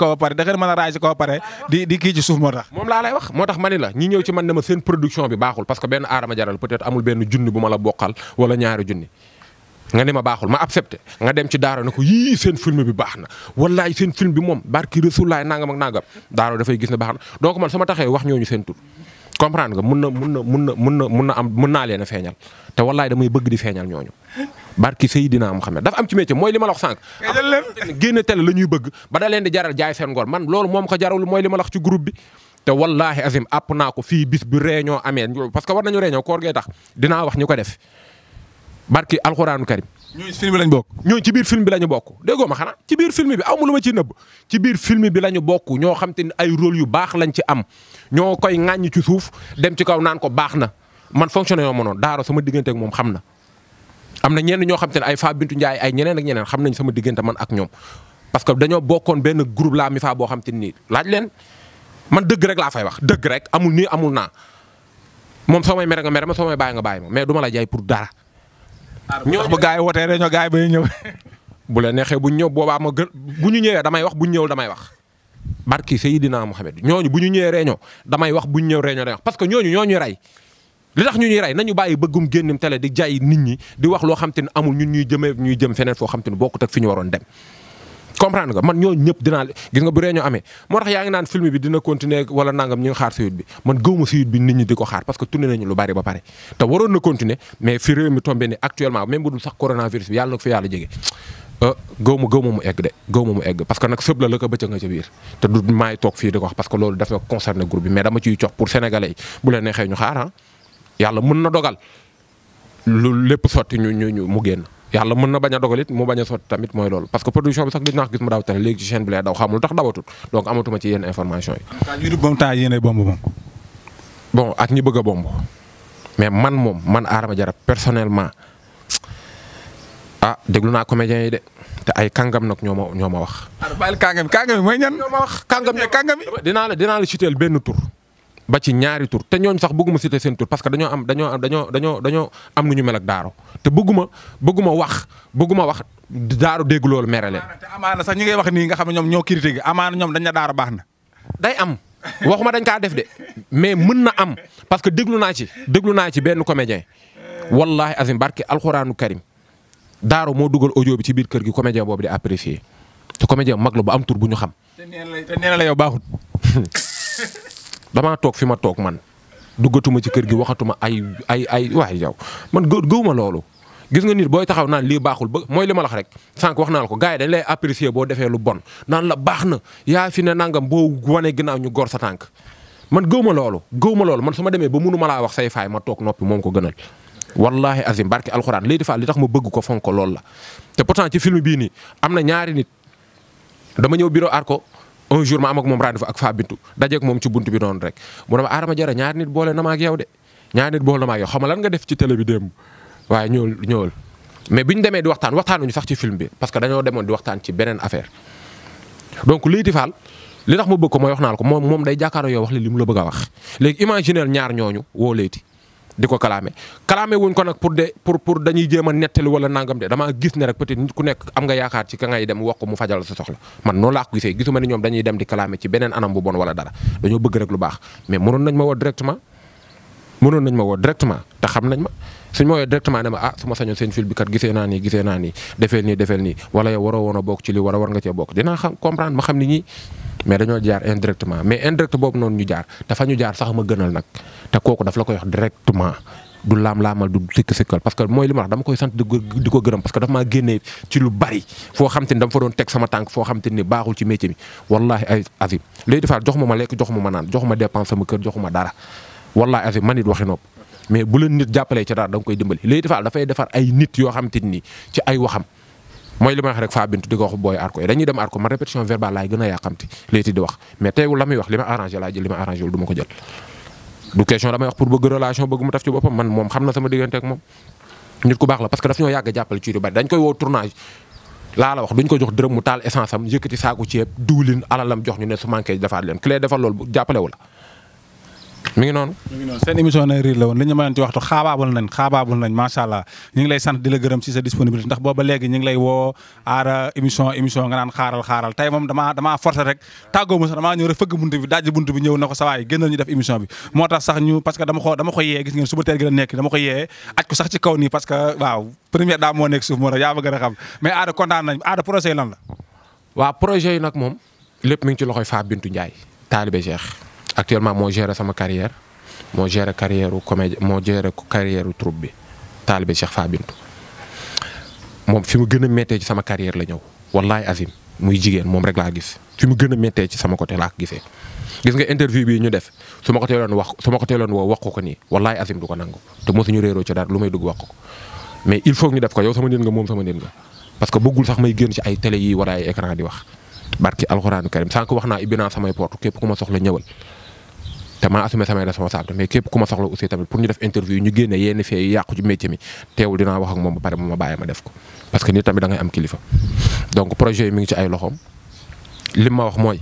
a a pare a raay ci a pare di di kii ci suuf moo tax. moom laa la ñi ñëw ci man ne ma seen production bi baaxul parce que benn aadama jaral peut-être amul benn junni bu ma la bokkal wala ñaari junni nga ne ma baaxul ma accepté nga dem ci daaro na ko yii seen film bi baax na wallaay seen film bi moom barki Rasulaay nangam ak nangam daaro dafay gis ne baax na donc man sama taxee wax ñooñu seen tur comprendre nga mun na mun na mun na mun na mun na am mun naa leen a feeñal te wallaay damay bëgg di feeñal ñooñu barki Seydina Muhammad dafa am ci métier mooy li ma la wax sànq. génn télé la ñuy bëgg ba leen di jaral jaay seen ngor man loolu moom ko jaral mooy li ma la wax ci groupe bi. te wallahi azim àpp naa ko fii bis bi réunion amee parce que war nañu réunion koor gee tax dinaa wax ñu ko def. barki alxuraanu karim. ñooñu ci lañ bokk. ñooñu ci biir film bi lañu bokk déggoo ma xanaa ci biir film bi aw ma lu ma ciy nëbb ci biir film bi lañu bokk ñoo xam te ni ay rôle yu baax lañ ci am ñoo koy ŋàññi ci suuf dem ci kaw naan ko baax na man fonctionnaire yoo ma noonu daaro sama diggante moom xam na. am na ñenn ñoo xam te ay Faa Bintu ay ñeneen ak ñeneen xam nañ sama diggante man ak ñoom parce que dañoo bokkoon benn groupe laa boo xam te ni laaj leen man dëgg rek laa fay wax dëgg rek amul nii amul naa moom soo may mere nga mere ma soo may bàyyi ma mais jaay pour dara ñoo ba gars yi wootee rek ñoo gars yi bay ñëw. bu la neexee bu ñëw boobaa ma gën bu ñu ñëwee damay wax bu ñu ñëwul damay wax. barki Seydina Mohamed ñooñu bu ñu ñëwee réunion damay wax bu ñëw réunion parce que ñooñu ñoo ñuy rey li tax ñu ñuy rey nañu bàyyi bëggum génnum tele di jaay nit ñi di wax loo xam te amul ñun ñuy jëmee ñuy jëm feneen foo xam te boo bokkut ak fi ñu waroon dem comprendre nga man ñooñu ñëpp dinaa gis nga bu réunion amee moo tax yaa ngi naan film bi dina continuer wala nangam ñu ngi xaar suite bi man gëwma suite bi nit ñi di ko xaar parce que tourné nañu lu bari ba pare te waroon na continuer mais fi réew mi euh, mu egg de que nag sëb la la ko bëccëg nga ca biir te du maay toog fii di ko wax parce que loolu dafa concerné groupe bi mais dama ciy cox pour sénégalais yi bu leen neexee ñu xaar ah yàlla mën na dogal lu lépp sotti ñu ñu mu génn yàlla mën na bañ a mu bañ a sotti tamit mooy lool parce que production bi sax gis naa ko gis mu daaw télé léegi ci chaîne bi lay daw xamul tax dawatut donc amatuma ci yenn information yi. bon ak ñi bëgg a bomb mais man moom man Adama Diarra personnellement ah déglu naa comédiens yi de te ay kàngam nag ñoo ñoo ma wax. kàngam kàngam mooy ñan. ñoo ma wax kàngam dinaa la dinaa la citeel benn tur. ba ci ñaari tur te ñooñ sax bëgguma citer seen tur parce que dañoo am dañoo am dañoo dañoo dañoo am nu ñu mel daaro te bëgguma bëgguma wax bëgguma wax daaro dégg loolu mere leen. amaana sax ñi ngay wax nii nga xam ne ñoom ñoo critiqué amaana ñoom dañ na daaro baax na. day am waxuma dañ kaa def de mais mën na am parce que déglu naa ci déglu naa ci benn comédien wallahi azim barke alxuraanu karim daaro moo dugal audio bi ci biir kër gi comédien boobu di apprécier te comédien mag la bu am tur bu ñu xam. te la yow baaxut. damaa toog fi ma toog man duggatuma ci kër gi waxatuma ay ay ay waay yow man gëwuma loolu. gis nga nit booy taxaw naan lii baaxul ba mooy li ma la wax rek sànq wax naa la ko gars yi dañ lay apprécier boo defee lu bon naan la baax na yaa fi ne nangam boo wane ginnaaw ñu gor sa tànk. man gëw ma loolu gëw ma loolu man su ma demee ba mënu ma laa wax say faay ma toog noppi moom ko gënal wallahi azim barke alxuraan lii dafa li tax ma bëgg ko fonk ko loolu la. te pourtant ci film bii nii am na ñaari nit dama ñëw bureau aar ko un jour ma am moom rendez-vous ak Faa Bintu dajeeg moom ci buntu bi noonu rek mu ne ma Adama Diarra ñaar nit boole na ma ak de ñaar nit boole na ma ak yow nga def ci télé waaye ñëwal ñëwal mais bi demee di waxtaan waxtaanuñu sax ci film bi parce que dañoo demoon di waxtaan ci beneen affaire donc Leyti Fall li tax mu bëgg ko mooy wax naa la ko moom moom day jàkkaarloo yow wax li mu la bëgg a wax léegi imaginer ñaar ñooñu woo Leyti di ko kalaame kalaame wuñ ko nag pour de pour pour dañuy jéem a nettali wala nangam de dama gis ne rek peut nit ku nekk am nga yaakaar ci ka ngay dem wax mu fajal sa soxla man noonu laa ko gisee gisuma dem di kalaame ci beneen anam bu bon wala dara dañoo bëgg rek lu baax mais mënoon nañ ma woo directement mënoon nañ ma woo directement te xam nañ ma suñ ma ah su ma sañoon seen fil bi gisee naa nii gisee naa nii defeel nii defeel nii wala yow waroo woon a bokk ci li war war nga cee bokk dinaa xam comprendre ma xam ni ñii mais dañoo jaar indirectement mais indirect boobu noonu ñu jaar dafa ñu jaar sax ma gënal nag te kooku daf la koy wax directement du laam-laamal du sikk sikkal parce que mooy li ma wax dama koy sant di ko gërëm parce que dafa maa génnee ci lu bari foo xam te ni dama fa doon teg sama tànk foo xam te ni baaxul ci métier mi wallahi ay azim léegi defaat jox ma lekk jox ma ma naan jox ma dépense sama kër jox ma dara wallahi azim man it waxi nopp mais bu la nit jàppalee ci dara da nga koy dimbali léegi defaat dafay defar ay nit yoo xam te ni ci ay waxam mooy li may wax rek Faa Bintu di ko wax booy arko yi dañuy dem arko man répétition verbale laay gën a yàqamti léegi di wax mais teewul la muy wax li ma arrangé jël li ma wul du ko jël. du question damay pour bëgg relation bëgg mu taf ci ak moom nit ku baax la parce que daf ñoo yàgg mu taal essence am yëkkati saaku ceeb diwlin alalam jox ñu ne su manqué defaat leen clé defal lool jàppalewu la mi ngi noonu. mi ngi noonu seen émission nay riir la woon li mayoon ci waxtu xaabaabul nañ xaabaabul allah ñu lay sant di la sa disponibilité ndax booba léegi ñu lay woo aara émission émission nga naan xaaral xaaral tey moom damaa damaa rek tàggoo ma sax damaa ñëw rek fëgg buntu bi dajji buntu bi ñëw na ko sawaay génnal ñu def émission bi moo tax sax ñu parce dama ko yee gis ngeen suba teel gi la nekk dama ko yee aj ko sax ci kaw nii parce waaw première daa moo a xam mais aada kontaan nag moom lépp mi ngi ci loxoy Faa Bintu Njaay taalibe Cheikh actuellement moo géré sama carrière moo géré carrière u comédien moo géré carrière u troupe bi taalibe Cheikh Fabintu moom fi mu gën a méttee ci sama carrière la ñëw wallaay azim muy jigéen moom rek laa gis fi mu gën a méttee ci sama côté laa gisee. gis nga interview bii ñu def su ma ko teeloon wax su ma ko teeloon woo wax ko ko nii wallaay azim du ko nangu te mosuñu réeroo ci dara lu may dugg wax ko mais il faut ñu def ko yow sama nit nga moom sama nit nga parce que bëggul sax may génn ci ay wax naa ibbi naa samay képp ku ma soxla ñëwal. te man assumé samay responsabilité mais képp ku ma soxla aussi tamit pour ñu def interview ñu génne yenn fee yu yàqu ci métier mi teewul dinaa wax ak moom ba pare mu ma bàyyi ma def ko parce que nit tamit da ngay am kilifa donc projet yi mi ngi ci ay loxoom li ma wax mooy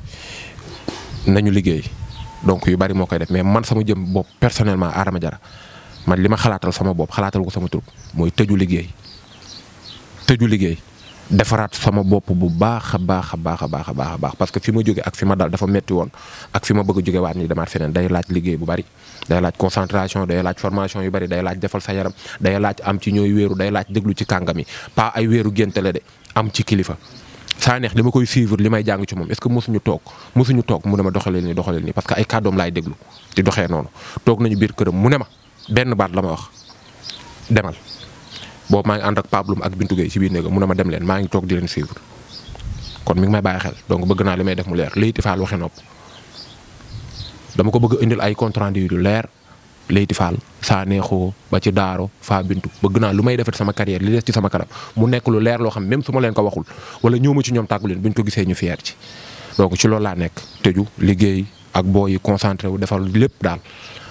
nañu liggéey donc yu bari moo koy def mais man sama jëm bopp personnellement Adama Diarra man li ma xalaatal sama bopp xalaatal ko sama troupe mooy tëju liggéey tëju liggéey defaraat sama bopp bu baax a baax a baax a baax a baax a baax parce que fi ma jóge ak fi ma dal dafa metti woon ak fi ma bëgg a jóge waat ni demaat feneen day laaj liggéey bu bari day laaj concentration day laaj formation yu bari day laaj defal sa yaram day laaj am ci ñooy wéeru day laaj déglu ci kàngam yi pas ay wéeru génte la de am ci kilifa Sanekh li ma koy suivre li may jàng ci moom est-ce que mosuñu toog mosuñu toog mu ne ma doxaleel nii doxaleel nii parce que ay kàddoom laay di doxee noonu toog nañu biir këram mu ne ma benn baat la ma wax demal boobu maa ngi ànd ak Pablum ak Bintu Gueye ci biir néegam mu ne ma dem leen maa ngi toog di leen suivre kon mi ngi may bàyyi xel donc bëgg naa li may def mu leer Leyti Fall waxe nopp dama ko bëgg indil ay compte rendu yu leer Leyti Fall saa neexoo ba ci Daaro Faa Bintu bëgg naa lu may defat sama carrière li des ci sama kanam mu nekk lu leer loo xam même su ma leen ko waxul wala ñëw ma ci ñoom tàggu leen buñ ko gisee ñu fier ci donc ci loolu laa nekk tëju liggéey ak booy yi concentré wu defal lépp daal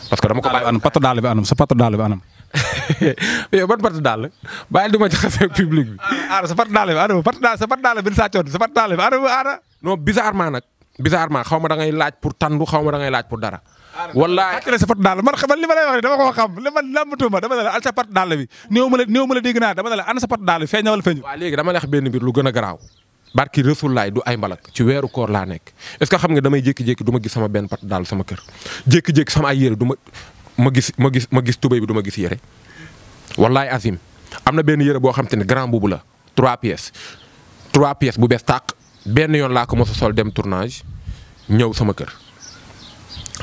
parce que dam ko daal sa patt daal bi yow ban part daal la du ma jaxasee public bi. aada sa part daal la Adama part daal sa part daal la bin saa coon sa part daal la Adama aada. xaw ma da laaj pour tàndu xaw ma da ngay laaj pour dara. wallaay xaajale sa part daal man man li ma lay wax dama ko xam li bi néew ma la néew naa dama ne la ana sa daal bi feeñ na feeñu. dama lay benn mbir lu gën a garaaw. barki Rasulaay du ay mbalak ci weeru koor laa nekk est xam nga damay jékki-jékki du ma gis sama benn pat daal sama kër jékki-jékki sama ay yére du ma ma gis ma gis ma gis tubéy bi du ma gis yére wallaay azim am na benn yére boo xam te ne grand boubou la trois pièces trois pièces bu bees tàq benn yoon laa ko mos sol dem tournage ñëw sama kër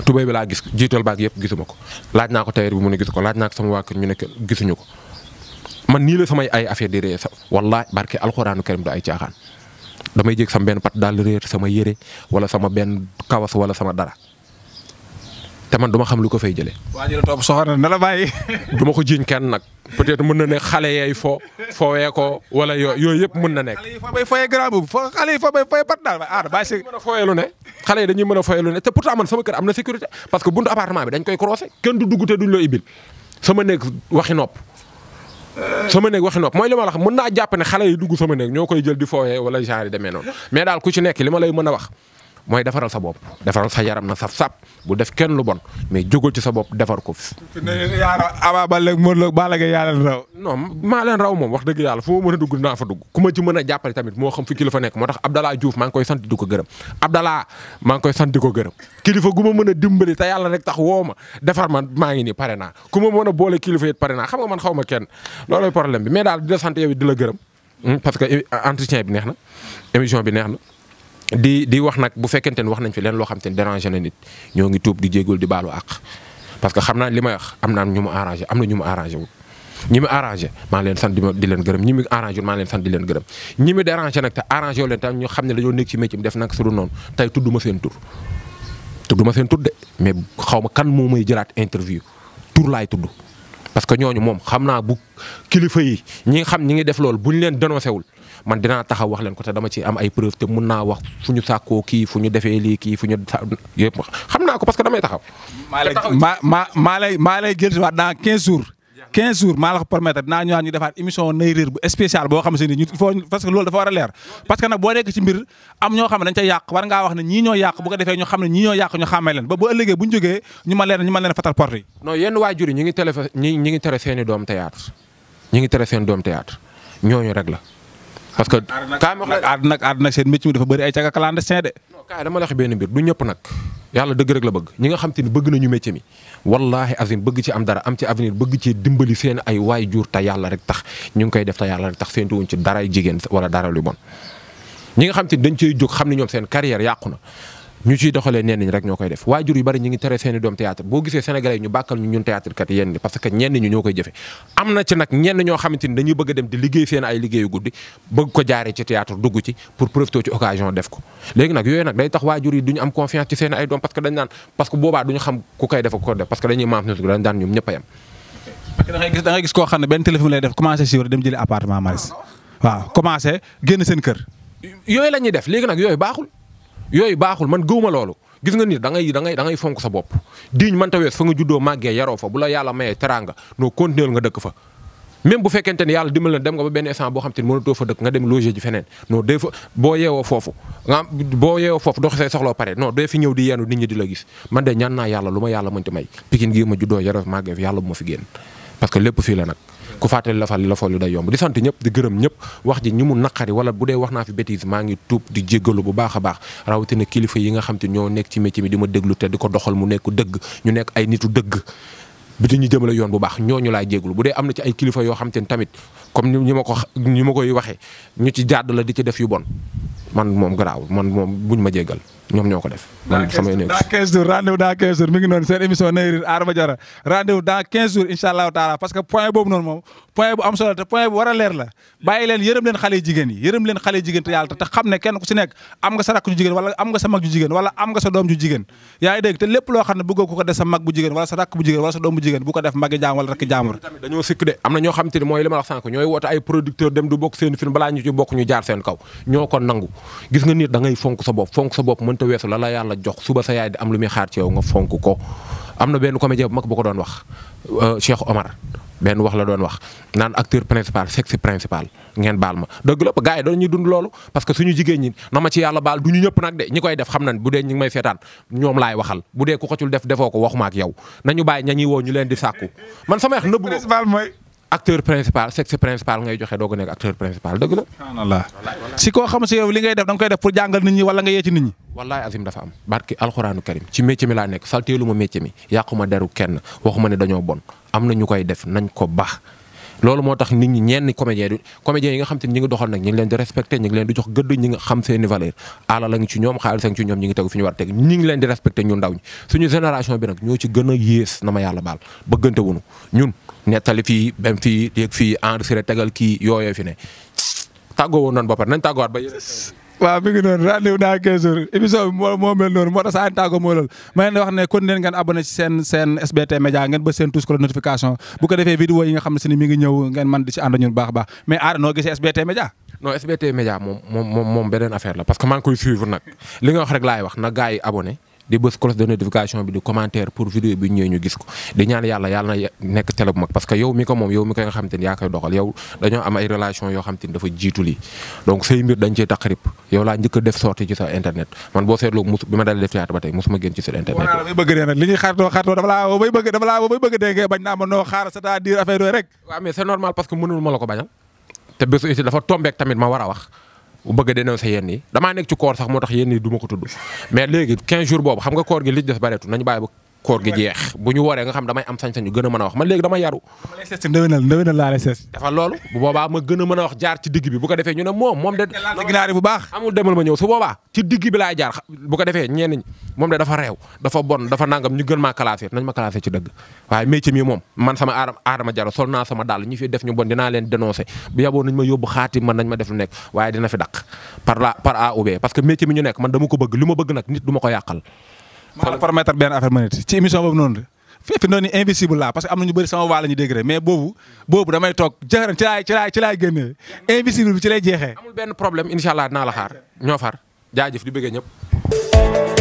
tubéy bi laa gis jiital baag yëpp gisuma ko laaj naa ko tailleur bi mu ne gisu ko laaj naa ko sama waa kër ñu ne gisuñu ko man nii la samay ay affaire di réer sa wallaay barke alxuraanu karim du ay caaxaan damay jég sama benn pat daal réer sama yére wala sama benn kawas wala sama dara te man du ma xam lu ko fay jëlee. waa ñu la du ma ko jiiñ kenn nag peut mën na ne xale yay fo fowee ko wala yoo yooyu yëpp mën na nekk. xale yi grand boobu fo xale pat daal ah bàyyi ne xale yi dañuy mën a am na sécurité parce que buntu appartement bi dañ koy croisé sama néeg waxi nopp. sama néeg waxi nopp mooy li ma mën naa jàpp ne xale yi dugg sama néeg ñoo koy jël di fooyee wala genre yi demee mais daal ku ci nekk li ma lay mën a wax mooy defaral sa bopp defaral sa yaram na saf sap bu def kenn lu bon mais jógal ci sa bopp defar ko fi. Ama Baldé Modou Lô Balla Gaye yaa leen raw. non maa wax dëgg yàlla foo mën a dugg naa fa dugg ku ma ci mën a jàppale tamit moo xam fi kilifa nekk moo tax Abdallah Diouf maa ngi koy sant di ko gërëm Abdallah maa koy sant di ko gërëm kilifa gu ma mën a dimbali te yàlla rek tax woo ma defar man maa ngi nii pare naa ku ma mën a boole kilifa it pare naa xam nga man xaw ma kenn loolooy problème bi mais daal di la sant yow di la gërëm hmm, parce que entretien bi neex na émission bi neex na di di wax nag bu fekkente ne wax nañ fi leen loo xam te ne déranger na nit ñoo ngi tuub di jégalu di baalu àq parce que xam naa li may wax am naa ñu mu am na ñu mu arrangé wul ñi mu arrangé leen sant di di leen gërëm ñi mu arrangé wul leen sant di leen gërëm ñi mu dérangé nag te arrangé wu leen tam ñu xam ne dañoo nekk ci métier def nag su dul noonu tey tudduma seen tur tudduma seen tur de mais xaw ma kan moo may jëlaat interview tur laay tudd parce que ñooñu moom xam naa bu kilifa yi ñi nga xam ñu ngi def loolu buñ leen dénoncé wul man dinaa taxaw wax leen ko te dama ci am ay preuve te mun naa wax fu ñu sàkkoo kii fu ñu defee lii kii fu ñu yëpp xam naa ko parce que damay taxaw. maa maa maa lay maa lay gëstu waat dans 15 jours. 15 jours maa la ko permettre dinaa ñëwaat ñu defaat émission nay réer bu spécial boo xam se ni ñu il faut parce que loolu dafa war a leer parce que nag boo nekk ci mbir am ñoo xam ne dañ ca yàq war ngaa wax ne ñii ñoo yàq bu ko defee ñu xam ne ñii ñoo yàq ñu xàmmee leen ba bu ëllëgee bu ñu jógee ñu mën leen ñu mën leen fatal porte yi non yenn waajur yi ñu ngi télé ñi ngi tere seen i doom théâtre ñu ngi tere seen doom théâtre ñooñu rek la parce que kaay ma wax aad nag aad nag seen métier mi dafa bëri ay caga clandestin de. non kaay dama la wax benn mbir du ñëpp nag yàlla dëgg rek la bëgg ñi nga xam te ni bëgg nañu métier mi wallahi azim bëgg ci am dara am ci avenir bëgg ci dimbali seen ay waay jur te yàlla rek tax ñu ngi koy def te yàlla rek tax séntu wuñ ci daray jigéen wala dara lu bon ñi nga xam te dañ cey jóg xam ne ñoom seen carrière yàqu na ñu ciy doxalee ñenn ñi rek ñoo koy def waajur yu bari ñu ngi tere seeni doom théâtre boo gisee sénégalais ñu bàkkal ñu ñun théâtre kat yenn parce que ñenn ñoo koy jëfe am na ci nag ñenn ñoo xamante ni dañuy a dem di liggéey seen ay liggéeyu guddi bëgg ko jaaree ci théâtre dugg ci pour profiter ci occasion def ko léegi nag yooyu nag day tax waajur yi duñu am confiance ci seen ay doom parce que dañ naan parce que boobaa duñu xam ku koy def ak ko def parce ah yooyu la ñuy def léegi nag yooyu baaxul yooyu baaxul man gëwuma loolu gis nga nit da ngay da ngay da ngay fonk sa bopp diñ mën ta wees fa nga juddoo màggee yaroo fa bu la yàlla mayee teraanga noo continuer nga dëkk fa même bu fekkente ne yàlla dimbal na dem nga ba benn instant boo xam te ne mënatoo fa dëkk nga dem loger feneen non day fa boo yeewoo foofu boo yeewoo foofu dox sax soxloo pare non doo fi ñëw di yendu nit ñi di la gis man de ñaan naa yàlla lu ma yàlla mënti may Pikine gii ma juddoo yaroo màggee yàlla bu fi génn parce que lépp fii la nag ku fàttali la fal la foolu day yomb di sant ñëpp di gërëm ñëpp wax ji ñu mu naqari wala bu dee wax naa fi bêtise maa ngi tuub di jéggalu bu baax a baax rawatina kilifa yi nga xam te ñoo nekk ci métier mi di ma déglu te di ko doxal mu nekku dëgg ñu nekk ay nitu dëgg bi ñu jëm jëmale yoon bu baax ñooñu laay jéglu bu dee am na ci ay kilifa yoo xam te tamit comme ñu ma ko ñu ma ñu ci jàdd di ci def yu bon man moom garaawul man moom buñ ma jéggal ñoom ñoo ko def. magi jaamur dañoo sikk de am na ñoo xam mooy li ma wax sànq ñooy woote ay producteur dem du bokk seen film balaa ñu jaar seen kaw ñoo ko nangu gis nga nit da fonk sa bopp fonk sa bopp mënta ko am na euh, wax la doon wax naan acteur principal sexe principal ngeen baal ma dëgg la gars yi doon ñu dund loolu suñu jigéen ñi na ma ci yàlla baal du ñu ñëpp nag de ñi koy def xam nañ bu dee ñi may seetaan ñoom laay waxal bu dee ku xocul def defoo ko waxuma ak yow nañu ñu ña ñuy woo ñu leen di sàkku man sama wax nëbbu principal mooy acteur principal sexe principal ngay joxe doo ko nekk acteur principal dëgg la. subhanallah si koo xam si yow li ngay def da koy def pour jàngal nit ñi wala nga yee nit ñi. wallaay azim dafa am barki alxuraanu karim ci métier mi laa nekk salteelu ma métier mi yàquma deru kenn waxuma am na ñu koy def nañ ko baax. loolu moo tax nit ñi ñenn comédien du comédien yi nga xam te ñi ngi doxal nag ñi leen di respecté ñi ngi jox gëdd ñi xam seeni valeur ala ci ñoom xaalis ci ñoom ñi ngi tegu fi ñu war a teg ñi ngi leen di respecté ñun ndaw ñi bi nag ñoo ci gën a yées nettali fii bem fii yéeg fii enregistré tegal kii yooyoo fi ne tàggoo woon noonu ba pare nañ tàggoowaat ba yéen waaw mi ngi noonu rendez-vous dans 15 moo moo moo tax saa yéen tàggoo moo loolu wax ne kon seen SBT Média ngeen ba seen tous ko notification bu ko defee vidéo yi nga xam si ni mi ngi ñëw ngeen man si ànd ñun baax a baax mais aada noo gisee SBT Média non SBT Média moom moom moom beneen affaire la parce que maa koy suivre nag li wax na gars yi di bës cloche de notification bi di commentaire pour vidéo bi ñëwee ñu gis ko di ñaan yàlla yàlla na nekk télé bu mag parce que yow mi ko moom yow mi ko nga xam te ni yaa koy doxal yow dañoo am ay relation yoo xam te ni dafa jiitu lii donc say mbir dañ ciy taqarib yow laa njëkk a def sortie ci sa internet man boo seetloo mus bi ma dalee def théâtre ba tey musuma génn ci sa internet bay bëgg dee nag li ñuy xaartoo xaartoo dafa laa woo bay bëgg dafa laa woo bay bëgg dee nga bañ naa ma noo xaar c'est-à-dire affaire yooyu rek waaw mais c'est normal parce que mënul ma la ko bañal te bésu aussi dafa tombeek tamit ma war a wax bëgg a dénoncé yenn yi damaa nekk ci koor sax moo tax yenn yi du ma ko tudd mais léegi 15 jours boobu xam nga koor gi li des bareetu nañu bàyyi ba koor gi jeex bu ñu waree nga xam damay am sañ-sañ yu gën a mën a wax man léegi dama yaru. dafa loolu bu boobaa ma gën a mën a wax jaar ci digg bi ko defee ñu ne moom moom de. ginaar ma ñëw su boobaa ci digg bi ko defee ñenn ñi moom de dafa réew dafa bon dafa nangam ñu gën maa classé nañ ma classé ci dëgg waaye métier mi moom man sama aadama aadama jaro sol naa sama dàll ñi fi def ñu bon dinaa leen dénoncé bu yaboo nañ ma yóbbu xaati man nañ ma def lu nekk waaye dina fi dàq par A ou B parce que métier mi ñu nekk man dama ko bëgg li ma bëgg nag nit du maa promettre benn affaire ma nit ci émission boobu noonu fi fi noonu invisible laa parce que am na ñu bëri sama waa la ñu dégg rek mais boobu boobu damay toog jaxaran ci laay ci laay ci laay génnee invisible bi ci lay jeexee. amul benn problème incha allah dinaa la xaar ñoo far jaajëf di